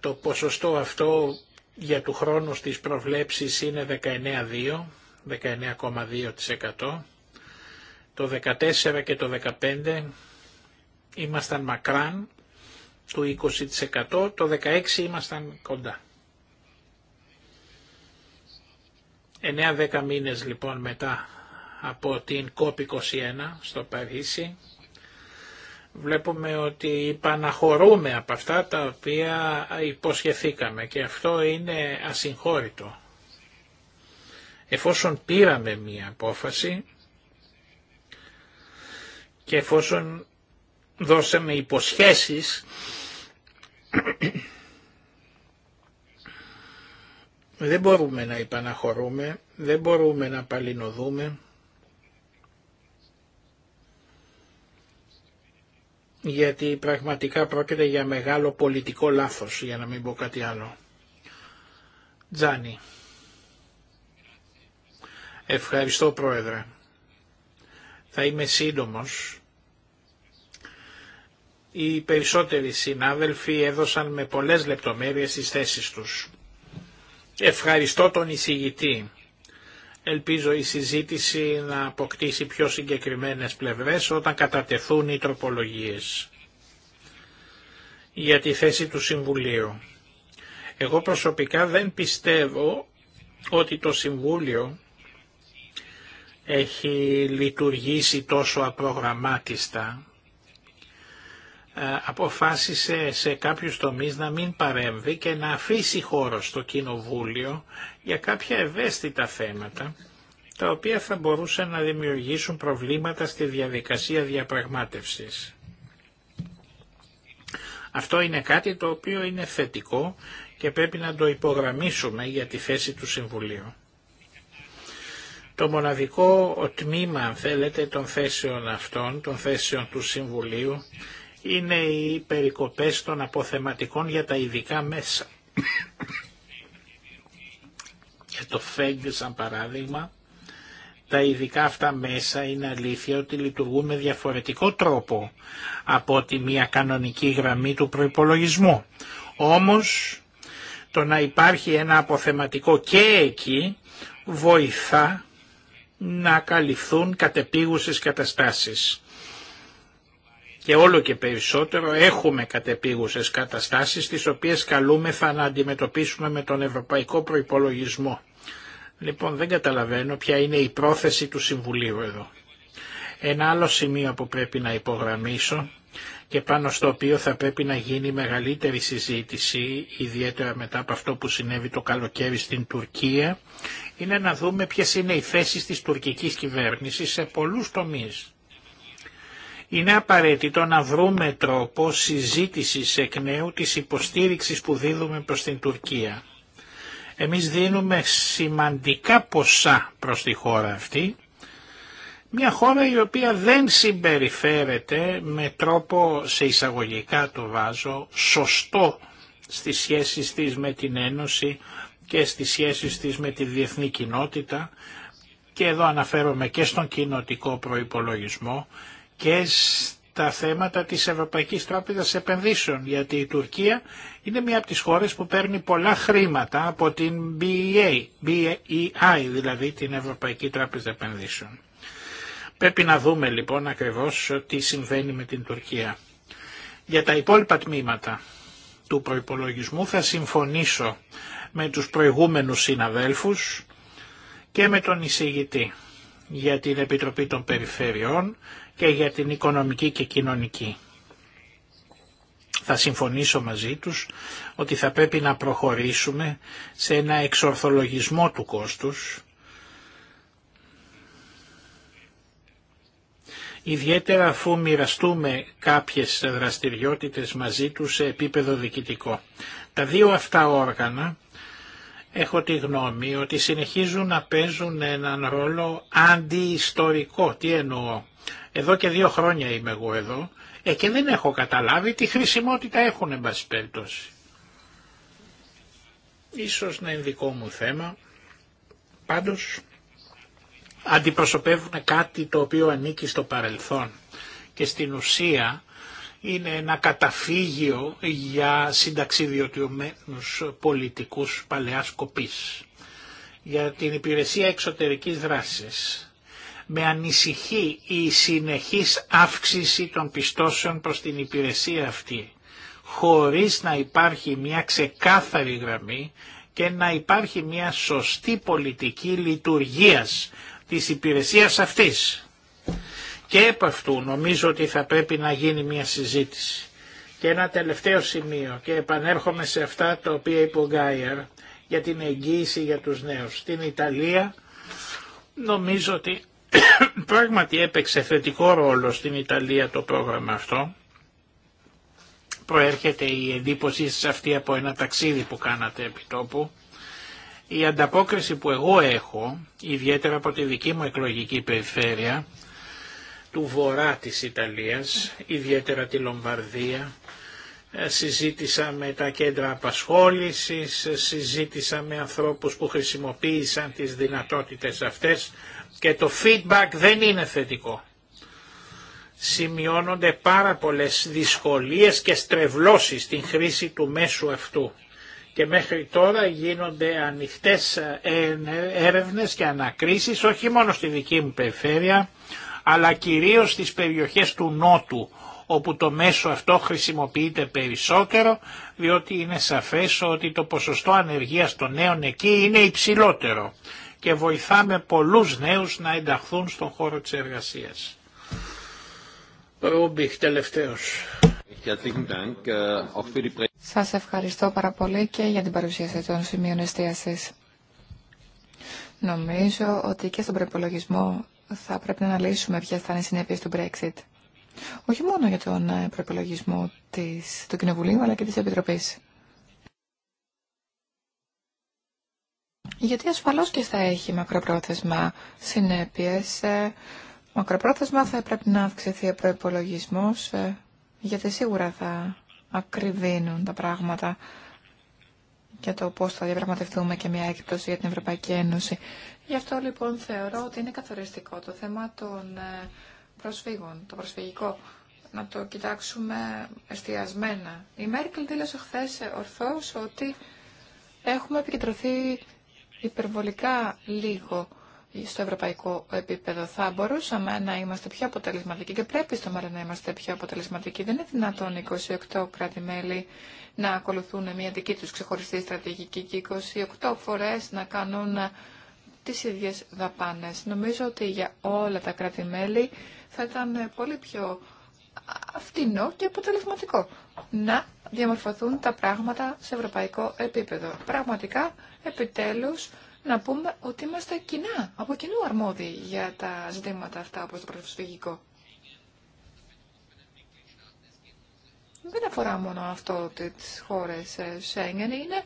A: Το ποσοστό αυτό για του χρόνου στις προβλέψεις είναι 19,2%. 19,2% το 14 και το 15 ήμασταν μακράν του 20%, το 16 ήμασταν κοντά. 9-10 μήνες λοιπόν μετά από την COP21 στο Παρίσι, βλέπουμε ότι υπαναχωρούμε από αυτά τα οποία υποσχεθήκαμε και αυτό είναι ασυγχώρητο. Εφόσον πήραμε μία απόφαση, και εφόσον δώσαμε υποσχέσεις δεν μπορούμε να υπαναχωρούμε, δεν μπορούμε να παλινοδούμε γιατί πραγματικά πρόκειται για μεγάλο πολιτικό λάθος, για να μην πω κάτι άλλο. Τζάνι. Ευχαριστώ Πρόεδρε. Θα είμαι σύντομος οι περισσότεροι συνάδελφοι έδωσαν με πολλές λεπτομέρειες τις θέσεις τους. Ευχαριστώ τον εισηγητή. Ελπίζω η συζήτηση να αποκτήσει πιο συγκεκριμένες πλευρές όταν κατατεθούν οι τροπολογίες για τη θέση του Συμβουλίου. Εγώ προσωπικά δεν πιστεύω ότι το Συμβούλιο έχει λειτουργήσει τόσο απρογραμμάτιστα ε, αποφάσισε σε κάποιους τομείς να μην παρέμβει και να αφήσει χώρο στο Κοινοβούλιο για κάποια ευαίσθητα θέματα, τα οποία θα μπορούσαν να δημιουργήσουν προβλήματα στη διαδικασία διαπραγμάτευσης. Αυτό είναι κάτι το οποίο είναι θετικό και πρέπει να το υπογραμμίσουμε για τη θέση του Συμβουλίου. Το μοναδικό τμήμα, αν θέλετε, των θέσεων αυτών, των θέσεων του Συμβουλίου, είναι οι περικοπές των αποθεματικών για τα ειδικά μέσα. για το ΦΕΓ σαν παράδειγμα, τα ειδικά αυτά μέσα είναι αλήθεια ότι λειτουργούν με διαφορετικό τρόπο από τη μια κανονική γραμμή του προϋπολογισμού. Όμως το να υπάρχει ένα αποθεματικό και εκεί βοηθά να καλυφθούν κατεπίγουσες καταστάσεις και όλο και περισσότερο έχουμε κατεπίγουσες καταστάσεις τις οποίες καλούμεθα να αντιμετωπίσουμε με τον ευρωπαϊκό προϋπολογισμό. Λοιπόν δεν καταλαβαίνω ποια είναι η πρόθεση του Συμβουλίου εδώ. Ένα άλλο σημείο που πρέπει να υπογραμμίσω και πάνω στο οποίο θα πρέπει να γίνει μεγαλύτερη συζήτηση, ιδιαίτερα μετά από αυτό που συνέβη το καλοκαίρι στην Τουρκία, είναι να δούμε ποιες είναι οι θέσεις της τουρκικής κυβέρνησης σε πολλούς τομείς. Είναι απαραίτητο να βρούμε τρόπο συζήτησης εκ νέου της υποστήριξης που δίδουμε προς την Τουρκία. Εμείς δίνουμε σημαντικά ποσά προς τη χώρα αυτή, μια χώρα η οποία δεν συμπεριφέρεται με τρόπο, σε εισαγωγικά το βάζω, σωστό στις σχέσεις της με την Ένωση και στις σχέσεις της με τη διεθνή κοινότητα και εδώ αναφέρομαι και στον κοινοτικό προϋπολογισμό και στα θέματα της Ευρωπαϊκής Τράπεζας Επενδύσεων, γιατί η Τουρκία είναι μία από τις χώρες που παίρνει πολλά χρήματα από την BEA, BEI δηλαδή την Ευρωπαϊκή Τράπεζα Επενδύσεων. Πρέπει να δούμε λοιπόν ακριβώς τι συμβαίνει με την Τουρκία. Για τα υπόλοιπα τμήματα του προϋπολογισμού θα συμφωνήσω με τους προηγούμενους συναδέλφους και με τον εισηγητή για την Επιτροπή των Περιφερειών και για την οικονομική και κοινωνική. Θα συμφωνήσω μαζί τους ότι θα πρέπει να προχωρήσουμε σε ένα εξορθολογισμό του κόστους, ιδιαίτερα αφού μοιραστούμε κάποιες δραστηριότητες μαζί τους σε επίπεδο διοικητικό. Τα δύο αυτά όργανα έχω τη γνώμη ότι συνεχίζουν να παίζουν έναν ρόλο αντιιστορικό. Τι εννοώ. Εδώ και δύο χρόνια είμαι εγώ εδώ ε, και δεν έχω καταλάβει τι χρησιμότητα έχουν εν πάση περιπτώσει. Ίσως να είναι δικό μου θέμα, πάντως αντιπροσωπεύουν κάτι το οποίο ανήκει στο παρελθόν και στην ουσία είναι ένα καταφύγιο για συνταξιδιωτιωμένους πολιτικούς παλαιάς κοπής. Για την υπηρεσία εξωτερικής δράσης με ανησυχεί η συνεχής αύξηση των πιστώσεων προς την υπηρεσία αυτή, χωρίς να υπάρχει μια ξεκάθαρη γραμμή και να υπάρχει μια σωστή πολιτική λειτουργίας της υπηρεσίας αυτής. Και επ' αυτού νομίζω ότι θα πρέπει να γίνει μια συζήτηση. Και ένα τελευταίο σημείο και επανέρχομαι σε αυτά τα οποία είπε ο Γκάιερ για την εγγύηση για τους νέους. Στην Ιταλία νομίζω ότι Πράγματι έπαιξε θετικό ρόλο στην Ιταλία το πρόγραμμα αυτό. Προέρχεται η εντύπωση σας αυτή από ένα ταξίδι που κάνατε επί τόπου. Η ανταπόκριση που εγώ έχω, ιδιαίτερα από τη δική μου εκλογική περιφέρεια, του βορρά της Ιταλίας, ιδιαίτερα τη Λομβαρδία, ε, συζήτησα με τα κέντρα απασχόλησης, ε, συζήτησα με ανθρώπους που χρησιμοποίησαν τις δυνατότητες αυτές, και το feedback δεν είναι θετικό. Σημειώνονται πάρα πολλές δυσκολίες και στρεβλώσεις στην χρήση του μέσου αυτού και μέχρι τώρα γίνονται ανοιχτές έρευνες και ανακρίσεις όχι μόνο στη δική μου περιφέρεια αλλά κυρίως στις περιοχές του Νότου όπου το μέσο αυτό χρησιμοποιείται περισσότερο διότι είναι σαφές ότι το ποσοστό ανεργίας των νέων εκεί είναι υψηλότερο και βοηθάμε πολλούς νέους να ενταχθούν στον χώρο της εργασίας. Ρούμπιχ,
B: Σας ευχαριστώ πάρα πολύ και για την παρουσίαση των σημείων εστίασης. Νομίζω ότι και στον προπολογισμό θα πρέπει να αναλύσουμε ποιε θα είναι οι συνέπειε του Brexit. Όχι μόνο για τον ε, προπολογισμό του Κοινοβουλίου, αλλά και τη Επιτροπή. γιατί ασφαλώς και θα έχει μακροπρόθεσμα συνέπειες. Ε, μακροπρόθεσμα θα πρέπει να αυξηθεί ο προπολογισμό, ε, γιατί σίγουρα θα ακριβίνουν τα πράγματα για το πώς θα διαπραγματευτούμε και μια έκπτωση για την Ευρωπαϊκή Ένωση. Γι' αυτό λοιπόν θεωρώ ότι είναι καθοριστικό το θέμα των ε, προσφύγων, το προσφυγικό, να το κοιτάξουμε εστιασμένα. Η Μέρκελ δήλωσε χθε ορθώς ότι έχουμε επικεντρωθεί υπερβολικά λίγο στο ευρωπαϊκό επίπεδο. Θα μπορούσαμε να είμαστε πιο αποτελεσματικοί και πρέπει στο μέλλον να είμαστε πιο αποτελεσματικοί. Δεν είναι δυνατόν 28 κράτη-μέλη να ακολουθούν μια δική τους ξεχωριστή στρατηγική και 28 φορές να κάνουν τις ίδιες δαπάνες. Νομίζω ότι για όλα τα κράτη-μέλη θα ήταν πολύ πιο φτηνό και αποτελεσματικό να διαμορφωθούν τα πράγματα σε ευρωπαϊκό επίπεδο. Πραγματικά, επιτέλους, να πούμε ότι είμαστε κοινά, από κοινού αρμόδιοι για τα ζητήματα αυτά όπως το προσφυγικό. Δεν αφορά μόνο αυτό τις χώρες ε, Σέγγεν, είναι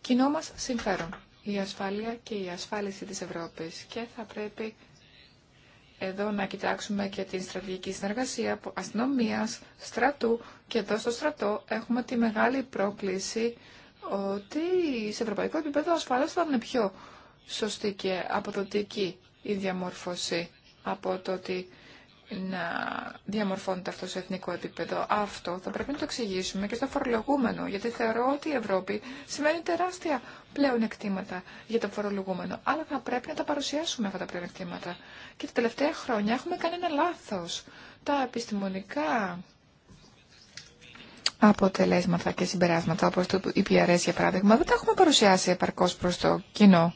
B: κοινό μας συμφέρον. Η ασφάλεια και η ασφάλιση της Ευρώπης και θα πρέπει εδώ να κοιτάξουμε και την στρατηγική συνεργασία από αστυνομίας, στρατού και εδώ στο στρατό έχουμε τη μεγάλη πρόκληση ότι σε ευρωπαϊκό επίπεδο ασφαλώς θα είναι πιο σωστή και αποδοτική η διαμόρφωση από το ότι να διαμορφώνεται αυτό σε εθνικό επίπεδο. Αυτό θα πρέπει να το εξηγήσουμε και στο φορολογούμενο, γιατί θεωρώ ότι η Ευρώπη σημαίνει τεράστια πλέον εκτήματα για το φορολογούμενο, αλλά θα πρέπει να τα παρουσιάσουμε αυτά τα πλέον εκτήματα. Και τα τελευταία χρόνια έχουμε κάνει ένα λάθος. Τα επιστημονικά αποτελέσματα και συμπεράσματα, όπως το EPRS για παράδειγμα, δεν τα έχουμε παρουσιάσει επαρκώς προς το κοινό.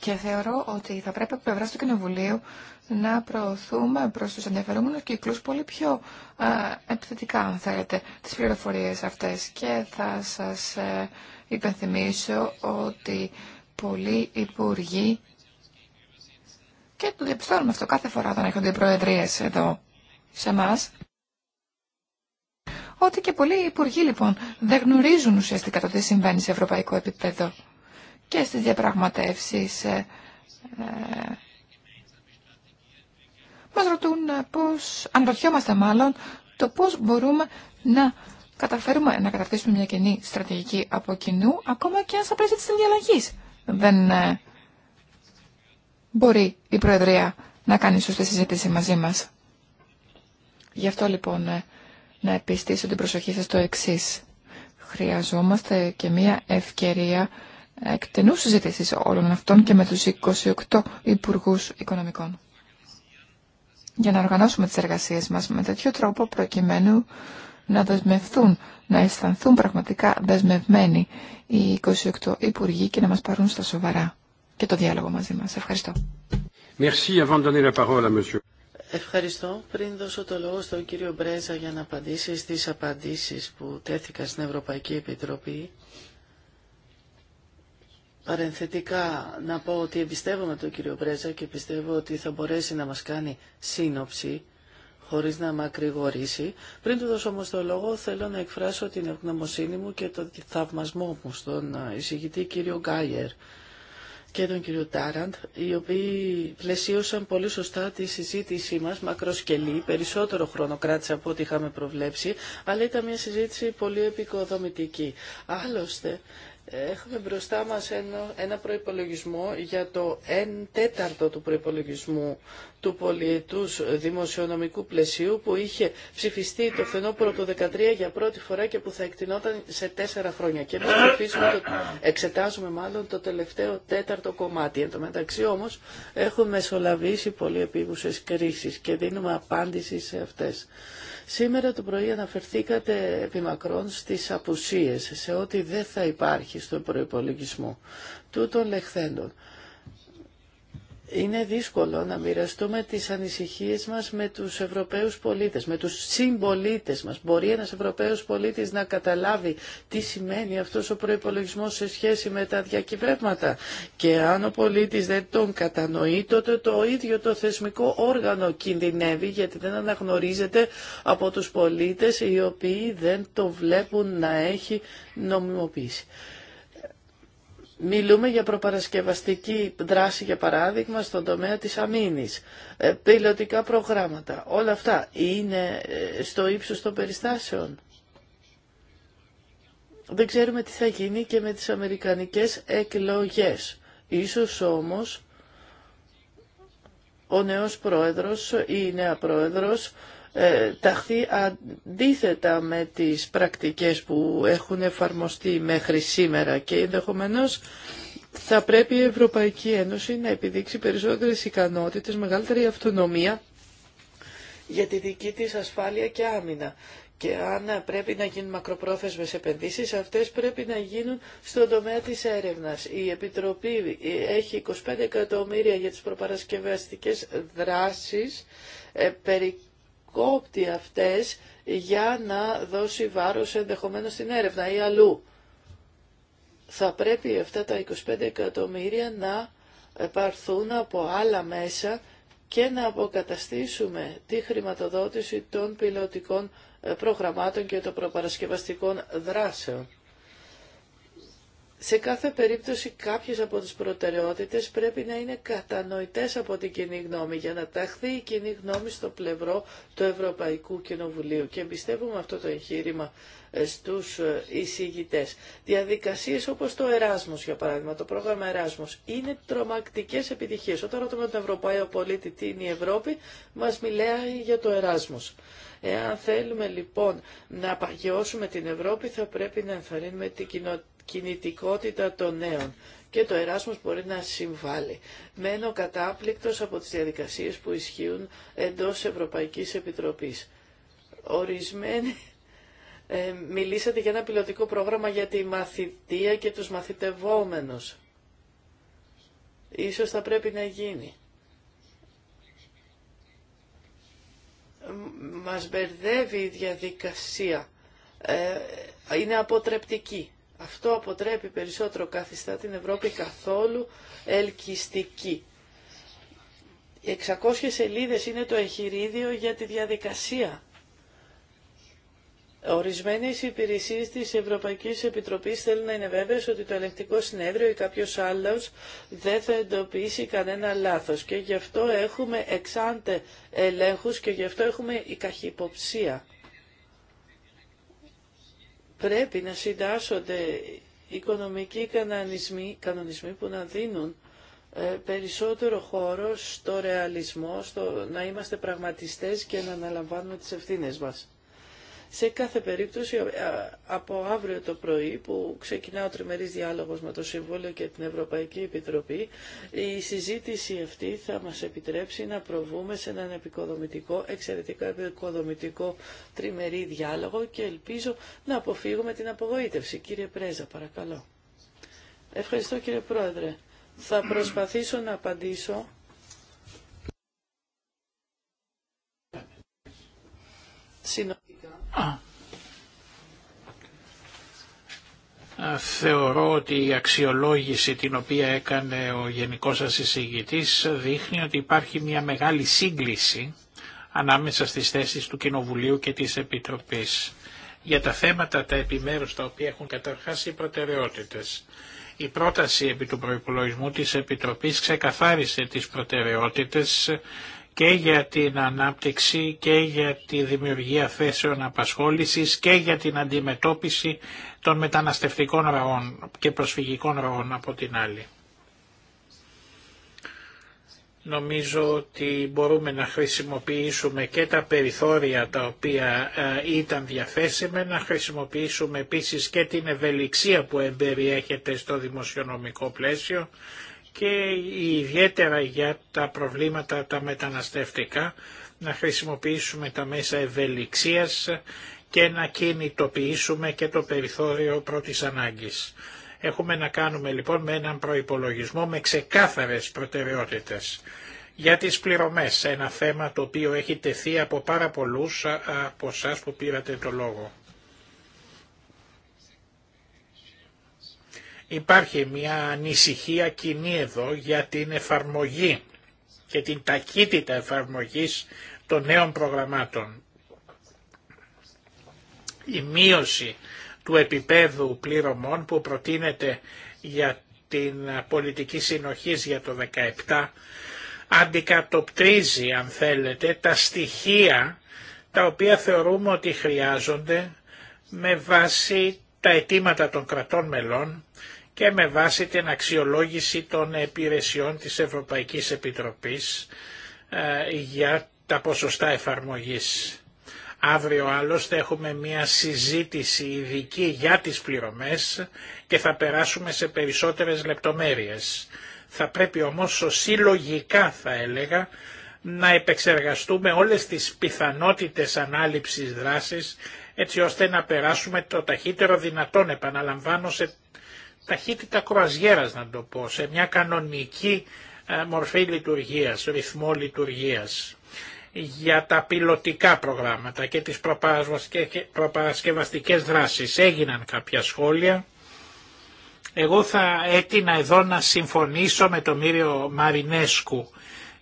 B: Και θεωρώ ότι θα πρέπει από πλευρά του Κοινοβουλίου να προωθούμε προ του ενδιαφερόμενου κύκλου πολύ πιο επιθετικά, αν θέλετε, τι πληροφορίε αυτέ. Και θα σα ε, υπενθυμίσω ότι πολλοί υπουργοί και το διαπιστώνουμε αυτό κάθε φορά όταν έχονται οι προεδρίε εδώ σε εμά. Ότι και πολλοί υπουργοί λοιπόν δεν γνωρίζουν ουσιαστικά το τι συμβαίνει σε ευρωπαϊκό επίπεδο και στις διαπραγματεύσεις ε, ε, μας ρωτούν ε, πώς, αν ρωτιόμαστε μάλλον, το πώς μπορούμε να καταφέρουμε να καταρτήσουμε μια κοινή στρατηγική από κοινού, ακόμα και αν στα πλαίσια της διαλογής δεν μπορεί η Προεδρία να κάνει σωστή συζήτηση μαζί μας. Γι' αυτό λοιπόν να επιστήσω την προσοχή σας στο εξής. Χρειαζόμαστε και μια ευκαιρία εκτενού συζήτηση όλων αυτών και με του 28 υπουργού Οικονομικών. Για να οργανώσουμε τι εργασίε μα με τέτοιο τρόπο προκειμένου να δεσμευθούν, να αισθανθούν πραγματικά δεσμευμένοι οι 28 Υπουργοί και να μα παρούν στα σοβαρά και το διάλογο μαζί μα. Ευχαριστώ.
E: Ευχαριστώ.
D: Πριν δώσω το λόγο στον κύριο Μπρέζα για να
E: απαντήσει στις απαντήσεις
D: που τέθηκαν στην Ευρωπαϊκή Επιτροπή, Παρενθετικά να πω ότι εμπιστεύομαι τον κύριο Μπρέζα και πιστεύω ότι θα μπορέσει να μας κάνει σύνοψη χωρίς να μακρηγορήσει. Πριν του δώσω όμως το λόγο θέλω να εκφράσω την ευγνωμοσύνη μου και τον θαυμασμό μου στον ε, εισηγητή κύριο Γκάιερ και τον κύριο Τάραντ, οι οποίοι πλαισίωσαν πολύ σωστά τη συζήτησή μας, μακροσκελή, περισσότερο χρόνο κράτησε από ό,τι είχαμε προβλέψει, αλλά ήταν μια συζήτηση πολύ επικοδομητική. Άλλωστε, Έχουμε μπροστά μας ένα, ένα προϋπολογισμό για το 1 τέταρτο του προϋπολογισμού του πολιετούς δημοσιονομικού πλαισίου που είχε ψηφιστεί το φαινόπωρο του 2013 για πρώτη φορά και που θα εκτινόταν σε τέσσερα χρόνια. Και εμείς το, εξετάζουμε μάλλον το τελευταίο τέταρτο κομμάτι. Εν τω μεταξύ όμως έχουν μεσολαβήσει πολύ επίγουσες κρίσεις και δίνουμε απάντηση σε αυτές. Σήμερα το πρωί αναφερθήκατε επιμακρών στις απουσίες, σε ό,τι δεν θα υπάρχει στον προϋπολογισμό τούτων λεχθέντων είναι δύσκολο να μοιραστούμε τις ανησυχίες μας με τους Ευρωπαίους πολίτες, με τους συμπολίτε μας. Μπορεί ένας Ευρωπαίος πολίτης να καταλάβει τι σημαίνει αυτός ο προϋπολογισμός σε σχέση με τα διακυβεύματα. Και αν ο πολίτης δεν τον κατανοεί, τότε το ίδιο το θεσμικό όργανο κινδυνεύει, γιατί δεν αναγνωρίζεται από τους πολίτες οι οποίοι δεν το βλέπουν να έχει νομιμοποίηση. Μιλούμε για προπαρασκευαστική δράση, για παράδειγμα, στον τομέα της αμήνης, ε, πιλωτικά προγράμματα. Όλα αυτά είναι ε, στο ύψος των περιστάσεων. Δεν ξέρουμε τι θα γίνει και με τις αμερικανικές εκλογές. Ίσως όμως ο νέος πρόεδρος ή η νέα πρόεδρος ε, ταχθεί αντίθετα με τις πρακτικές που έχουν εφαρμοστεί μέχρι σήμερα και ενδεχομένως θα πρέπει η Ευρωπαϊκή Ένωση να επιδείξει περισσότερες ικανότητες, μεγαλύτερη αυτονομία για τη δική της ασφάλεια και άμυνα. Και αν πρέπει να γίνουν μακροπρόθεσμες επενδύσεις, αυτές πρέπει να γίνουν στον τομέα της έρευνας. Η Επιτροπή έχει 25 εκατομμύρια για τις προπαρασκευαστικές δράσεις, ε, κόπτει αυτές για να δώσει βάρος ενδεχομένως στην έρευνα ή αλλού. Θα πρέπει αυτά τα 25 εκατομμύρια να πάρθουν από άλλα μέσα και να αποκαταστήσουμε τη χρηματοδότηση των πιλωτικών ε, προγραμμάτων και των προπαρασκευαστικών δράσεων. Σε κάθε περίπτωση κάποιες από τις προτεραιότητες πρέπει να είναι κατανοητές από την κοινή γνώμη για να ταχθεί η κοινή γνώμη στο πλευρό του Ευρωπαϊκού Κοινοβουλίου και εμπιστεύουμε αυτό το εγχείρημα ε, στους ε, εισηγητές. Διαδικασίες όπως το Εράσμος για παράδειγμα, το πρόγραμμα Εράσμος είναι τρομακτικές επιτυχίες. Όταν ρωτούμε τον Ευρωπαίο πολίτη τι είναι η Ευρώπη, μας μιλάει για το Εράσμος. Εάν θέλουμε λοιπόν να παγιώσουμε την Ευρώπη θα πρέπει να ενθαρρύνουμε την κοινότητα κινητικότητα των νέων και το Εράσμος μπορεί να συμβάλλει. Μένω κατάπληκτος από τις διαδικασίες που ισχύουν εντός Ευρωπαϊκής Επιτροπής. Ορισμένοι ε, μιλήσατε για ένα πιλωτικό πρόγραμμα για τη μαθητεία και τους μαθητευόμενους. Ίσως θα πρέπει να γίνει. Μας μπερδεύει η διαδικασία. Ε, είναι αποτρεπτική. Αυτό αποτρέπει περισσότερο καθιστά την Ευρώπη καθόλου ελκυστική. Οι 600 σελίδες είναι το εγχειρίδιο για τη διαδικασία. Ορισμένες υπηρεσίες της Ευρωπαϊκής Επιτροπής θέλουν να είναι βέβαιες ότι το ελεκτικό συνέδριο ή κάποιος άλλος δεν θα εντοπίσει κανένα λάθος και γι' αυτό έχουμε εξάντε ελέγχους και γι' αυτό έχουμε η καχυποψία πρέπει να συντάσσονται οικονομικοί κανονισμοί, κανονισμοί που να δίνουν ε, περισσότερο χώρο στο ρεαλισμό, στο να είμαστε πραγματιστές και να αναλαμβάνουμε τις ευθύνες μας. Σε κάθε περίπτωση, από αύριο το πρωί που ξεκινά ο τριμερής διάλογος με το Συμβούλιο και την Ευρωπαϊκή Επιτροπή, η συζήτηση αυτή θα μας επιτρέψει να προβούμε σε έναν επικοδομητικό, εξαιρετικά επικοδομητικό τριμερή διάλογο και ελπίζω να αποφύγουμε την απογοήτευση. Κύριε Πρέζα, παρακαλώ. Ευχαριστώ κύριε Πρόεδρε. Θα προσπαθήσω να απαντήσω
A: Θεωρώ ότι η αξιολόγηση την οποία έκανε ο Γενικός σας εισηγητής δείχνει ότι υπάρχει μια μεγάλη σύγκληση ανάμεσα στις θέσεις του Κοινοβουλίου και της Επιτροπής για τα θέματα τα επιμέρους τα οποία έχουν καταρχάς οι προτεραιότητες. Η πρόταση επί του προϋπολογισμού της Επιτροπής ξεκαθάρισε τις προτεραιότητες και για την ανάπτυξη και για τη δημιουργία θέσεων απασχόλησης και για την αντιμετώπιση των μεταναστευτικών ροών και προσφυγικών ροών από την άλλη. Νομίζω ότι μπορούμε να χρησιμοποιήσουμε και τα περιθώρια τα οποία ε, ήταν διαθέσιμα, να χρησιμοποιήσουμε επίσης και την ευελιξία που εμπεριέχεται στο δημοσιονομικό πλαίσιο και ιδιαίτερα για τα προβλήματα τα μεταναστευτικά να χρησιμοποιήσουμε τα μέσα ευελιξίας και να κινητοποιήσουμε και το περιθώριο πρώτης ανάγκης. Έχουμε να κάνουμε λοιπόν με έναν προϋπολογισμό με ξεκάθαρες προτεραιότητες. Για τις πληρωμές, ένα θέμα το οποίο έχει τεθεί από πάρα πολλούς από εσά που πήρατε το λόγο. Υπάρχει μια ανησυχία κοινή εδώ για την εφαρμογή και την ταχύτητα εφαρμογής των νέων προγραμμάτων. Η μείωση του επίπεδου πληρωμών που προτείνεται για την πολιτική συνοχής για το 2017 αντικατοπτρίζει αν θέλετε τα στοιχεία τα οποία θεωρούμε ότι χρειάζονται με βάση τα αιτήματα των κρατών μελών και με βάση την αξιολόγηση των υπηρεσιών της Ευρωπαϊκής Επιτροπής ε, για τα ποσοστά εφαρμογής. Αύριο άλλωστε έχουμε μια συζήτηση ειδική για τις πληρωμές και θα περάσουμε σε περισσότερες λεπτομέρειες. Θα πρέπει όμως συλλογικά θα έλεγα να επεξεργαστούμε όλες τις πιθανότητες ανάληψης δράσης έτσι ώστε να περάσουμε το ταχύτερο δυνατόν επαναλαμβάνω ταχύτητα κρουαζιέρας να το πω, σε μια κανονική ε, μορφή λειτουργίας, ρυθμό λειτουργίας για τα πιλωτικά προγράμματα και τις προπαρασκευαστικές δράσεις. Έγιναν κάποια σχόλια. Εγώ θα έτεινα εδώ να συμφωνήσω με τον Μύριο Μαρινέσκου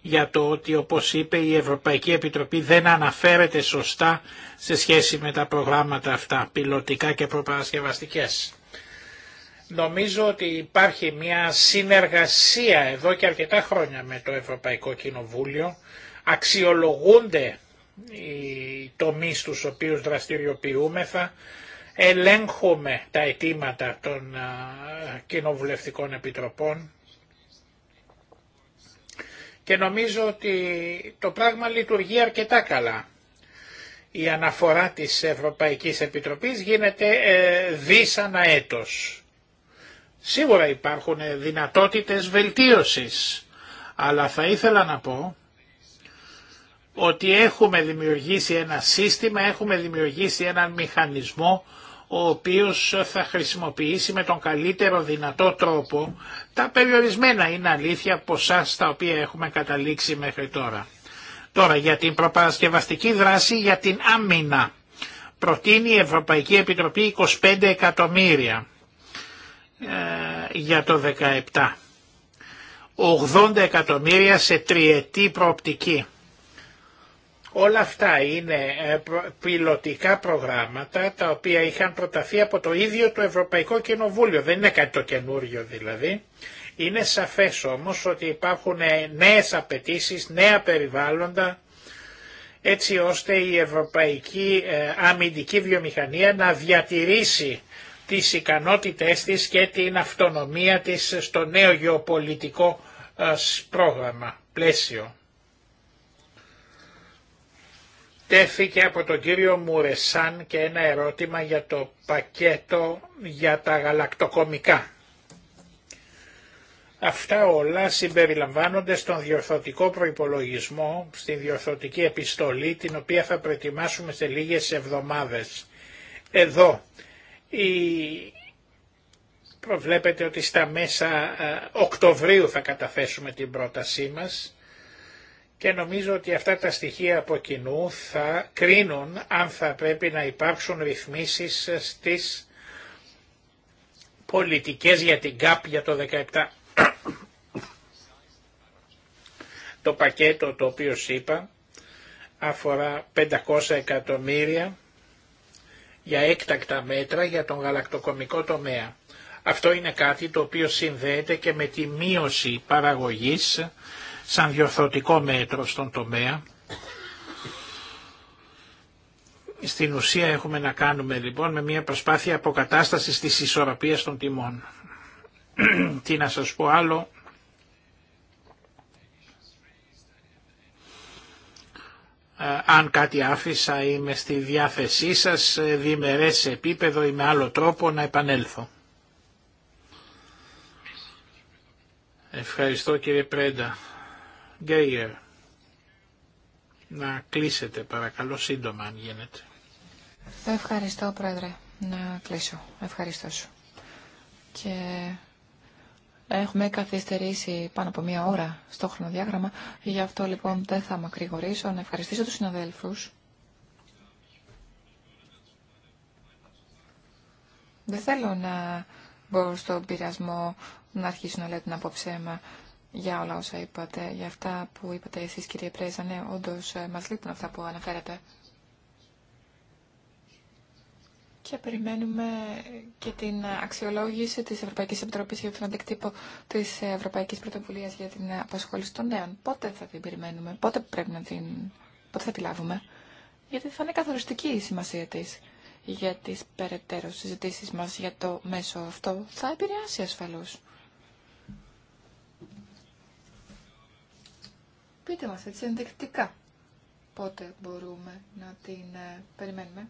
A: για το ότι όπως είπε η Ευρωπαϊκή Επιτροπή δεν αναφέρεται σωστά σε σχέση με τα προγράμματα αυτά, πιλωτικά και προπαρασκευαστικές. Νομίζω ότι υπάρχει μια συνεργασία εδώ και αρκετά χρόνια με το Ευρωπαϊκό Κοινοβούλιο. Αξιολογούνται οι τομείς τους οποίους δραστηριοποιούμεθα. Ελέγχουμε τα αιτήματα των κοινοβουλευτικών επιτροπών. Και νομίζω ότι το πράγμα λειτουργεί αρκετά καλά. Η αναφορά της Ευρωπαϊκής Επιτροπής γίνεται ε, δις έτος. Σίγουρα υπάρχουν δυνατότητες βελτίωσης, αλλά θα ήθελα να πω ότι έχουμε δημιουργήσει ένα σύστημα, έχουμε δημιουργήσει έναν μηχανισμό ο οποίος θα χρησιμοποιήσει με τον καλύτερο δυνατό τρόπο τα περιορισμένα είναι αλήθεια ποσά στα οποία έχουμε καταλήξει μέχρι τώρα. Τώρα για την προπαρασκευαστική δράση για την άμυνα. Προτείνει η Ευρωπαϊκή Επιτροπή 25 εκατομμύρια. Ε, για το 17. 80 εκατομμύρια σε τριετή προοπτική. Όλα αυτά είναι ε, πιλωτικά προγράμματα τα οποία είχαν προταθεί από το ίδιο το Ευρωπαϊκό Κοινοβούλιο. Δεν είναι κάτι το καινούριο δηλαδή. Είναι σαφές όμως ότι υπάρχουν ε, νέες απαιτήσεις νέα περιβάλλοντα έτσι ώστε η ευρωπαϊκή αμυντική βιομηχανία να διατηρήσει τις ικανότητές της και την αυτονομία της στο νέο γεωπολιτικό ε, πρόγραμμα, πλαίσιο. Τέθηκε από τον κύριο Μουρεσάν και ένα ερώτημα για το πακέτο για τα γαλακτοκομικά. Αυτά όλα συμπεριλαμβάνονται στον διορθωτικό προϋπολογισμό, στην διορθωτική επιστολή, την οποία θα προετοιμάσουμε σε λίγες εβδομάδες. Εδώ η... Προβλέπετε ότι στα μέσα ε, Οκτωβρίου θα καταθέσουμε την πρότασή μας και νομίζω ότι αυτά τα στοιχεία από κοινού θα κρίνουν αν θα πρέπει να υπάρξουν ρυθμίσεις στις πολιτικές για την ΚΑΠ για το 17. το πακέτο το οποίο είπα αφορά 500 εκατομμύρια για έκτακτα μέτρα για τον γαλακτοκομικό τομέα. Αυτό είναι κάτι το οποίο συνδέεται και με τη μείωση παραγωγής σαν διορθωτικό μέτρο στον τομέα. Στην ουσία έχουμε να κάνουμε λοιπόν με μια προσπάθεια αποκατάστασης της ισορροπίας των τιμών. Τι να σας πω άλλο, Ε, αν κάτι άφησα είμαι στη διάθεσή σας, ε, διμερές επίπεδο ή με άλλο τρόπο να επανέλθω. Ευχαριστώ κύριε Πρέντα. Γκέιερ, να κλείσετε παρακαλώ σύντομα αν γίνεται.
B: Ευχαριστώ πρόεδρε, να κλείσω. Ευχαριστώ σου. Και Έχουμε καθυστερήσει πάνω από μία ώρα στο χρονοδιάγραμμα, γι' αυτό λοιπόν δεν θα μακρηγορήσω. Να ευχαριστήσω τους συναδέλφους. Δεν θέλω να μπω στον πειρασμό να αρχίσω να λέω την απόψέ για όλα όσα είπατε, για αυτά που είπατε εσείς κύριε Πρέζα. Ναι, όντως ε, μας λείπουν αυτά που αναφέρατε. και περιμένουμε και την αξιολόγηση της Ευρωπαϊκής Επιτροπής για τον αντικτύπο της Ευρωπαϊκής Πρωτοβουλίας για την απασχόληση των νέων. Πότε θα την περιμένουμε, πότε πρέπει να την... πότε θα τη λάβουμε. Γιατί θα είναι καθοριστική η σημασία της για τις περαιτέρω συζητήσεις μας για το μέσο αυτό. Θα επηρεάσει ασφαλώς. Πείτε μας έτσι ενδεικτικά πότε μπορούμε να την ε, περιμένουμε.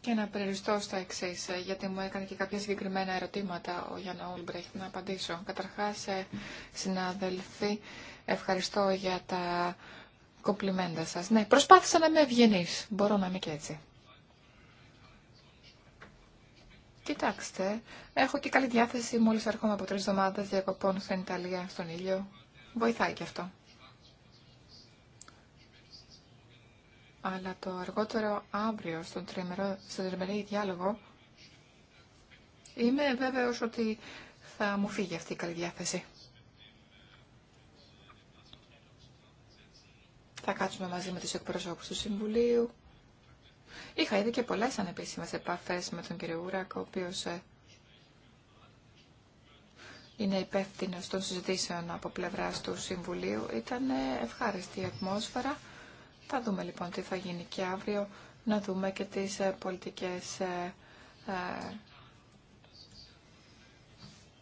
B: Και να περιοριστώ στα εξή, ε, γιατί μου έκανε και κάποια συγκεκριμένα ερωτήματα ο Γιάννα Όλμπρεχτ να απαντήσω. Καταρχά, ε, συνάδελφοι, ευχαριστώ για τα κομπλιμέντα σα. Ναι, προσπάθησα να είμαι ευγενή. Μπορώ να είμαι και έτσι. Κοιτάξτε, έχω και καλή διάθεση μόλι έρχομαι από τρει εβδομάδε διακοπών στην Ιταλία, στον ήλιο. Βοηθάει και αυτό. αλλά το αργότερο αύριο στον τριμερό, στο τριμερή διάλογο είμαι βέβαιος ότι θα μου φύγει αυτή η καλή διάθεση. Θα κάτσουμε μαζί με τους εκπροσώπους του Συμβουλίου. Είχα ήδη και πολλές ανεπίσημες επαφές με τον κύριο Ούρακ, ο οποίος ε, είναι υπεύθυνο των συζητήσεων από πλευράς του Συμβουλίου. Ήταν ευχάριστη η ατμόσφαιρα θα δούμε λοιπόν τι θα γίνει και αύριο, να δούμε και τις ε, πολιτικές ε, ε,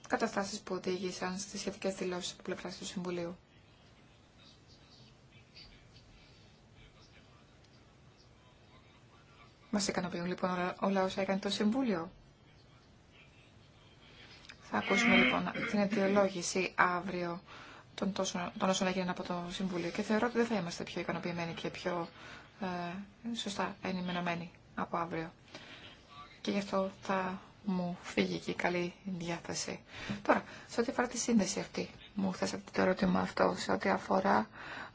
B: καταστάσεις που οδήγησαν στις σχετικές δηλώσεις από πλευράς του Συμβουλίου. Μας ικανοποιούν λοιπόν όλα όσα έκανε το Συμβούλιο. Θα ακούσουμε λοιπόν την αιτιολόγηση αύριο τον τόσο, των όσων έγιναν από το Συμβούλιο και θεωρώ ότι δεν θα είμαστε πιο ικανοποιημένοι και πιο ε, σωστά ενημερωμένοι από αύριο. Και γι' αυτό θα μου φύγει και η καλή διάθεση. Τώρα, σε ό,τι αφορά τη σύνδεση αυτή, μου θέσατε το ερώτημα αυτό, σε ό,τι αφορά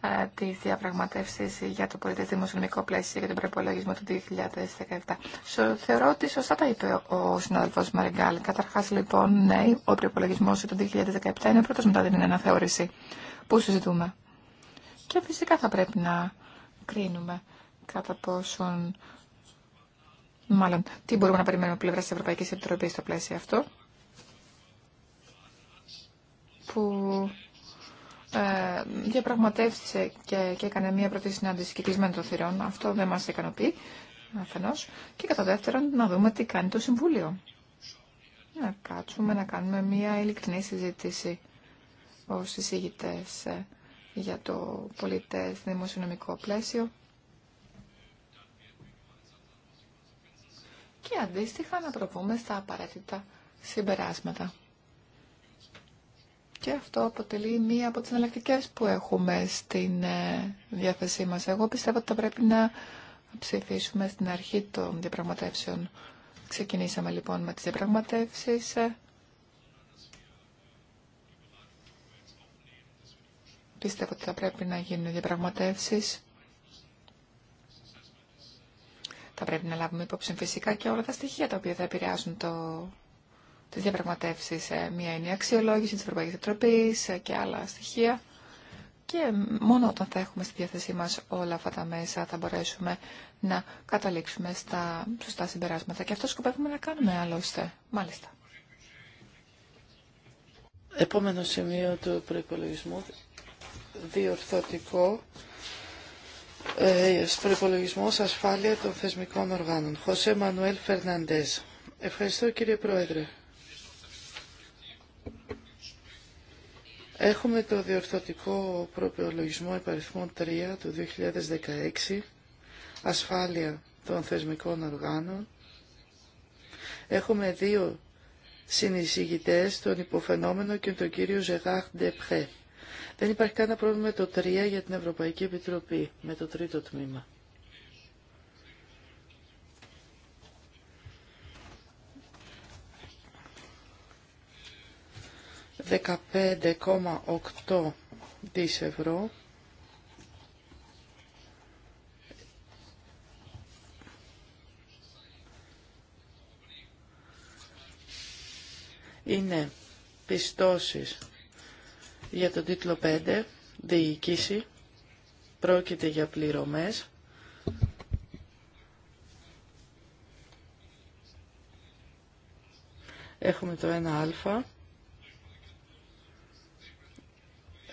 B: ε, τις διαπραγματεύσεις για το πολιτικό δημοσιονομικό πλαίσιο για τον προπολογισμό του 2017. θεωρώ ότι σωστά τα είπε ο συνάδελφος Μαριγκάλ. Καταρχάς λοιπόν, ναι, ο προπολογισμό του 2017 είναι πρώτος μετά την αναθεώρηση που συζητούμε. Και φυσικά θα πρέπει να κρίνουμε κατά πόσον, μάλλον, τι μπορούμε να περιμένουμε πλευρά της Ευρωπαϊκής Επιτροπής στο πλαίσιο αυτό, που ε, διαπραγματεύτησε και, και έκανε μια πρώτη συνάντηση κυκλισμένων των θυρών. Αυτό δεν μας ικανοποιεί, αφενός. Και κατά δεύτερον, να δούμε τι κάνει το Συμβούλιο. Να κάτσουμε να κάνουμε μια ειλικρινή συζήτηση ως συζητητές ε, για το πολιτές δημοσιονομικό πλαίσιο. Και αντίστοιχα να προβούμε στα απαραίτητα συμπεράσματα. Και αυτό αποτελεί μία από τις εναλλακτικέ που έχουμε στην ε, διάθεσή μας. Εγώ πιστεύω ότι θα πρέπει να ψηφίσουμε στην αρχή των διαπραγματεύσεων. Ξεκινήσαμε λοιπόν με τις διαπραγματεύσεις. Πιστεύω ότι θα πρέπει να γίνουν διαπραγματεύσεις. Θα πρέπει να λάβουμε υπόψη φυσικά και όλα τα στοιχεία τα οποία θα επηρεάσουν το τι διαπραγματεύσει. Μία είναι η αξιολόγηση τη Ευρωπαϊκή Επιτροπή και άλλα στοιχεία. Και μόνο όταν θα έχουμε στη διάθεσή μα όλα αυτά τα μέσα θα μπορέσουμε να καταλήξουμε στα σωστά συμπεράσματα. Και αυτό σκοπεύουμε να κάνουμε άλλωστε.
D: Μάλιστα. Επόμενο σημείο του προπολογισμού. Διορθωτικό ε, προπολογισμό ασφάλεια των θεσμικών οργάνων. Χωσέ Μανουέλ Φερνάντε. Ευχαριστώ κύριε Πρόεδρε. Έχουμε το διορθωτικό προπολογισμό υπαριθμών 3 του 2016, ασφάλεια των θεσμικών οργάνων. Έχουμε δύο συνεισηγητές, τον υποφαινόμενο και τον κύριο Ζεγάχ Ντεπχέ. Δεν υπάρχει κανένα πρόβλημα το 3 για την Ευρωπαϊκή Επιτροπή, με το τρίτο τμήμα. 15,8 δισευρώ ευρώ είναι πιστώσεις για τον τίτλο 5, διοίκηση, πρόκειται για πληρωμές. Έχουμε το 1α,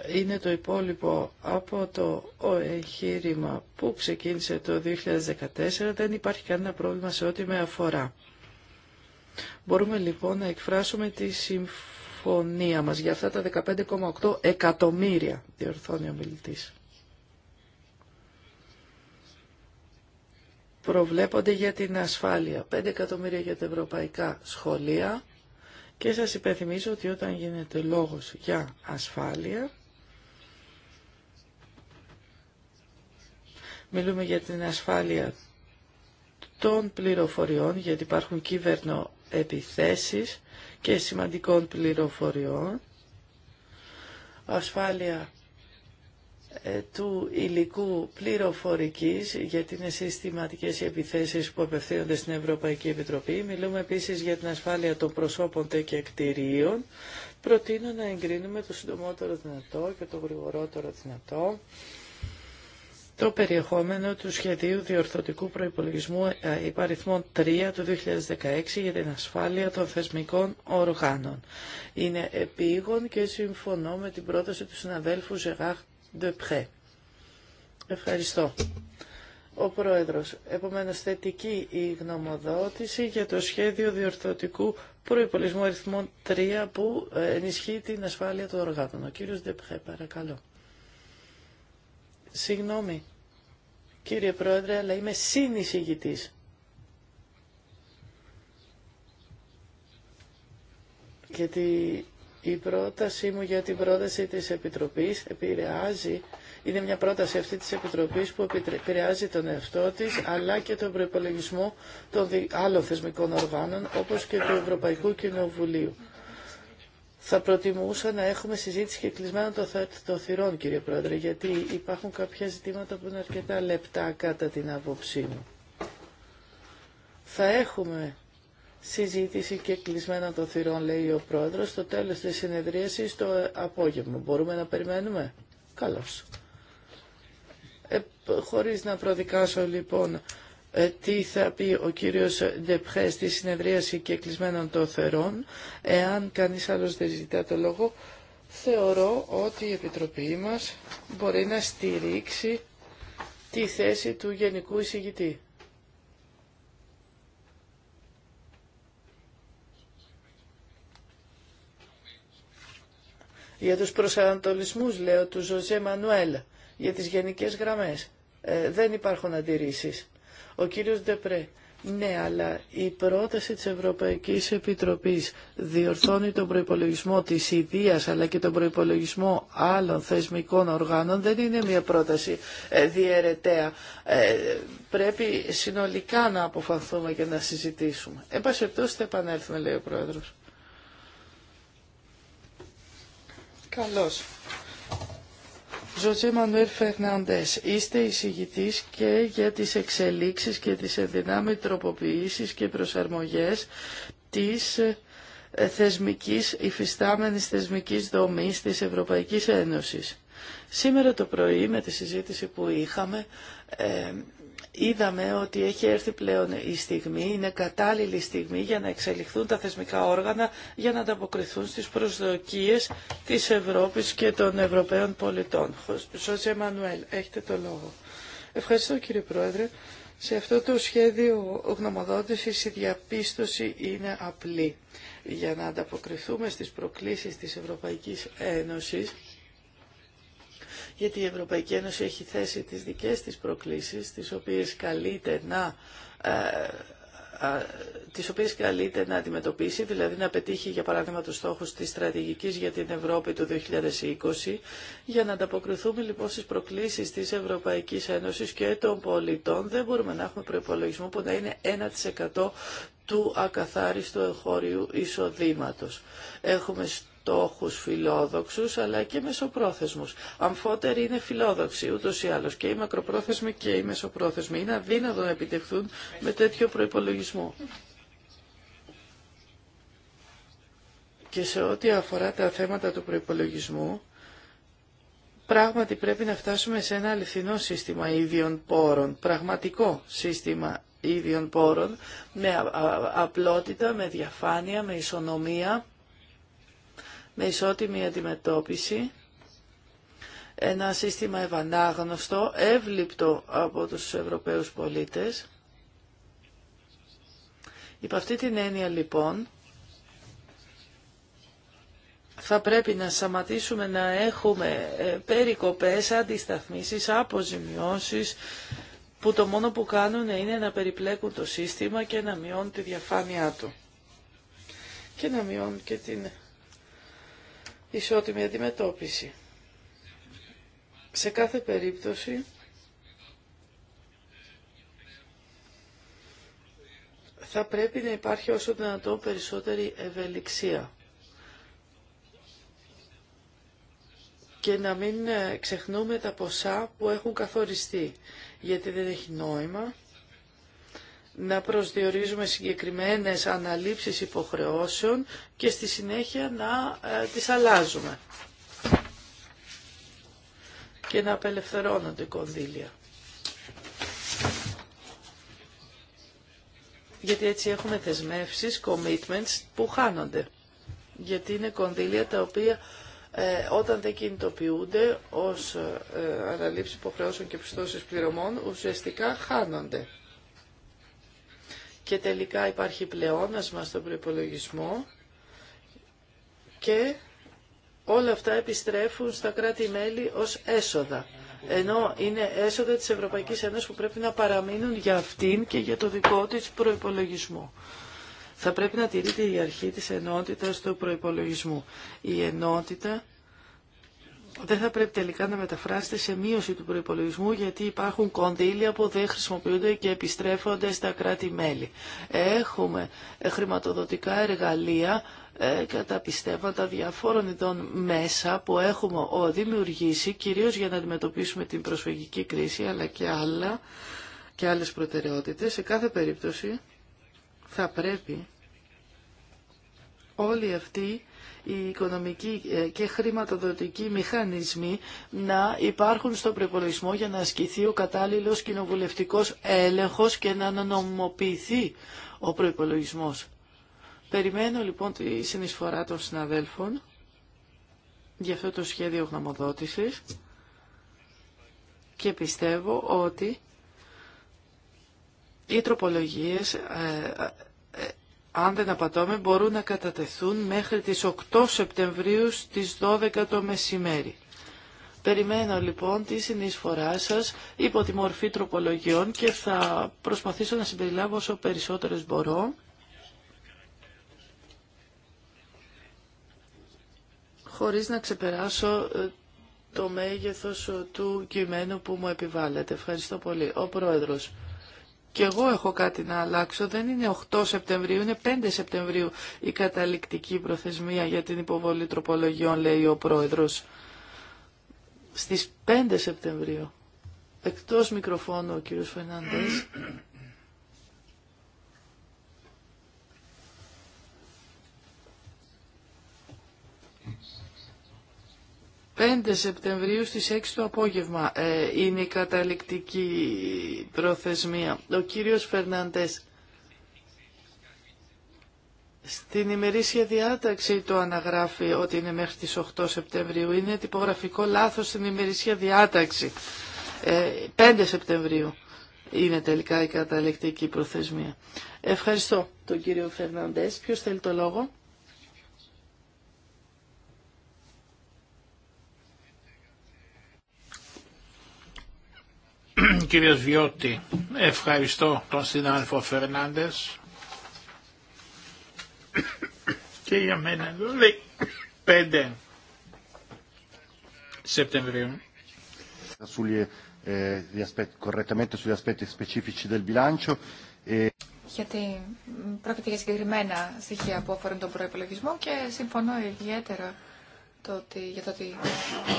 D: είναι το υπόλοιπο από το εγχείρημα που ξεκίνησε το 2014. Δεν υπάρχει κανένα πρόβλημα σε ό,τι με αφορά. Μπορούμε λοιπόν να εκφράσουμε τη συμφωνία μας για αυτά τα 15,8 εκατομμύρια, διορθώνει ο μιλητής. Προβλέπονται για την ασφάλεια 5 εκατομμύρια για τα ευρωπαϊκά σχολεία και σας υπενθυμίζω ότι όταν γίνεται λόγος για ασφάλεια Μιλούμε για την ασφάλεια των πληροφοριών, γιατί υπάρχουν κύβερνο επιθέσεις και σημαντικών πληροφοριών. Ασφάλεια ε, του υλικού πληροφορικής γιατί είναι συστηματικές οι επιθέσεις που απευθύνονται στην Ευρωπαϊκή Επιτροπή. Μιλούμε επίσης για την ασφάλεια των προσώπων και κτηρίων. Προτείνω να εγκρίνουμε το συντομότερο δυνατό και το γρηγορότερο δυνατό το περιεχόμενο του σχεδίου διορθωτικού προϋπολογισμού ε, υπαριθμών 3 του 2016 για την ασφάλεια των θεσμικών οργάνων. Είναι επίγον και συμφωνώ με την πρόταση του συναδέλφου Ζεγάρ Ντεπρέ. Ευχαριστώ. Ο Πρόεδρος, επομένως θετική η γνωμοδότηση για το σχέδιο διορθωτικού προϋπολογισμού αριθμών 3 που ε, ενισχύει την ασφάλεια των οργάνων. Ο κύριος Ντεπρέ, παρακαλώ. Συγγνώμη, κύριε Πρόεδρε, αλλά είμαι συνεισηγητής. Γιατί η πρότασή μου για την πρόταση της Επιτροπής επηρεάζει, είναι μια πρόταση αυτή της Επιτροπής που επηρεάζει τον εαυτό της, αλλά και τον προπολογισμό των άλλων θεσμικών οργάνων, όπως και του Ευρωπαϊκού Κοινοβουλίου. Θα προτιμούσα να έχουμε συζήτηση και κλεισμένα το θυρών, κύριε Πρόεδρε, γιατί υπάρχουν κάποια ζητήματα που είναι αρκετά λεπτά κατά την άποψή μου. Θα έχουμε συζήτηση και κλεισμένα το θυρών, λέει ο Πρόεδρος, στο τέλος της συνεδρίασης το απόγευμα. Μπορούμε να περιμένουμε. Καλώς. Ε, χωρίς να προδικάσω λοιπόν ε, τι θα πει ο κύριος Ντεπχέ στη συνεδρίαση και κλεισμένων των θερών. Εάν κανείς άλλος δεν ζητά το λόγο, θεωρώ ότι η Επιτροπή μας μπορεί να στηρίξει τη θέση του Γενικού Εισηγητή. Για τους προσανατολισμούς, λέω, του Ζωζέ Μανουέλ, για τις γενικές γραμμές. Ε, δεν υπάρχουν αντιρρήσεις. Ο κύριος Ντεπρέ. Ναι, αλλά η πρόταση της Ευρωπαϊκής Επιτροπής διορθώνει τον προϋπολογισμό της ΙΔΙΑΣ αλλά και τον προϋπολογισμό άλλων θεσμικών οργάνων δεν είναι μια πρόταση ε, διαιρετέα. Ε, πρέπει συνολικά να αποφανθούμε και να συζητήσουμε. Εν πάση θα επανέλθουμε, λέει ο Πρόεδρος. Καλώς. Ζωζέ Μανουέλ Φερνάντε, είστε εισηγητή και για τις εξελίξεις και τις ενδυνάμει τροποποιήσεις και προσαρμογές της ε, θεσμικής, υφιστάμενης θεσμικής δομής της Ευρωπαϊκής Ένωσης. Σήμερα το πρωί με τη συζήτηση που είχαμε ε, Είδαμε ότι έχει έρθει πλέον η στιγμή, είναι κατάλληλη στιγμή για να εξελιχθούν τα θεσμικά όργανα για να ανταποκριθούν στις προσδοκίες της Ευρώπης και των Ευρωπαίων πολιτών. Σωσέ Μανουέλ, έχετε το λόγο. Ευχαριστώ κύριε Πρόεδρε. Σε αυτό το σχέδιο γνωμοδότησης η διαπίστωση είναι απλή. Για να ανταποκριθούμε στις προκλήσεις της Ευρωπαϊκής Ένωσης, γιατί η Ευρωπαϊκή Ένωση έχει θέσει τις δικές της προκλήσεις, τις οποίες καλείται να, ε, ε, τις οποίες καλείται να αντιμετωπίσει, δηλαδή να πετύχει για παράδειγμα τους στόχους της στρατηγικής για την Ευρώπη του 2020, για να ανταποκριθούμε λοιπόν στις προκλήσεις της Ευρωπαϊκής Ένωσης και των πολιτών, δεν μπορούμε να έχουμε προπολογισμό που να είναι 1% του ακαθάριστου εγχώριου εισοδήματος. Έχουμε στόχους φιλόδοξους αλλά και μεσοπρόθεσμους. Αμφότεροι είναι φιλόδοξοι ούτως ή άλλως και οι μακροπρόθεσμοι και οι μεσοπρόθεσμοι. Είναι αδύνατο να επιτευχθούν με τέτοιο προϋπολογισμό. Και σε ό,τι αφορά τα θέματα του προϋπολογισμού, πράγματι πρέπει να φτάσουμε σε ένα αληθινό σύστημα ίδιων πόρων, πραγματικό σύστημα ίδιων πόρων, με απλότητα, με διαφάνεια, με ισονομία, με ισότιμη αντιμετώπιση, ένα σύστημα ευανάγνωστο, εύληπτο από τους Ευρωπαίους πολίτες. Υπ' αυτή την έννοια λοιπόν, θα πρέπει να σταματήσουμε να έχουμε ε, περικοπές, αντισταθμίσεις, αποζημιώσεις, που το μόνο που κάνουν είναι να περιπλέκουν το σύστημα και να μειώνουν τη διαφάνειά του. Και να μειώνουν και την ισότιμη αντιμετώπιση. Σε κάθε περίπτωση θα πρέπει να υπάρχει όσο δυνατόν περισσότερη ευελιξία και να μην ξεχνούμε τα ποσά που έχουν καθοριστεί, γιατί δεν έχει νόημα να προσδιορίζουμε συγκεκριμένες αναλήψεις υποχρεώσεων και στη συνέχεια να ε, τις αλλάζουμε και να απελευθερώνονται κονδύλια. Γιατί έτσι έχουμε θεσμεύσεις, commitments που χάνονται. Γιατί είναι κονδύλια τα οποία ε, όταν δεν κινητοποιούνται ως ε, υποχρεώσεων και πιστώσεις πληρωμών ουσιαστικά χάνονται και τελικά υπάρχει πλεόνασμα στον προπολογισμό και όλα αυτά επιστρέφουν στα κράτη-μέλη ως έσοδα. Ενώ είναι έσοδα της Ευρωπαϊκής Ένωσης που πρέπει να παραμείνουν για αυτήν και για το δικό της προϋπολογισμό. Θα πρέπει να τηρείται η αρχή της ενότητας του προϋπολογισμού. Η ενότητα δεν θα πρέπει τελικά να μεταφράσετε σε μείωση του προπολογισμού γιατί υπάρχουν κονδύλια που δεν χρησιμοποιούνται και επιστρέφονται στα κράτη-μέλη. Έχουμε χρηματοδοτικά εργαλεία ε, κατά πιστεύματα διαφόρων ειδών μέσα που έχουμε δημιουργήσει κυρίως για να αντιμετωπίσουμε την προσφυγική κρίση αλλά και, άλλα, και άλλες προτεραιότητες. Σε κάθε περίπτωση θα πρέπει όλοι αυτοί οι οικονομικοί ε, και χρηματοδοτικοί μηχανισμοί να υπάρχουν στο προπολογισμό για να ασκηθεί ο κατάλληλος κοινοβουλευτικός έλεγχος και να νομοποιηθεί ο προπολογισμό. Περιμένω λοιπόν τη συνεισφορά των συναδέλφων για αυτό το σχέδιο γνωμοδότησης και πιστεύω ότι οι τροπολογίες ε, αν δεν απατώμε, μπορούν να κατατεθούν μέχρι τις 8 Σεπτεμβρίου στις 12 το μεσημέρι. Περιμένω λοιπόν τη συνεισφορά σας υπό τη μορφή τροπολογιών και θα προσπαθήσω να συμπεριλάβω όσο περισσότερες μπορώ. χωρίς να ξεπεράσω ε, το μέγεθος ε, του κειμένου που μου επιβάλλεται. Ευχαριστώ πολύ. Ο Πρόεδρος. Και εγώ έχω κάτι να αλλάξω. Δεν είναι 8 Σεπτεμβρίου, είναι 5 Σεπτεμβρίου η καταληκτική προθεσμία για την υποβολή τροπολογιών, λέει ο πρόεδρος. Στις 5 Σεπτεμβρίου. Εκτός μικροφώνου ο κύριος Φενάντες. 5 Σεπτεμβρίου στις 6 το απόγευμα ε, είναι η καταληκτική προθεσμία. Ο κύριος Φερναντές στην ημερήσια διάταξη το αναγράφει ότι είναι μέχρι τις 8 Σεπτεμβρίου. Είναι τυπογραφικό λάθος στην ημερήσια διάταξη. 5 ε, Σεπτεμβρίου είναι τελικά η καταληκτική προθεσμία. Ευχαριστώ τον κύριο Φερναντές. Ποιος θέλει το λόγο.
A: Κύριε Βιώτη, ευχαριστώ τον συνάδελφο Φερνάντες και για μένα λέει 5
C: Σεπτεμβρίου.
B: Γιατί πρόκειται για συγκεκριμένα στοιχεία που αφορούν τον προπολογισμό και συμφωνώ ιδιαίτερα για το ότι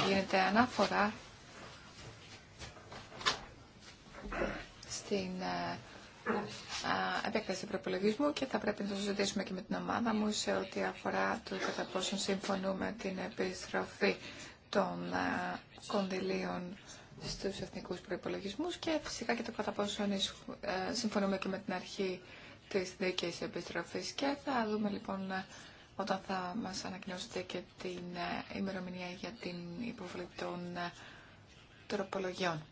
B: γίνεται ανάφορα την ε, ε, επέκταση του προπολογισμού και θα πρέπει να το συζητήσουμε και με την ομάδα μου σε ό,τι αφορά το κατά πόσον συμφωνούμε την επιστροφή των ε, κονδυλίων στους εθνικούς προϋπολογισμούς και φυσικά και το κατά πόσον συμφωνούμε και με την αρχή της δίκαιης επιστροφής και θα δούμε λοιπόν όταν θα μας ανακοινώσετε και την ημερομηνία για την υποβολή των τροπολογιών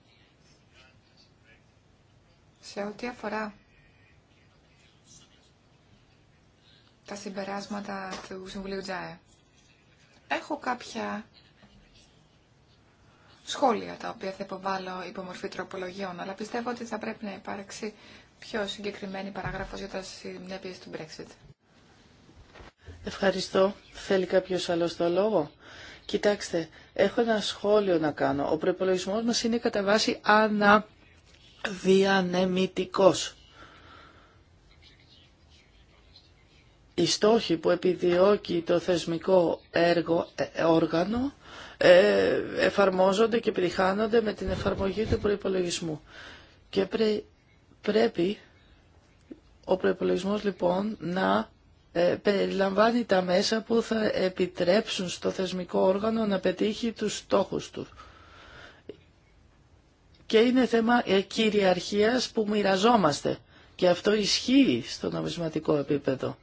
B: σε ό,τι αφορά τα συμπεράσματα του Συμβουλίου Τζάε. Έχω κάποια σχόλια τα οποία θα υποβάλω υπό μορφή τροπολογιών, αλλά πιστεύω ότι θα πρέπει να υπάρξει πιο συγκεκριμένη παράγραφος για τα συνέπειε του Brexit.
D: Ευχαριστώ. Θέλει κάποιος άλλο το λόγο. Κοιτάξτε, έχω ένα σχόλιο να κάνω. Ο προπολογισμό μας είναι κατά βάση ανα διανεμητικός. Οι στόχοι που επιδιώκει το θεσμικό έργο, ε, όργανο ε, εφαρμόζονται και επιτυχάνονται με την εφαρμογή του προϋπολογισμού. Και πρέπει ο προϋπολογισμός λοιπόν να ε, περιλαμβάνει τα μέσα που θα επιτρέψουν στο θεσμικό όργανο να πετύχει τους στόχους του και είναι θέμα ε, κυριαρχίας που μοιραζόμαστε. Και αυτό ισχύει στο νομισματικό επίπεδο.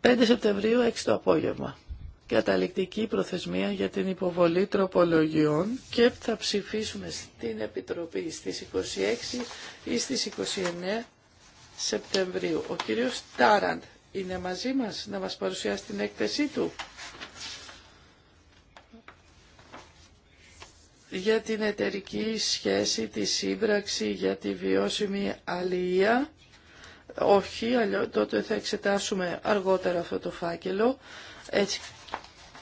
D: 5 Σεπτεμβρίου, 6 το απόγευμα. Καταληκτική προθεσμία για την υποβολή τροπολογιών και θα ψηφίσουμε στην Επιτροπή στις 26 ή στις 29 Σεπτεμβρίου. Ο κύριος Τάραντ είναι μαζί μας να μας παρουσιάσει την έκθεσή του. για την εταιρική σχέση, τη σύμπραξη για τη βιώσιμη αλληλεία. Όχι, αλλιώς τότε θα εξετάσουμε αργότερα αυτό το φάκελο. Έτσι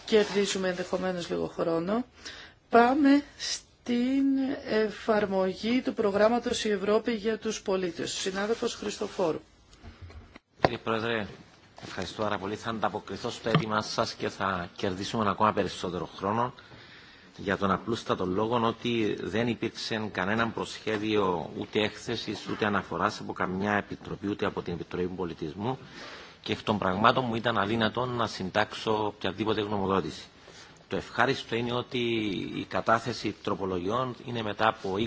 D: κερδίζουμε ενδεχομένως λίγο χρόνο. Πάμε στην εφαρμογή του προγράμματος «Η Ευρώπη για τους πολίτες». Συνάδελφος Χριστοφόρου.
C: Κύριε Πρόεδρε,
A: ευχαριστώ πάρα πολύ. Θα ανταποκριθώ στο έτοιμα σας και θα κερδίσουμε ακόμα περισσότερο χρόνο για τον απλούστατο λόγο ότι δεν υπήρξε κανένα προσχέδιο ούτε
C: έκθεση ούτε αναφορά από καμιά επιτροπή ούτε από την Επιτροπή Πολιτισμού και εκ των πραγμάτων μου ήταν αδύνατο να συντάξω οποιαδήποτε γνωμοδότηση. Το ευχάριστο είναι
A: ότι η κατάθεση τροπολογιών είναι μετά από 20-21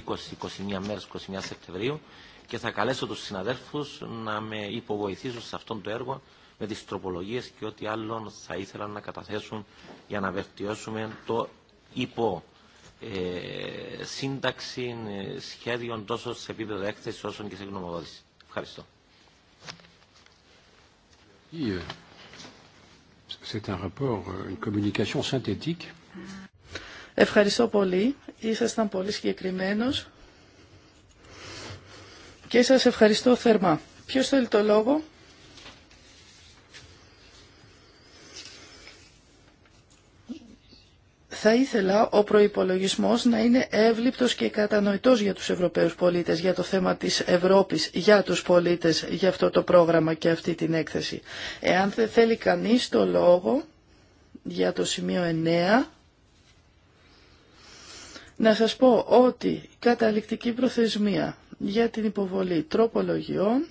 A: μέρες, 21 Σεπτεμβρίου και θα καλέσω τους συναδέλφους να με υποβοηθήσουν σε αυτό το έργο με τις τροπολογίες και ό,τι άλλο θα ήθελαν να καταθέσουν για να βελτιώσουμε το υπό ε, σύνταξη ε, σχέδιων τόσο σε επίπεδο έκθεση όσο και σε γνωμοδότηση. Ευχαριστώ.
E: Euh, c'est un rapport, euh, une communication
D: Ευχαριστώ πολύ. Ήσασταν πολύ συγκεκριμένο. και σας ευχαριστώ θερμά. Ποιος θέλει το λόγο? θα ήθελα ο προϋπολογισμός να είναι εύληπτος και κατανοητός για τους Ευρωπαίους πολίτες, για το θέμα της Ευρώπης, για τους πολίτες, για αυτό το πρόγραμμα και αυτή την έκθεση. Εάν δεν θέλει κανείς το λόγο για το σημείο 9, να σας πω ότι καταληκτική προθεσμία για την υποβολή τροπολογιών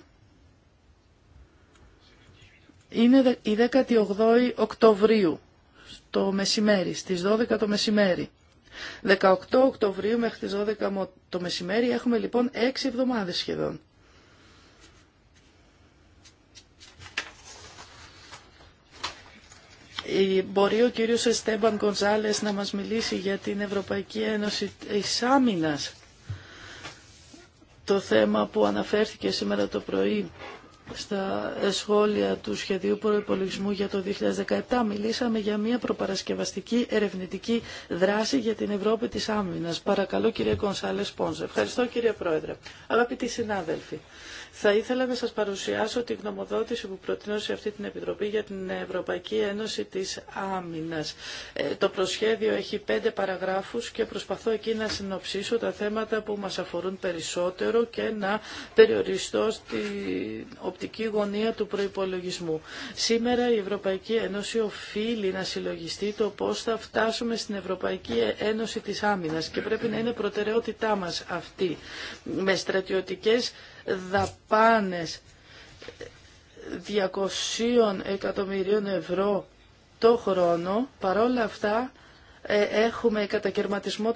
D: είναι η 18η Οκτωβρίου το μεσημέρι, στις 12 το μεσημέρι. 18 Οκτωβρίου μέχρι τις 12 το μεσημέρι έχουμε λοιπόν 6 εβδομάδες σχεδόν. Ε, μπορεί ο κύριος Εστέμπαν Κονζάλες να μας μιλήσει για την Ευρωπαϊκή Ένωση της Άμυνας. Το θέμα που αναφέρθηκε σήμερα το πρωί στα σχόλια του σχεδίου προϋπολογισμού για το 2017 μιλήσαμε για μια προπαρασκευαστική ερευνητική δράση για την Ευρώπη της Άμυνας. Παρακαλώ κύριε Κονσάλε Σπόνζε. Ευχαριστώ κύριε Πρόεδρε. Αγαπητοί συνάδελφοι, θα ήθελα να σας παρουσιάσω την γνωμοδότηση που προτείνω σε αυτή την Επιτροπή για την Ευρωπαϊκή Ένωση της Άμυνας. Ε, το προσχέδιο έχει πέντε παραγράφους και προσπαθώ εκεί να συνοψίσω τα θέματα που μας αφορούν περισσότερο και να περιοριστώ στην οπτική γωνία του προϋπολογισμού. Σήμερα η Ευρωπαϊκή Ένωση οφείλει να συλλογιστεί το πώς θα φτάσουμε στην Ευρωπαϊκή Ένωση της Άμυνας και πρέπει να είναι προτεραιότητά μας αυτή με στρατιωτικές δαπάνες 200 εκατομμυρίων ευρώ το χρόνο, παρόλα αυτά ε, έχουμε κατακαιρματισμό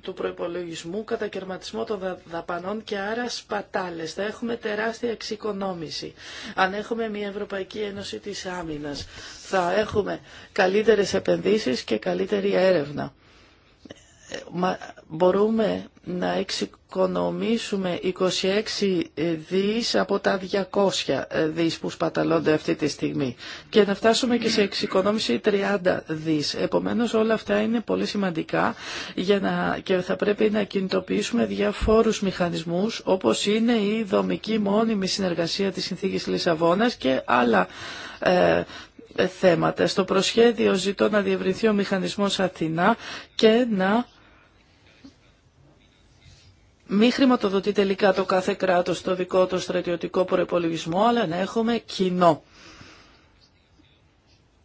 D: του προϋπολογισμού, κατακαιρματισμό των δαπανών και άρα σπατάλες. Θα έχουμε τεράστια εξοικονόμηση. Αν έχουμε μια Ευρωπαϊκή Ένωση της Άμυνας, θα έχουμε καλύτερες επενδύσεις και καλύτερη έρευνα μπορούμε να εξοικονομήσουμε 26 δις από τα 200 ε, δις που σπαταλώνται αυτή τη στιγμή και να φτάσουμε και σε εξοικονόμηση 30 δις. Επομένως όλα αυτά είναι πολύ σημαντικά για να, και θα πρέπει να κινητοποιήσουμε διαφόρους μηχανισμούς όπως είναι η δομική μόνιμη συνεργασία της Συνθήκης Λισαβόνας και άλλα ε, θέματα. Στο προσχέδιο ζητώ να διευρυνθεί ο μηχανισμός Αθηνά και να μη χρηματοδοτεί τελικά το κάθε κράτος το δικό του στρατιωτικό προπολογισμό, αλλά να έχουμε κοινό.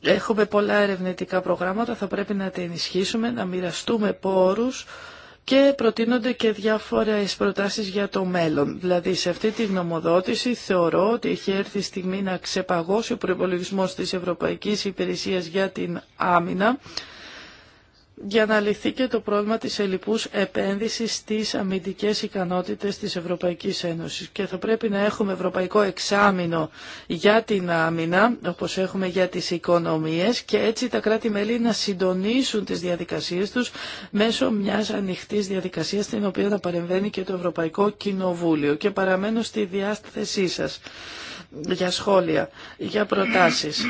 D: Έχουμε πολλά ερευνητικά προγράμματα, θα πρέπει να τα ενισχύσουμε, να μοιραστούμε πόρους και προτείνονται και διάφορες προτάσεις για το μέλλον. Δηλαδή σε αυτή τη γνωμοδότηση θεωρώ ότι έχει έρθει η στιγμή να ξεπαγώσει ο προπολογισμό της Ευρωπαϊκής Υπηρεσίας για την Άμυνα για να λυθεί και το πρόβλημα της ελλειπούς επένδυσης στις αμυντικές ικανότητες της Ευρωπαϊκής Ένωσης. Και θα πρέπει να έχουμε ευρωπαϊκό εξάμεινο για την άμυνα, όπως έχουμε για τις οικονομίες, και έτσι τα κράτη-μέλη να συντονίσουν τις διαδικασίες τους μέσω μιας ανοιχτής διαδικασίας, στην οποία να παρεμβαίνει και το Ευρωπαϊκό Κοινοβούλιο. Και παραμένω στη διάθεσή σας για σχόλια, για προτάσεις.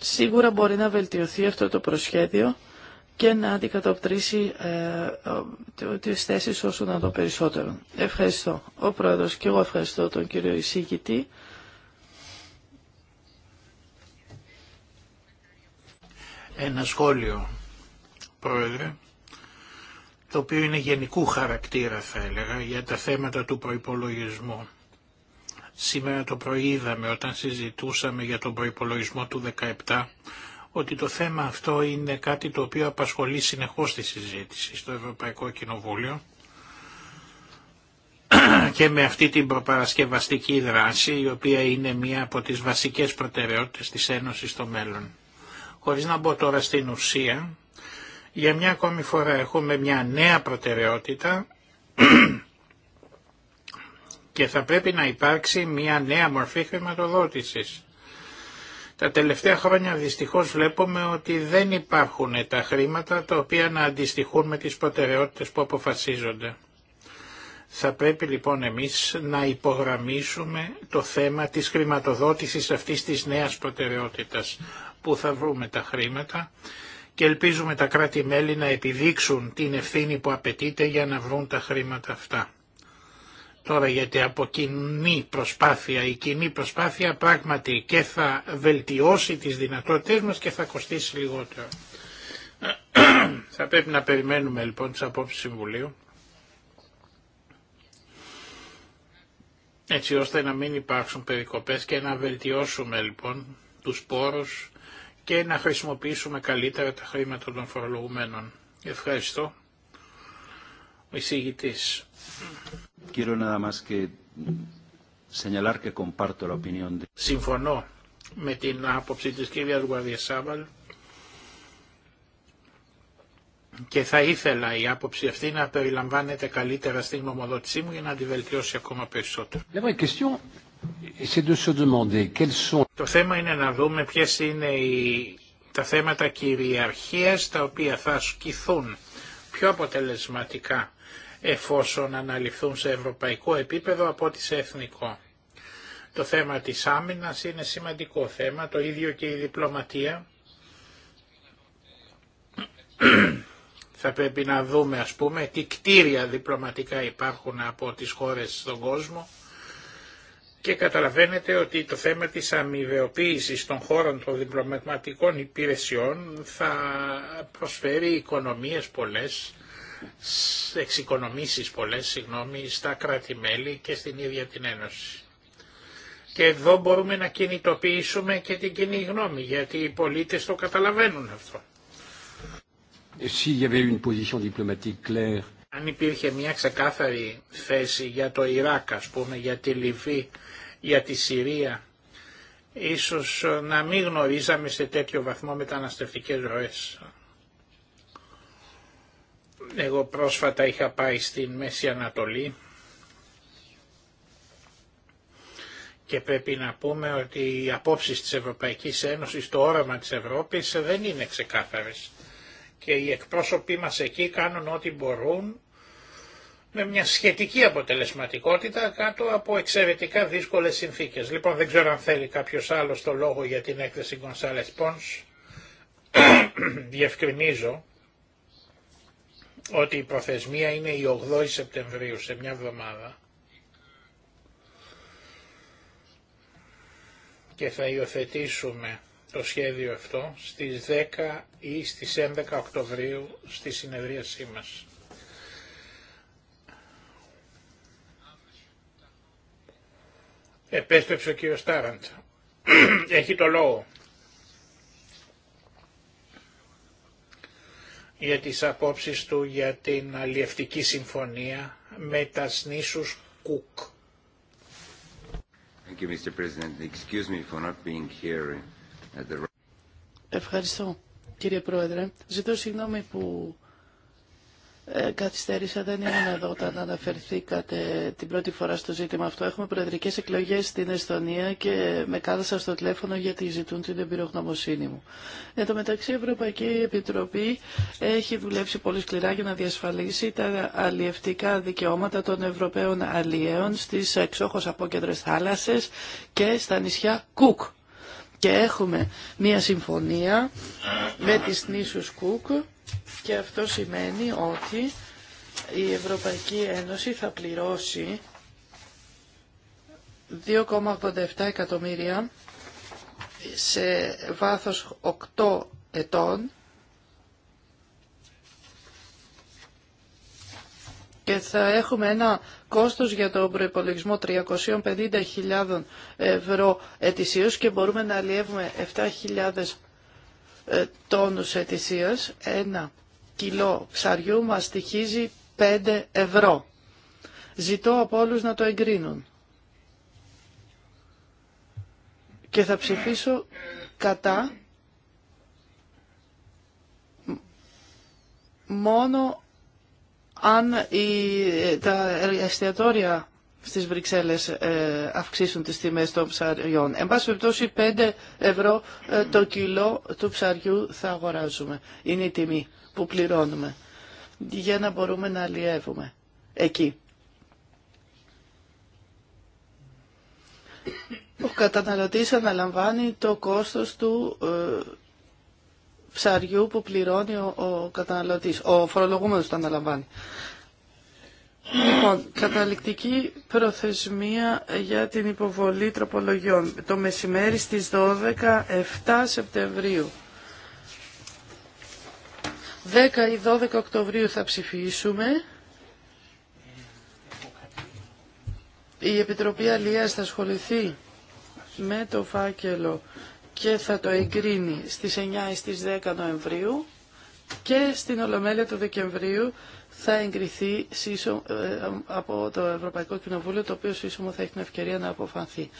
D: Σίγουρα μπορεί να βελτιωθεί αυτό το προσχέδιο και να αντικατοπτρίσει ε, τις θέσεις όσο να το περισσότερο. Ευχαριστώ. Ο Πρόεδρος και εγώ ευχαριστώ τον κύριο εισήγητη.
A: Ένα σχόλιο, Πρόεδρε, το οποίο είναι γενικού χαρακτήρα θα έλεγα για τα θέματα του προϋπολογισμού. Σήμερα το πρωί είδαμε όταν συζητούσαμε για τον προϋπολογισμό του 17 ότι το θέμα αυτό είναι κάτι το οποίο απασχολεί συνεχώς τη συζήτηση στο Ευρωπαϊκό Κοινοβούλιο και με αυτή την προπαρασκευαστική δράση η οποία είναι μία από τις βασικές προτεραιότητες της Ένωσης στο μέλλον. Χωρίς να μπω τώρα στην ουσία, για μια ακόμη φορά έχουμε μια νέα προτεραιότητα και θα πρέπει να υπάρξει μια νέα μορφή χρηματοδότησης. Τα τελευταία χρόνια δυστυχώς βλέπουμε ότι δεν υπάρχουν τα χρήματα τα οποία να αντιστοιχούν με τις προτεραιότητες που αποφασίζονται. Θα πρέπει λοιπόν εμείς να υπογραμμίσουμε το θέμα της χρηματοδότησης αυτής της νέας προτεραιότητας που θα βρούμε τα χρήματα και ελπίζουμε τα κράτη-μέλη να επιδείξουν την ευθύνη που απαιτείται για να βρουν τα χρήματα αυτά. Τώρα γιατί από κοινή προσπάθεια, η κοινή προσπάθεια πράγματι και θα βελτιώσει τις δυνατότητες μας και θα κοστίσει λιγότερο. θα πρέπει να περιμένουμε λοιπόν τις απόψεις Συμβουλίου. Έτσι ώστε να μην υπάρξουν περικοπές και να βελτιώσουμε λοιπόν τους πόρους και να χρησιμοποιήσουμε καλύτερα τα χρήματα των φορολογουμένων. Ευχαριστώ. Ο εισηγητής.
C: Συμφωνώ
A: με την άποψη της κυρίας Γουαδιασάβαλ και θα ήθελα η άποψη αυτή να περιλαμβάνεται καλύτερα στην νομοδότησή μου για να τη βελτιώσει ακόμα περισσότερο. Το θέμα είναι να δούμε ποιε είναι τα θέματα κυριαρχίας τα οποία θα ασκηθούν πιο αποτελεσματικά εφόσον αναλυθούν σε ευρωπαϊκό επίπεδο από ό,τι σε εθνικό. Το θέμα της άμυνας είναι σημαντικό θέμα, το ίδιο και η διπλωματία. Θα πρέπει να δούμε ας πούμε τι κτίρια διπλωματικά υπάρχουν από τις χώρες στον κόσμο και καταλαβαίνετε ότι το θέμα της αμοιβεοποίησης των χώρων των διπλωματικών υπηρεσιών θα προσφέρει οικονομίες πολλές εξοικονομήσεις πολλές, συγγνώμη, στα κράτη-μέλη και στην ίδια την Ένωση. Και εδώ μπορούμε να κινητοποιήσουμε και την κοινή γνώμη, γιατί οι πολίτες το καταλαβαίνουν αυτό. Αν υπήρχε μια ξεκάθαρη θέση για το Ιράκ, ας πούμε, για τη Λιβύη, για τη Συρία, ίσως να μην γνωρίζαμε σε τέτοιο βαθμό μεταναστευτικές ροές. Εγώ πρόσφατα είχα πάει στην Μέση Ανατολή και πρέπει να πούμε ότι οι απόψεις της Ευρωπαϊκής Ένωσης, το όραμα της Ευρώπης δεν είναι ξεκάθαρες. Και οι εκπρόσωποι μας εκεί κάνουν ό,τι μπορούν με μια σχετική αποτελεσματικότητα κάτω από εξαιρετικά δύσκολες συνθήκες. Λοιπόν δεν ξέρω αν θέλει κάποιος άλλος το λόγο για την έκθεση González Pons. Διευκρινίζω ότι η προθεσμία είναι η 8η Σεπτεμβρίου, σε μια εβδομάδα. Και θα υιοθετήσουμε το σχέδιο αυτό στις 10 ή στις 11 Οκτωβρίου στη συνεδρίασή μας. Επέστρεψε ο κύριος Τάραντ. Έχει το λόγο. για τις απόψεις του για την αλλιευτική συμφωνία με τα
D: νήσους Κουκ. Ευχαριστώ κύριε Πρόεδρε. Ζητώ συγγνώμη που ε, καθυστέρησα, δεν ήμουν εδώ όταν αναφερθήκατε την πρώτη φορά στο ζήτημα αυτό. Έχουμε προεδρικές εκλογές στην Εσθονία και με κάλεσαν στο τηλέφωνο γιατί ζητούν την εμπειρογνωμοσύνη μου. Εν τω μεταξύ η Ευρωπαϊκή Επιτροπή έχει δουλέψει πολύ σκληρά για να διασφαλίσει τα αλλιευτικά δικαιώματα των Ευρωπαίων αλλιέων στις εξόχως απόκεντρες θάλασσες και στα νησιά Κουκ και έχουμε μία συμφωνία με τις νήσους Κουκ και αυτό σημαίνει ότι η Ευρωπαϊκή Ένωση θα πληρώσει 2,87 εκατομμύρια σε βάθος 8 ετών και θα έχουμε ένα κόστος για τον προϋπολογισμό 350.000 ευρώ ετησίως και μπορούμε να αλλιεύουμε 7.000 ε, τόνους ετησίως. Ένα κιλό ψαριού μας στοιχίζει 5 ευρώ. Ζητώ από όλους να το εγκρίνουν. Και θα ψηφίσω κατά μόνο αν τα εστιατόρια στις Βρυξέλλες ε, αυξήσουν τις τιμές των ψαριών. Εν πάση περιπτώσει 5 ευρώ ε, το κιλό του ψαριού θα αγοράζουμε. Είναι η τιμή που πληρώνουμε για να μπορούμε να αλλιεύουμε εκεί. Ο καταναλωτής αναλαμβάνει το κόστος του ε, ψαριού που πληρώνει ο, ο καταναλωτής, ο φορολογούμενος το αναλαμβάνει. Λοιπόν, καταληκτική προθεσμία για την υποβολή τροπολογιών. Το μεσημέρι στις 12, 7 Σεπτεμβρίου. 10 ή 12 Οκτωβρίου θα ψηφίσουμε. Η Επιτροπή Αλίας θα ασχοληθεί με το φάκελο και θα το εγκρίνει στις 9 ή στις 10 Νοεμβρίου και στην Ολομέλεια του Δεκεμβρίου θα εγκριθεί ε, από το Ευρωπαϊκό Κοινοβούλιο, το οποίο σύσσωμο θα έχει την ευκαιρία να αποφανθεί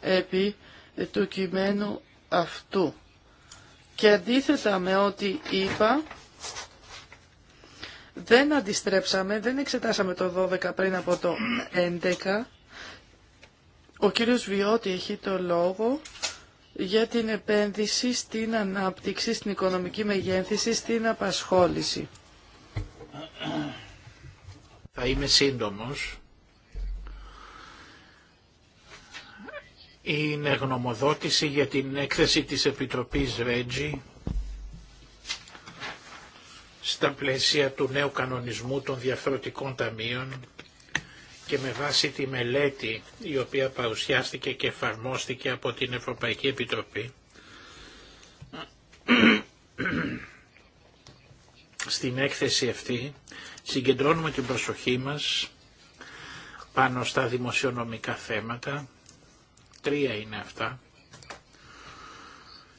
D: επί ε, του κειμένου αυτού. Και αντίθετα με ό,τι είπα, δεν αντιστρέψαμε, δεν εξετάσαμε το 12 πριν από το 11. Ο κύριος Βιώτη έχει το λόγο για την επένδυση στην ανάπτυξη, στην οικονομική μεγέθυνση, στην απασχόληση.
A: Θα είμαι σύντομος. Είναι γνωμοδότηση για την έκθεση της Επιτροπής Ρέτζη στα πλαίσια του νέου κανονισμού των διαφορετικών ταμείων και με βάση τη μελέτη η οποία παρουσιάστηκε και εφαρμόστηκε από την Ευρωπαϊκή Επιτροπή στην έκθεση αυτή συγκεντρώνουμε την προσοχή μας πάνω στα δημοσιονομικά θέματα. Τρία είναι αυτά.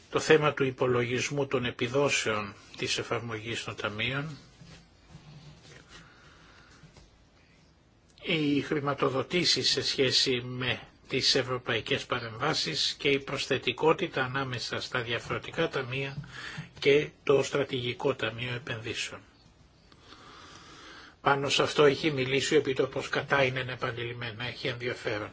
A: Το θέμα του υπολογισμού των επιδόσεων της εφαρμογής των ταμείων, οι χρηματοδοτήσεις σε σχέση με τις ευρωπαϊκές παρεμβάσεις και η προσθετικότητα ανάμεσα στα διαφορετικά ταμεία και το στρατηγικό ταμείο επενδύσεων. Πάνω σε αυτό έχει μιλήσει ο Επιτροπός κατά είναι επανειλημμένα, έχει ενδιαφέρον.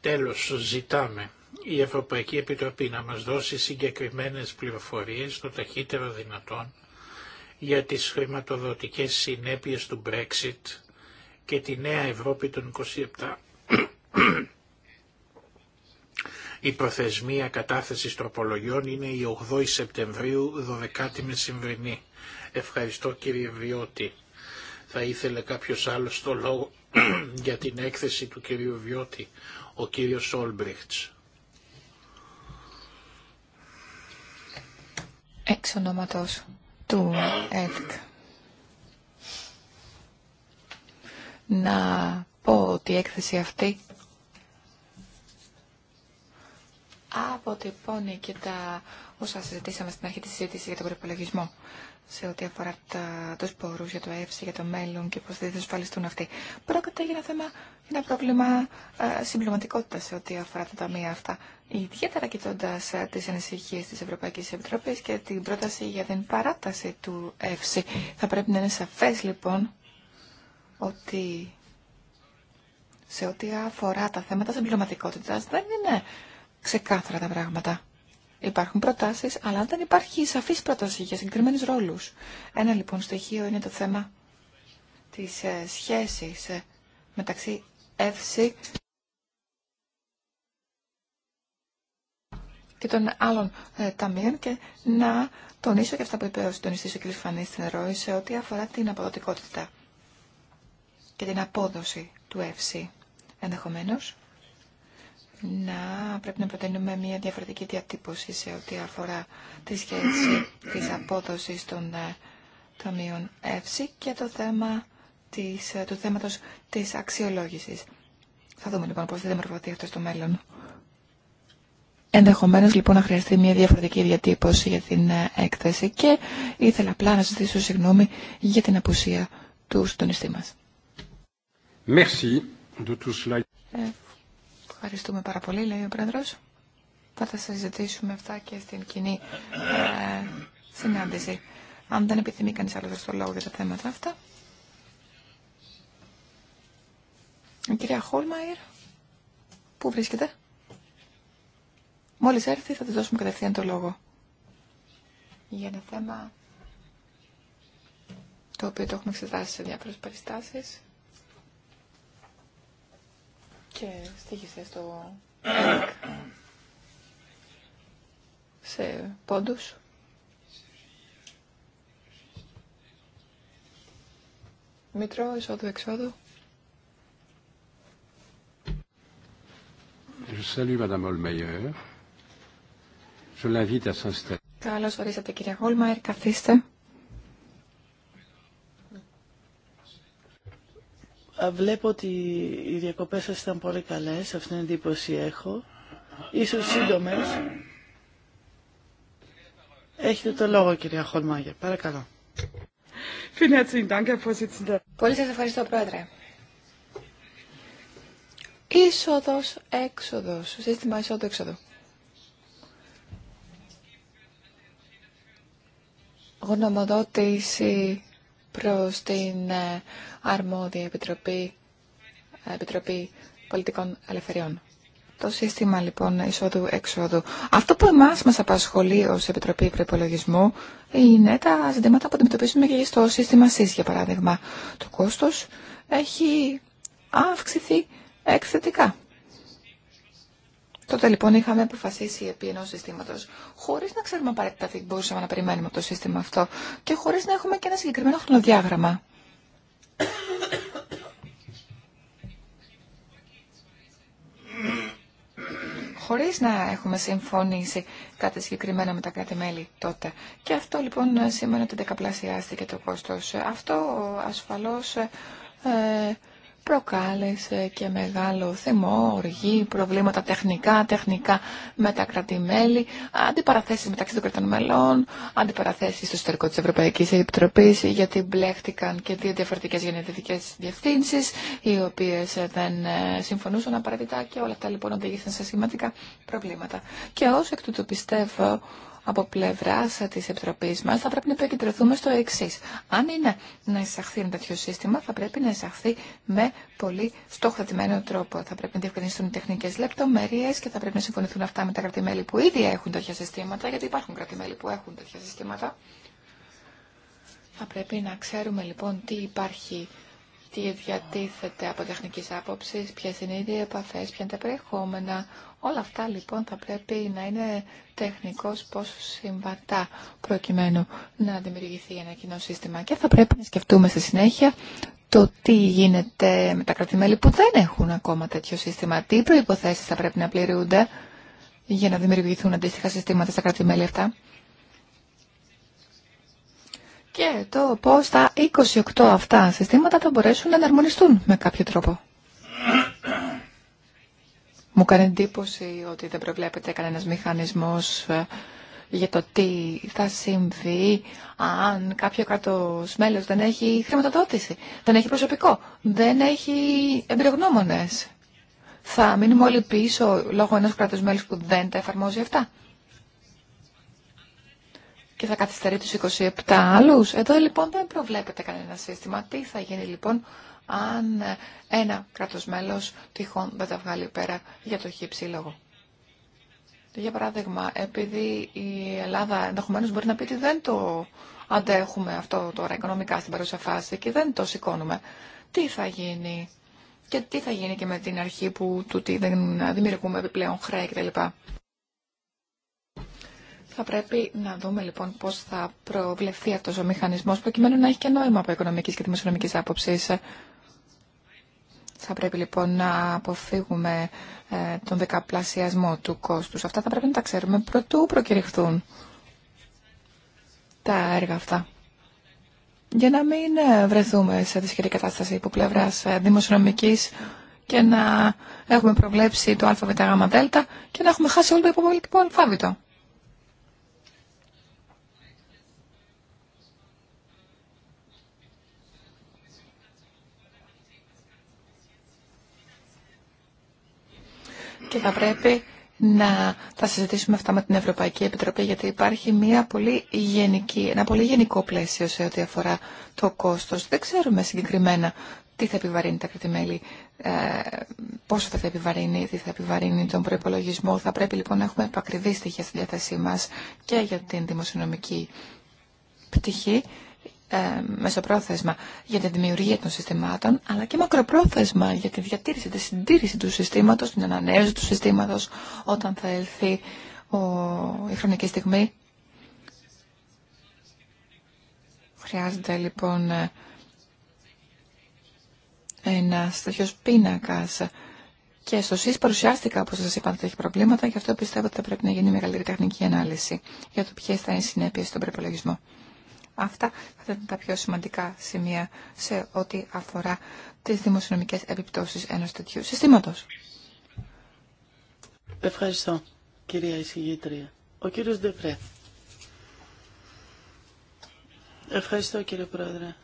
A: Τέλος, ζητάμε η Ευρωπαϊκή Επιτροπή να μας δώσει συγκεκριμένες πληροφορίες το ταχύτερο δυνατόν για τις χρηματοδοτικές συνέπειες του Brexit και τη νέα Ευρώπη των 27. Η προθεσμία κατάθεσης τροπολογιών είναι η 8η Σεπτεμβρίου 12η Μεσημβρινή. Ευχαριστώ κύριε Βιώτη. Θα ήθελε κάποιος άλλος το λόγο για την έκθεση του κυρίου Βιώτη, ο κύριος Όλμπριχτς.
B: Εξ ονόματος του ΕΤΚ να πω ότι η έκθεση αυτή αποτυπώνει και τα όσα συζητήσαμε στην αρχή της συζήτησης για τον προπολογισμό σε ό,τι αφορά τα, τους πόρους για το ΕΕΣΥ, για το μέλλον και πώς θα ασφαλιστούν αυτοί. Πρόκειται για ένα θέμα, ένα πρόβλημα ε, συμπληρωματικότητα σε ό,τι αφορά τα ταμεία αυτά. Ιδιαίτερα κοιτώντα ε, τι ανησυχίε τη Ευρωπαϊκή Επιτροπή και την πρόταση για την παράταση του ΕΦΣΥ, Θα πρέπει να είναι σαφέ, λοιπόν ότι σε ό,τι αφορά τα θέματα συμπληρωματικότητας δεν είναι ξεκάθαρα τα πράγματα. Υπάρχουν προτάσεις, αλλά δεν υπάρχει σαφής πρόταση για συγκεκριμένους ρόλους. Ένα λοιπόν στοιχείο είναι το θέμα της ε, σχέσης ε, μεταξύ εύση και των άλλων ε, ταμείων και να τονίσω και αυτά που είπε ο συντονιστής ο κ. Φανής στην ερώτηση σε ό,τι αφορά την αποδοτικότητα και την απόδοση του ΕΦΣΙ Ενδεχομένως, να πρέπει να προτείνουμε μια διαφορετική διατύπωση σε ό,τι αφορά τη σχέση της απόδοσης των ε, ταμείων ΕΦΣΙ και το θέμα ε, του θέματος της αξιολόγησης. Θα δούμε λοιπόν πώς θα δημορφωθεί αυτό στο μέλλον. Ενδεχομένως λοιπόν να χρειαστεί μια διαφορετική διατύπωση για την ε, έκθεση και ήθελα απλά να ζητήσω συγγνώμη για την απουσία του συντονιστή μας. Ε, ευχαριστούμε
E: πάρα πολύ, λέει ο Πρόεδρο.
B: Θα τα συζητήσουμε αυτά και στην κοινή ε, συνάντηση. Αν δεν επιθυμεί κανεί άλλο το λόγο για τα θέματα αυτά. Η κυρία Χόλμαϊρ, πού βρίσκεται. Μόλις έρθει θα τη δώσουμε κατευθείαν το λόγο. Για ένα θέμα το οποίο το έχουμε εξετάσει σε διάφορες περιστάσει και στήχησε στο σε πόντους. Μητρό, εισόδου, εξόδου.
E: Je salue Madame Holmeyer. Je l'invite à s'installer.
B: Καλώς ορίσατε κύριε Holmeyer, καθίστε.
D: Βλέπω ότι οι διακοπές σας ήταν πολύ καλές, Αυτή την εντύπωση έχω. Ίσως σύντομες. Έχετε το λόγο κυρία Χολμάγερ, παρακαλώ. Πολύ σας ευχαριστώ πρόεδρε.
B: Είσοδος, έξοδος, σύστημα εισόδου-έξοδου. Γνωμοδότηση προς την ε, αρμόδια Επιτροπή, ε, Επιτροπή Πολιτικών Ελευθεριών. Το σύστημα λοιπόν εισόδου-εξόδου. Αυτό που εμάς μας απασχολεί ω Επιτροπή Προπολογισμού είναι τα ζητήματα που αντιμετωπίζουμε και στο σύστημα ΣΥΣ, για παράδειγμα. Το κόστος έχει αυξηθεί εκθετικά. Τότε λοιπόν είχαμε αποφασίσει επί ενός συστήματο, χωρί να ξέρουμε απαραίτητα τι μπορούσαμε να περιμένουμε από το σύστημα αυτό και χωρί να έχουμε και ένα συγκεκριμένο χρονοδιάγραμμα. χωρίς να έχουμε συμφωνήσει κάτι συγκεκριμένο με τα κράτη-μέλη τότε. Και αυτό λοιπόν σήμερα ότι δεκαπλασιάστηκε το κόστος. Αυτό ασφαλώς ε, προκάλεσε και μεγάλο θυμό, οργή, προβλήματα τεχνικά, τεχνικά με τα κρατημέλη, αντιπαραθέσεις μεταξύ των κρατών μελών, αντιπαραθέσεις στο στερικό της Ευρωπαϊκής Επιτροπής, γιατί μπλέχτηκαν και δύο διαφορετικές γενετικές διευθύνσεις, οι οποίες δεν ε, συμφωνούσαν απαραίτητα και όλα αυτά λοιπόν οδήγησαν σε σημαντικά προβλήματα. Και ως εκ τούτου πιστεύω από πλευρά τη Επιτροπή μα, θα πρέπει να επικεντρωθούμε στο εξή. Αν είναι να εισαχθεί ένα τέτοιο σύστημα, θα πρέπει να εισαχθεί με πολύ στοχοθετημένο τρόπο. Θα πρέπει να διευκρινιστούν τεχνικέ λεπτομέρειε και θα πρέπει να συμφωνηθούν αυτά με τα κρατημέλη που ήδη έχουν τέτοια συστήματα, γιατί υπάρχουν κρατημέλη που έχουν τέτοια συστήματα. Θα πρέπει να ξέρουμε λοιπόν τι υπάρχει τι διατίθεται από τεχνική άποψη, ποιε είναι οι επαφέ, ποια είναι τα περιεχόμενα. Όλα αυτά λοιπόν θα πρέπει να είναι τεχνικός πόσο συμβατά προκειμένου να δημιουργηθεί ένα κοινό σύστημα. Και θα πρέπει να σκεφτούμε στη συνέχεια το τι γίνεται με τα κρατημέλη που δεν έχουν ακόμα τέτοιο σύστημα. Τι προποθέσει θα πρέπει να πληρούνται για να δημιουργηθούν αντίστοιχα συστήματα στα κρατημέλη αυτά και το πώ τα 28 αυτά συστήματα θα μπορέσουν να εναρμονιστούν με κάποιο τρόπο. Μου κάνει εντύπωση ότι δεν προβλέπεται κανένας μηχανισμός ε, για το τι θα συμβεί αν κάποιο κράτος μέλος δεν έχει χρηματοδότηση, δεν έχει προσωπικό, δεν έχει εμπειρογνώμονες. Θα μείνουμε όλοι πίσω λόγω ενός κράτους μέλους που δεν τα εφαρμόζει αυτά και θα καθυστερεί τους 27 άλλους. Εδώ λοιπόν δεν προβλέπεται κανένα σύστημα. Τι θα γίνει λοιπόν αν ένα κράτος μέλος τυχόν δεν τα βγάλει πέρα για το χύψη λόγο. Για παράδειγμα, επειδή η Ελλάδα ενδεχομένω μπορεί να πει ότι δεν το αντέχουμε αυτό τώρα οικονομικά στην παρούσα φάση και δεν το σηκώνουμε. Τι θα γίνει και τι θα γίνει και με την αρχή που τούτη δεν δημιουργούμε επιπλέον χρέη κτλ. Θα πρέπει να δούμε λοιπόν πώ θα προβλεφθεί αυτό ο μηχανισμό προκειμένου να έχει και νόημα από οικονομική και δημοσιονομική άποψη. Θα πρέπει λοιπόν να αποφύγουμε ε, τον δεκαπλασιασμό του κόστους. Αυτά θα πρέπει να τα ξέρουμε πρωτού προκηρυχθούν τα έργα αυτά. Για να μην ε, βρεθούμε σε δυσχερή κατάσταση υπό πλευρά ε, δημοσιονομική και να έχουμε προβλέψει το ΑΒΓΔ και να έχουμε χάσει όλο το υπόλοιπο αλφάβητο. και θα πρέπει να θα συζητήσουμε αυτά με την Ευρωπαϊκή Επιτροπή γιατί υπάρχει μια πολύ γενική, ένα πολύ γενικό πλαίσιο σε ό,τι αφορά το κόστος. Δεν ξέρουμε συγκεκριμένα τι θα επιβαρύνει τα κρατημέλη, ε, πόσο θα επιβαρύνει, τι θα επιβαρύνει τον προπολογισμό. Θα πρέπει λοιπόν να έχουμε επακριβή στοιχεία στη διάθεσή μας και για την δημοσιονομική πτυχή ε, μεσοπρόθεσμα για τη δημιουργία των συστημάτων, αλλά και μακροπρόθεσμα για τη διατήρηση, τη συντήρηση του συστήματος, την ανανέωση του συστήματος όταν θα έλθει ο, η χρονική στιγμή. Χρειάζεται λοιπόν ε, ένα τέτοιο πίνακα. Και στο ΣΥΣ παρουσιάστηκα, όπω σα είπα, ότι έχει προβλήματα, γι' αυτό πιστεύω ότι θα πρέπει να γίνει μεγαλύτερη τεχνική ανάλυση για το ποιε θα είναι οι συνέπειε στον προπολογισμό. Αυτά θα ήταν τα πιο σημαντικά σημεία σε ό,τι αφορά τις δημοσιονομικές επιπτώσεις ενός τέτοιου συστήματος.
D: Ευχαριστώ, κυρία εισηγήτρια. Ο κύριος Ντεφρέ. Ευχαριστώ, κύριε Πρόεδρε.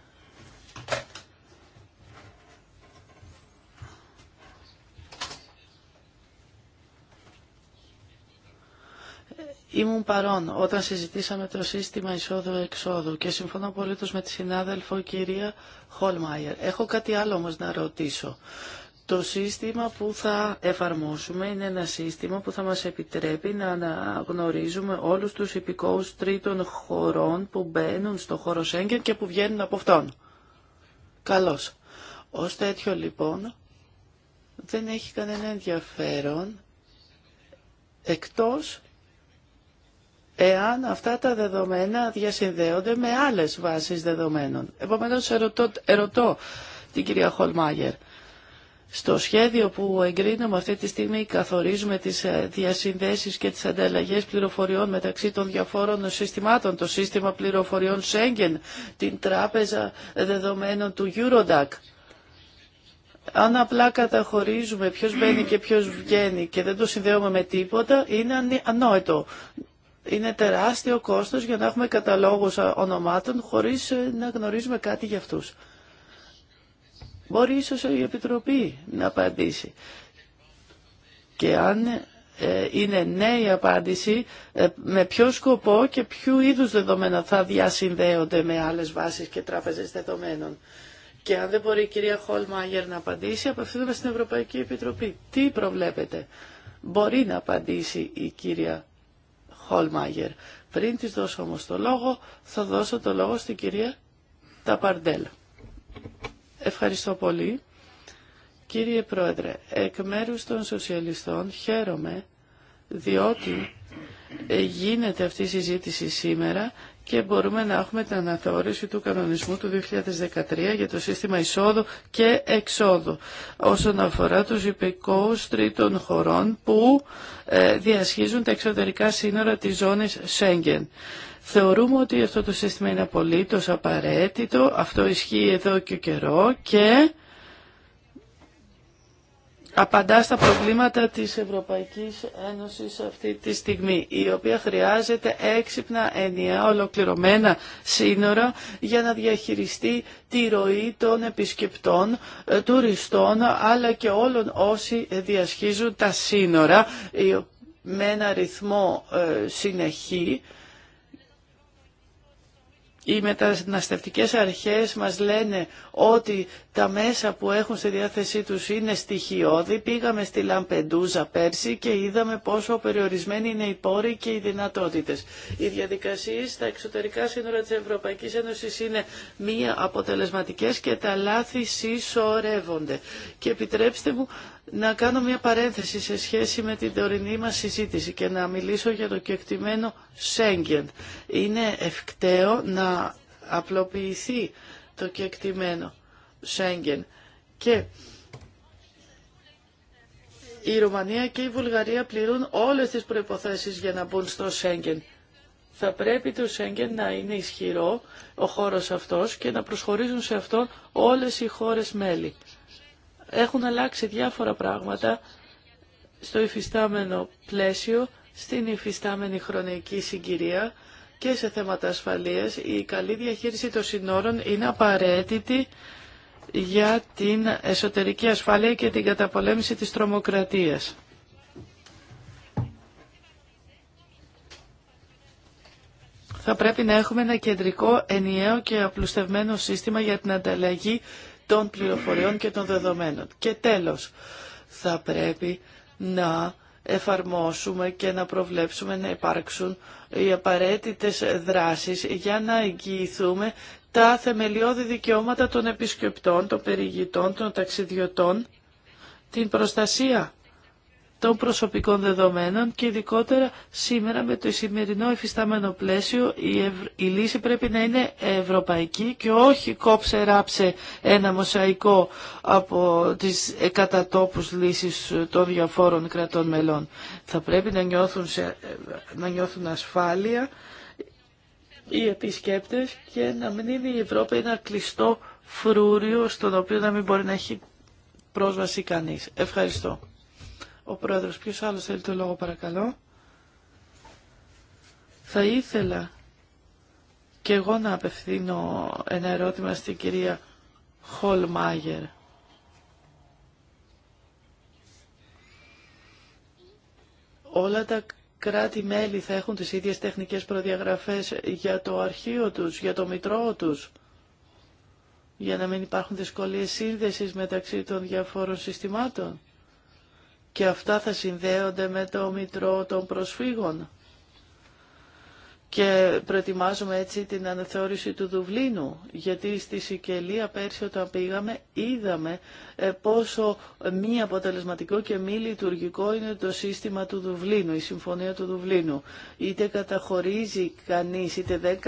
D: Ήμουν παρόν όταν συζητήσαμε το σύστημα εισόδου-εξόδου και συμφωνώ πολύ με τη συνάδελφο κυρία Χολμάιερ. Έχω κάτι άλλο όμως να ρωτήσω. Το σύστημα που θα εφαρμόσουμε είναι ένα σύστημα που θα μας επιτρέπει να αναγνωρίζουμε όλους τους υπηκόους τρίτων χωρών που μπαίνουν στο χώρο Σέγγεν και που βγαίνουν από αυτόν. Καλώς. Ως τέτοιο λοιπόν δεν έχει κανένα ενδιαφέρον εκτός εάν αυτά τα δεδομένα διασυνδέονται με άλλες βάσεις δεδομένων. Επομένως, ερωτώ, ερωτώ την κυρία Χολμάγερ. Στο σχέδιο που εγκρίνουμε αυτή τη στιγμή καθορίζουμε τις ε, διασυνδέσεις και τις ανταλλαγές πληροφοριών μεταξύ των διαφόρων συστημάτων, το σύστημα πληροφοριών Schengen, την τράπεζα δεδομένων του Eurodac. Αν απλά καταχωρίζουμε ποιος μπαίνει και ποιος βγαίνει και δεν το συνδέουμε με τίποτα, είναι ανόητο είναι τεράστιο κόστος για να έχουμε καταλόγους ονομάτων χωρίς ε, να γνωρίζουμε κάτι για αυτούς. Μπορεί ίσως η Επιτροπή να απαντήσει. Και αν ε, είναι ναι η απάντηση, ε, με ποιο σκοπό και ποιου είδους δεδομένα θα διασυνδέονται με άλλες βάσεις και τράπεζες δεδομένων. Και αν δεν μπορεί η κυρία Χολμάγερ να απαντήσει, απευθύνουμε στην Ευρωπαϊκή Επιτροπή. Τι προβλέπετε. Μπορεί να απαντήσει η κυρία Χολμάγερ. Πριν της δώσω όμως το λόγο, θα δώσω το λόγο στην κυρία Ταπαρντέλ. Ευχαριστώ πολύ. Κύριε Πρόεδρε, εκ μέρους των σοσιαλιστών χαίρομαι διότι γίνεται αυτή η συζήτηση σήμερα και μπορούμε να έχουμε την αναθεώρηση του κανονισμού του 2013 για το σύστημα εισόδου και εξόδου όσον αφορά τους υπηκόους τρίτων χωρών που ε, διασχίζουν τα εξωτερικά σύνορα της ζώνης Σέγγεν. Θεωρούμε ότι αυτό το σύστημα είναι απολύτως απαραίτητο, αυτό ισχύει εδώ και καιρό και απαντά στα προβλήματα της Ευρωπαϊκής Ένωσης αυτή τη στιγμή, η οποία χρειάζεται έξυπνα, ενιαία, ολοκληρωμένα σύνορα για να διαχειριστεί τη ροή των επισκεπτών, ε, τουριστών, αλλά και όλων όσοι διασχίζουν τα σύνορα ε, με ένα ρυθμό ε, συνεχή οι μεταναστευτικές αρχές μας λένε ότι τα μέσα που έχουν στη διάθεσή τους είναι στοιχειώδη. Πήγαμε στη Λαμπεντούζα πέρσι και είδαμε πόσο περιορισμένοι είναι οι πόροι και οι δυνατότητες. Οι διαδικασίες στα εξωτερικά σύνορα της Ευρωπαϊκής Ένωσης είναι μία αποτελεσματικές και τα λάθη συσσωρεύονται. Και επιτρέψτε μου να κάνω μια παρένθεση σε σχέση με την τωρινή μας συζήτηση και να μιλήσω για το κεκτημένο Σέγγεν. Είναι ευκταίο να απλοποιηθεί το κεκτημένο Σέγγεν και η Ρουμανία και η Βουλγαρία πληρούν όλες τις προϋποθέσεις για να μπουν στο Σέγγεν. Θα πρέπει το Σέγγεν να είναι ισχυρό ο χώρος αυτός και να προσχωρήσουν σε αυτό όλες οι χώρες μέλη. Έχουν αλλάξει διάφορα πράγματα στο υφιστάμενο πλαίσιο, στην υφιστάμενη χρονική συγκυρία και σε θέματα ασφαλείας. Η καλή διαχείριση των συνόρων είναι απαραίτητη για την εσωτερική ασφάλεια και την καταπολέμηση της τρομοκρατίας. Θα πρέπει να έχουμε ένα κεντρικό, ενιαίο και απλουστευμένο σύστημα για την ανταλλαγή των πληροφοριών και των δεδομένων. Και τέλος, θα πρέπει να εφαρμόσουμε και να προβλέψουμε να υπάρξουν οι απαραίτητες δράσεις για να εγγυηθούμε τα θεμελιώδη δικαιώματα των επισκεπτών, των περιηγητών, των ταξιδιωτών, την προστασία των προσωπικών δεδομένων και ειδικότερα σήμερα με το σημερινό εφιστάμενο πλαίσιο η, λύση πρέπει να είναι ευρωπαϊκή και όχι κόψε ράψε ένα μοσαϊκό από τις εκατατόπους λύσεις των διαφόρων κρατών μελών. Θα πρέπει να νιώθουν, σε... να νιώθουν ασφάλεια οι επισκέπτες και να μην είναι η Ευρώπη ένα κλειστό φρούριο στον οποίο να μην μπορεί να έχει πρόσβαση κανείς. Ευχαριστώ. Ο πρόεδρος, ποιος άλλος θέλει το λόγο παρακαλώ. Θα ήθελα και εγώ να απευθύνω ένα ερώτημα στην κυρία Χολμάγερ. Όλα τα κράτη-μέλη θα έχουν τις ίδιες τεχνικές προδιαγραφές για το αρχείο τους, για το μητρό τους, για να μην υπάρχουν δυσκολίες σύνδεσης μεταξύ των διαφόρων συστημάτων και αυτά θα συνδέονται με το Μητρό των Προσφύγων. Και προετοιμάζουμε έτσι την αναθεώρηση του Δουβλίνου, γιατί στη Σικελία πέρσι όταν πήγαμε είδαμε ε, πόσο μη αποτελεσματικό και μη λειτουργικό είναι το σύστημα του Δουβλίνου, η συμφωνία του Δουβλίνου. Είτε καταχωρίζει κανείς, είτε δεν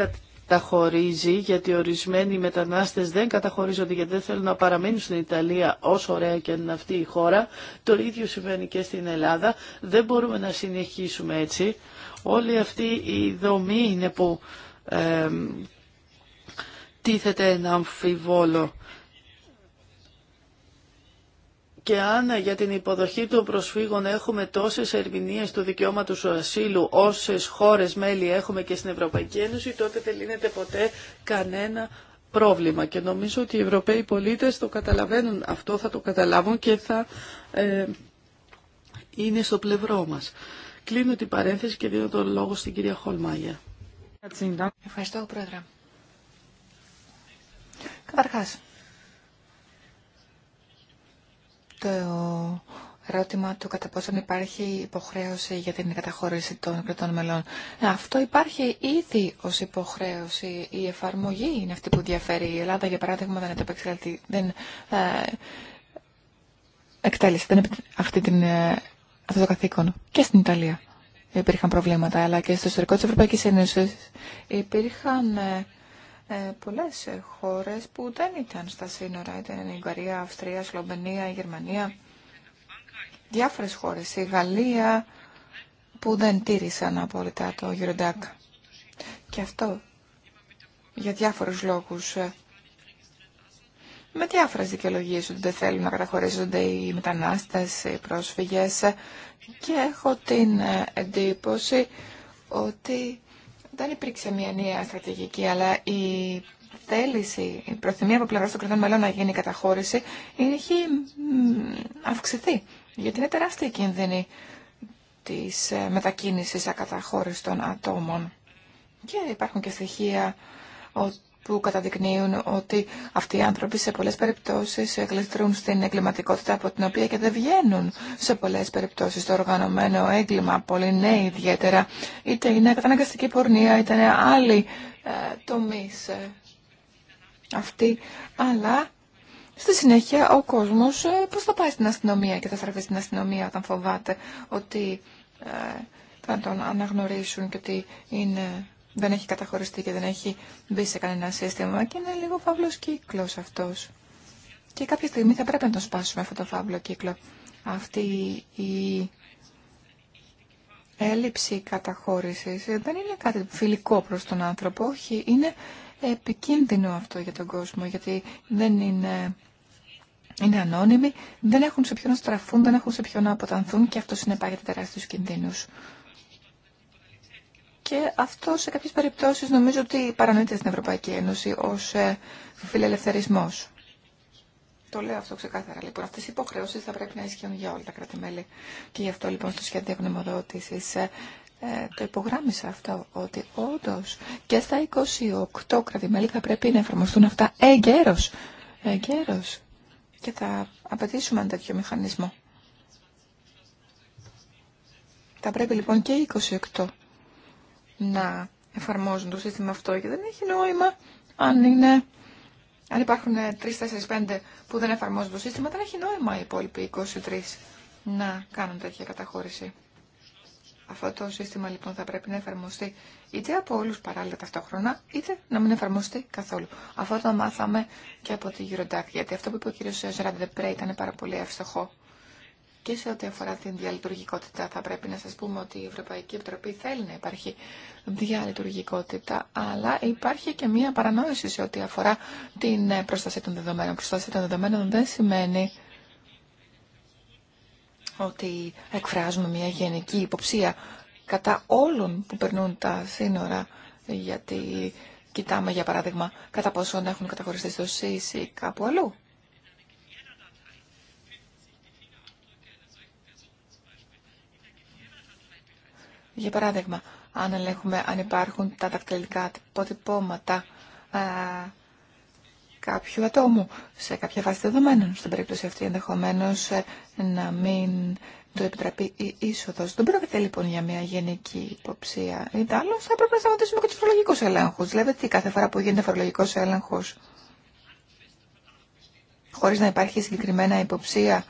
D: τα χωρίζει, γιατί ορισμένοι μετανάστες δεν καταχωρίζονται γιατί δεν θέλουν να παραμείνουν στην Ιταλία όσο ωραία και είναι αυτή η χώρα. Το ίδιο συμβαίνει και στην Ελλάδα. Δεν μπορούμε να συνεχίσουμε έτσι. Όλη αυτή η δομή είναι που τίθεται ένα αμφιβόλο. Και αν για την υποδοχή των προσφύγων έχουμε τόσες ερμηνείες του δικαιώματος ασύλου όσες χώρες μέλη έχουμε και στην Ευρωπαϊκή Ένωση, τότε δεν λύνεται ποτέ κανένα πρόβλημα. Και νομίζω ότι οι Ευρωπαίοι πολίτες το καταλαβαίνουν αυτό, θα το καταλάβουν και θα ε, είναι στο πλευρό μας. Κλείνω την παρένθεση και δίνω τον λόγο στην κυρία Χολμάγια.
B: Ευχαριστώ, Πρόεδρε. Καταρχάς, το ερώτημα του κατά πόσο υπάρχει υποχρέωση για την καταχώρηση των κρατών μελών. Ε, αυτό υπάρχει ήδη ως υποχρέωση. Η εφαρμογή είναι αυτή που διαφέρει. Η Ελλάδα, για παράδειγμα, δεν επεξεργαστεί, δεν ε, εκτέλεσε δεν, αυτή την, ε, αυτό το καθήκον. Και στην Ιταλία υπήρχαν προβλήματα, αλλά και στο ιστορικό της Ευρωπαϊκής Ένωσης υπήρχαν ε, πολλές ε, χώρες που δεν ήταν στα σύνορα, ήταν η Ουγγαρία, Αυστρία, Σλοβενία, η Γερμανία, διάφορες χώρες, η Γαλλία που δεν τήρησαν απόλυτα το Eurodac. Και αυτό για διάφορους λόγους ε, με διάφορες δικαιολογίε ότι δεν θέλουν να καταχωρίζονται οι μετανάστες, οι πρόσφυγες ε, και έχω την εντύπωση ότι δεν υπήρξε μια νέα στρατηγική, αλλά η θέληση, η προθυμία από πλευρά των κρατών μελών να γίνει η καταχώρηση έχει αυξηθεί. Γιατί είναι τεράστια η κίνδυνη τη ε, μετακίνηση των ατόμων. Και υπάρχουν και στοιχεία ότι που καταδεικνύουν ότι αυτοί οι άνθρωποι σε πολλές περιπτώσεις εκλειστρούν στην εγκληματικότητα από την οποία και δεν βγαίνουν σε πολλές περιπτώσεις το οργανωμένο έγκλημα, Πολύ νέοι ιδιαίτερα, είτε είναι καταναγκαστική πορνεία, είτε είναι άλλοι ε, τομείς ε, αυτοί, αλλά Στη συνέχεια ο κόσμος ε, πώς θα πάει στην αστυνομία και θα στραφεί στην αστυνομία όταν φοβάται ότι ε, θα τον αναγνωρίσουν και ότι είναι δεν έχει καταχωριστεί και δεν έχει μπει σε κανένα σύστημα και είναι λίγο φαύλο κύκλο αυτό. Και κάποια στιγμή θα πρέπει να το σπάσουμε αυτό το φαύλο κύκλο. Αυτή η έλλειψη καταχώρηση δεν είναι κάτι φιλικό προ τον άνθρωπο, όχι, είναι επικίνδυνο αυτό για τον κόσμο, γιατί δεν είναι... Είναι ανώνυμοι, δεν έχουν σε ποιον να στραφούν, δεν έχουν σε ποιον να αποτανθούν και αυτό συνεπάγεται τεράστιους κινδύνους. Και αυτό σε κάποιες περιπτώσεις νομίζω ότι παρανοείται στην Ευρωπαϊκή Ένωση ως ε, φιλελευθερισμός. Το λέω αυτό ξεκάθαρα. Λοιπόν, αυτέ οι υποχρεώσει θα πρέπει να ισχύουν για όλα τα κράτη-μέλη. Και γι' αυτό λοιπόν στο σχέδιο γνωμοδότηση ε, ε, το υπογράμμισα αυτό, ότι όντω και στα 28 κράτη-μέλη θα πρέπει να εφαρμοστούν αυτά εγκαίρω. Εγκαίρω. Και θα απαιτήσουμε ένα τέτοιο μηχανισμό. Θα πρέπει λοιπόν και οι 28 να εφαρμόζουν το σύστημα αυτό και δεν έχει νόημα αν είναι... Αν υπάρχουν 3, 4, 5 που δεν εφαρμόζουν το σύστημα, δεν έχει νόημα οι υπόλοιποι 23 να κάνουν τέτοια καταχώρηση. Αυτό το σύστημα λοιπόν θα πρέπει να εφαρμοστεί είτε από όλους παράλληλα ταυτόχρονα, είτε να μην εφαρμοστεί καθόλου. Αυτό το μάθαμε και από τη Γυροντάκη, γιατί αυτό που είπε ο κ. Ζεραντεπρέ ήταν πάρα πολύ εύστοχο. Και σε ό,τι αφορά την διαλειτουργικότητα θα πρέπει να σας πούμε ότι η Ευρωπαϊκή Επιτροπή θέλει να υπάρχει διαλειτουργικότητα, αλλά υπάρχει και μία παρανόηση σε ό,τι αφορά την προστασία των δεδομένων. Προστασία των δεδομένων δεν σημαίνει ότι εκφράζουμε μια γενική υποψία κατά όλων που περνούν τα σύνορα, γιατί κοιτάμε για παράδειγμα κατά πόσον έχουν καταχωριστεί στο ΣΥΣ ή κάπου αλλού. Για παράδειγμα, αν ελέγχουμε αν υπάρχουν τα δακτυλικά αποτυπώματα α, ε, κάποιου ατόμου σε κάποια βάση δεδομένων. Στην περίπτωση αυτή ενδεχομένω ε, να μην το επιτραπεί η είσοδο. Δεν πρόκειται λοιπόν για μια γενική υποψία. Ή θα πρέπει να σταματήσουμε και του φορολογικού ελέγχου. Δηλαδή, τι κάθε φορά που γίνεται φορολογικό έλεγχο, χωρί να υπάρχει συγκεκριμένα υποψία,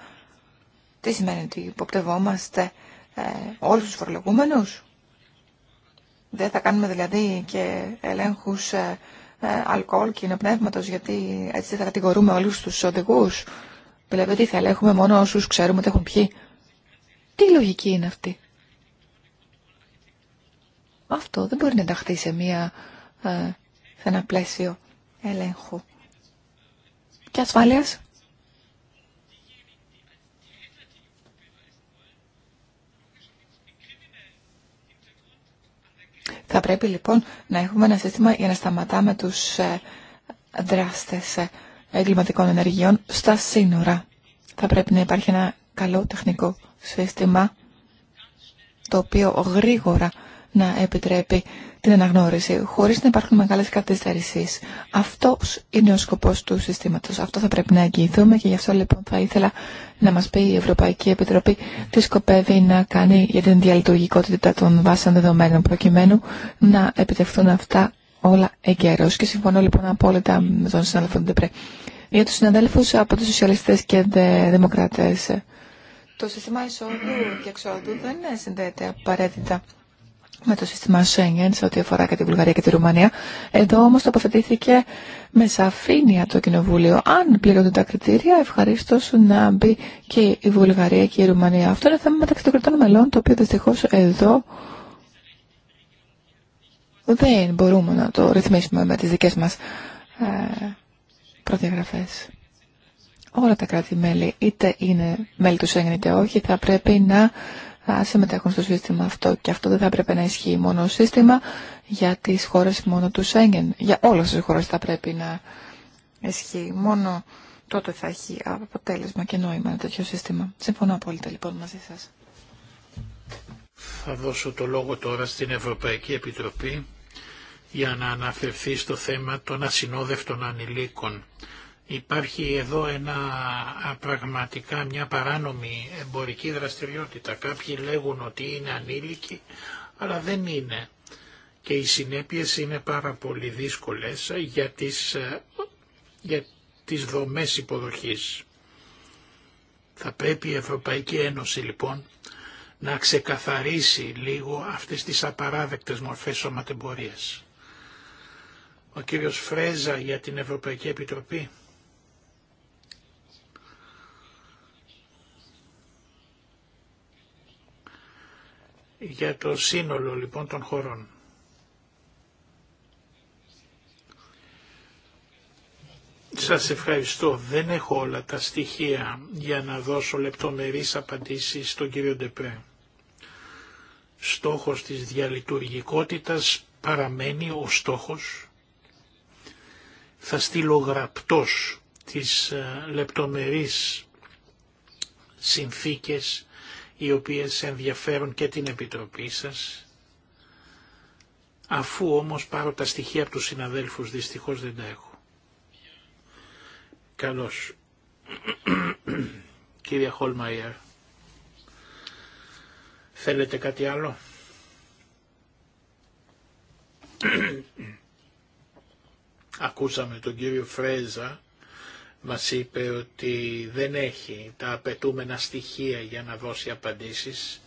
B: τι σημαίνει ότι υποπτευόμαστε ε, όλους τους φορολογούμενους. Δεν θα κάνουμε δηλαδή και ελέγχους ε, ε, αλκοόλ και πνεύματος γιατί έτσι δεν θα κατηγορούμε όλους τους οδηγούς. Δηλαδή τι θα ελέγχουμε μόνο όσους ξέρουμε ότι έχουν πιει. Τι λογική είναι αυτή. Αυτό δεν μπορεί να ενταχθεί σε, μια, σε ένα πλαίσιο ελέγχου. Και ασφάλειας. Θα πρέπει λοιπόν να έχουμε ένα σύστημα για να σταματάμε τους ε, δράστες ε, εγκληματικών ενεργειών στα σύνορα. Θα πρέπει να υπάρχει ένα καλό τεχνικό σύστημα το οποίο γρήγορα να επιτρέπει την αναγνώριση χωρίς να υπάρχουν μεγάλες καθυστερήσεις. Αυτός είναι ο σκοπός του συστήματος. Αυτό θα πρέπει να εγγυηθούμε και γι' αυτό λοιπόν θα ήθελα να μας πει η Ευρωπαϊκή Επιτροπή τι σκοπεύει να κάνει για την διαλειτουργικότητα των βάσεων δεδομένων προκειμένου να επιτευχθούν αυτά όλα εγκαίρως. Και συμφωνώ λοιπόν απόλυτα με τον συνάδελφο Ντεπρέ. Για του συναδέλφους από του σοσιαλιστές και δε, δημοκράτες, το σύστημα εισόδου και εξόδου δεν συνδέεται απαραίτητα με το σύστημα Schengen σε ό,τι αφορά και τη Βουλγαρία και τη Ρουμανία. Εδώ όμως τοποθετήθηκε με σαφήνεια το Κοινοβούλιο. Αν πληρώνουν τα κριτήρια, ευχαρίστω να μπει και η Βουλγαρία και η Ρουμανία. Αυτό είναι θέμα μεταξύ των κριτών μελών, το οποίο δυστυχώ εδώ δεν μπορούμε να το ρυθμίσουμε με τις δικές μας ε, Όλα τα κράτη-μέλη, είτε είναι μέλη του Σέγγεν είτε όχι, θα πρέπει να θα συμμετέχουν στο σύστημα αυτό και αυτό δεν θα έπρεπε να ισχύει μόνο σύστημα για τις χώρες μόνο του Σέγγεν. Για όλες τις χώρες θα πρέπει να ισχύει. Μόνο τότε θα έχει αποτέλεσμα και νόημα ένα τέτοιο σύστημα. Συμφωνώ απόλυτα λοιπόν μαζί σας.
A: Θα δώσω το λόγο τώρα στην Ευρωπαϊκή Επιτροπή για να αναφερθεί στο θέμα των ασυνόδευτων ανηλίκων. Υπάρχει εδώ ένα, πραγματικά μια παράνομη εμπορική δραστηριότητα. Κάποιοι λέγουν ότι είναι ανήλικοι, αλλά δεν είναι. Και οι συνέπειες είναι πάρα πολύ δύσκολες για τις, για τις δομές υποδοχής. Θα πρέπει η Ευρωπαϊκή Ένωση λοιπόν να ξεκαθαρίσει λίγο αυτές τις απαράδεκτες μορφές σωματεμπορίας. Ο κύριος Φρέζα για την Ευρωπαϊκή Επιτροπή. για το σύνολο λοιπόν των χωρών. Σας ευχαριστώ. Δεν έχω όλα τα στοιχεία για να δώσω λεπτομερείς απαντήσεις στον κύριο Ντεπρέ. Στόχος της διαλειτουργικότητας παραμένει ο στόχος. Θα στείλω γραπτός τις ε, λεπτομερείς συνθήκες οι οποίες ενδιαφέρουν και την Επιτροπή σας. Αφού όμως πάρω τα στοιχεία από τους συναδέλφους, δυστυχώς δεν τα έχω. Καλώς. Κύριε Χολμαϊέρ, θέλετε κάτι άλλο. Ακούσαμε τον κύριο Φρέζα μας είπε ότι δεν έχει τα απαιτούμενα στοιχεία για να δώσει απαντήσεις.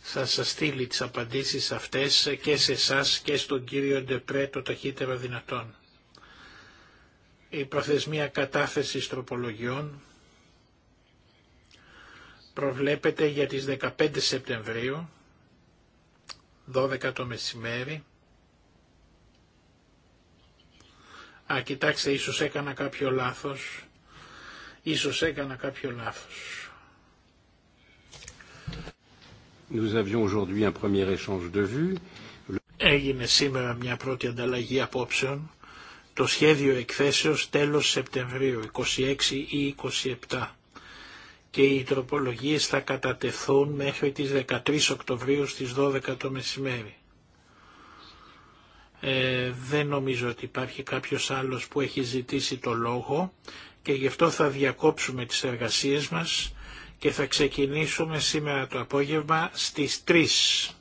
A: Θα σας στείλει τις απαντήσεις αυτές και σε εσά και στον κύριο Ντεπρέ το ταχύτερο δυνατόν. Η προθεσμία κατάθεση τροπολογιών προβλέπεται για τις 15 Σεπτεμβρίου, 12 το μεσημέρι, Α, κοιτάξτε, ίσως έκανα κάποιο λάθος. Ίσως έκανα κάποιο λάθος. Έγινε σήμερα μια πρώτη ανταλλαγή απόψεων. Το σχέδιο εκθέσεως τέλος Σεπτεμβρίου, 26 ή 27. Και οι τροπολογίες θα κατατεθούν μέχρι τις 13 Οκτωβρίου στις 12 το μεσημέρι. Ε, δεν νομίζω ότι υπάρχει κάποιος άλλος που έχει ζητήσει το λόγο και γι' αυτό θα διακόψουμε τις εργασίες μας και θα ξεκινήσουμε σήμερα το απόγευμα στις 3.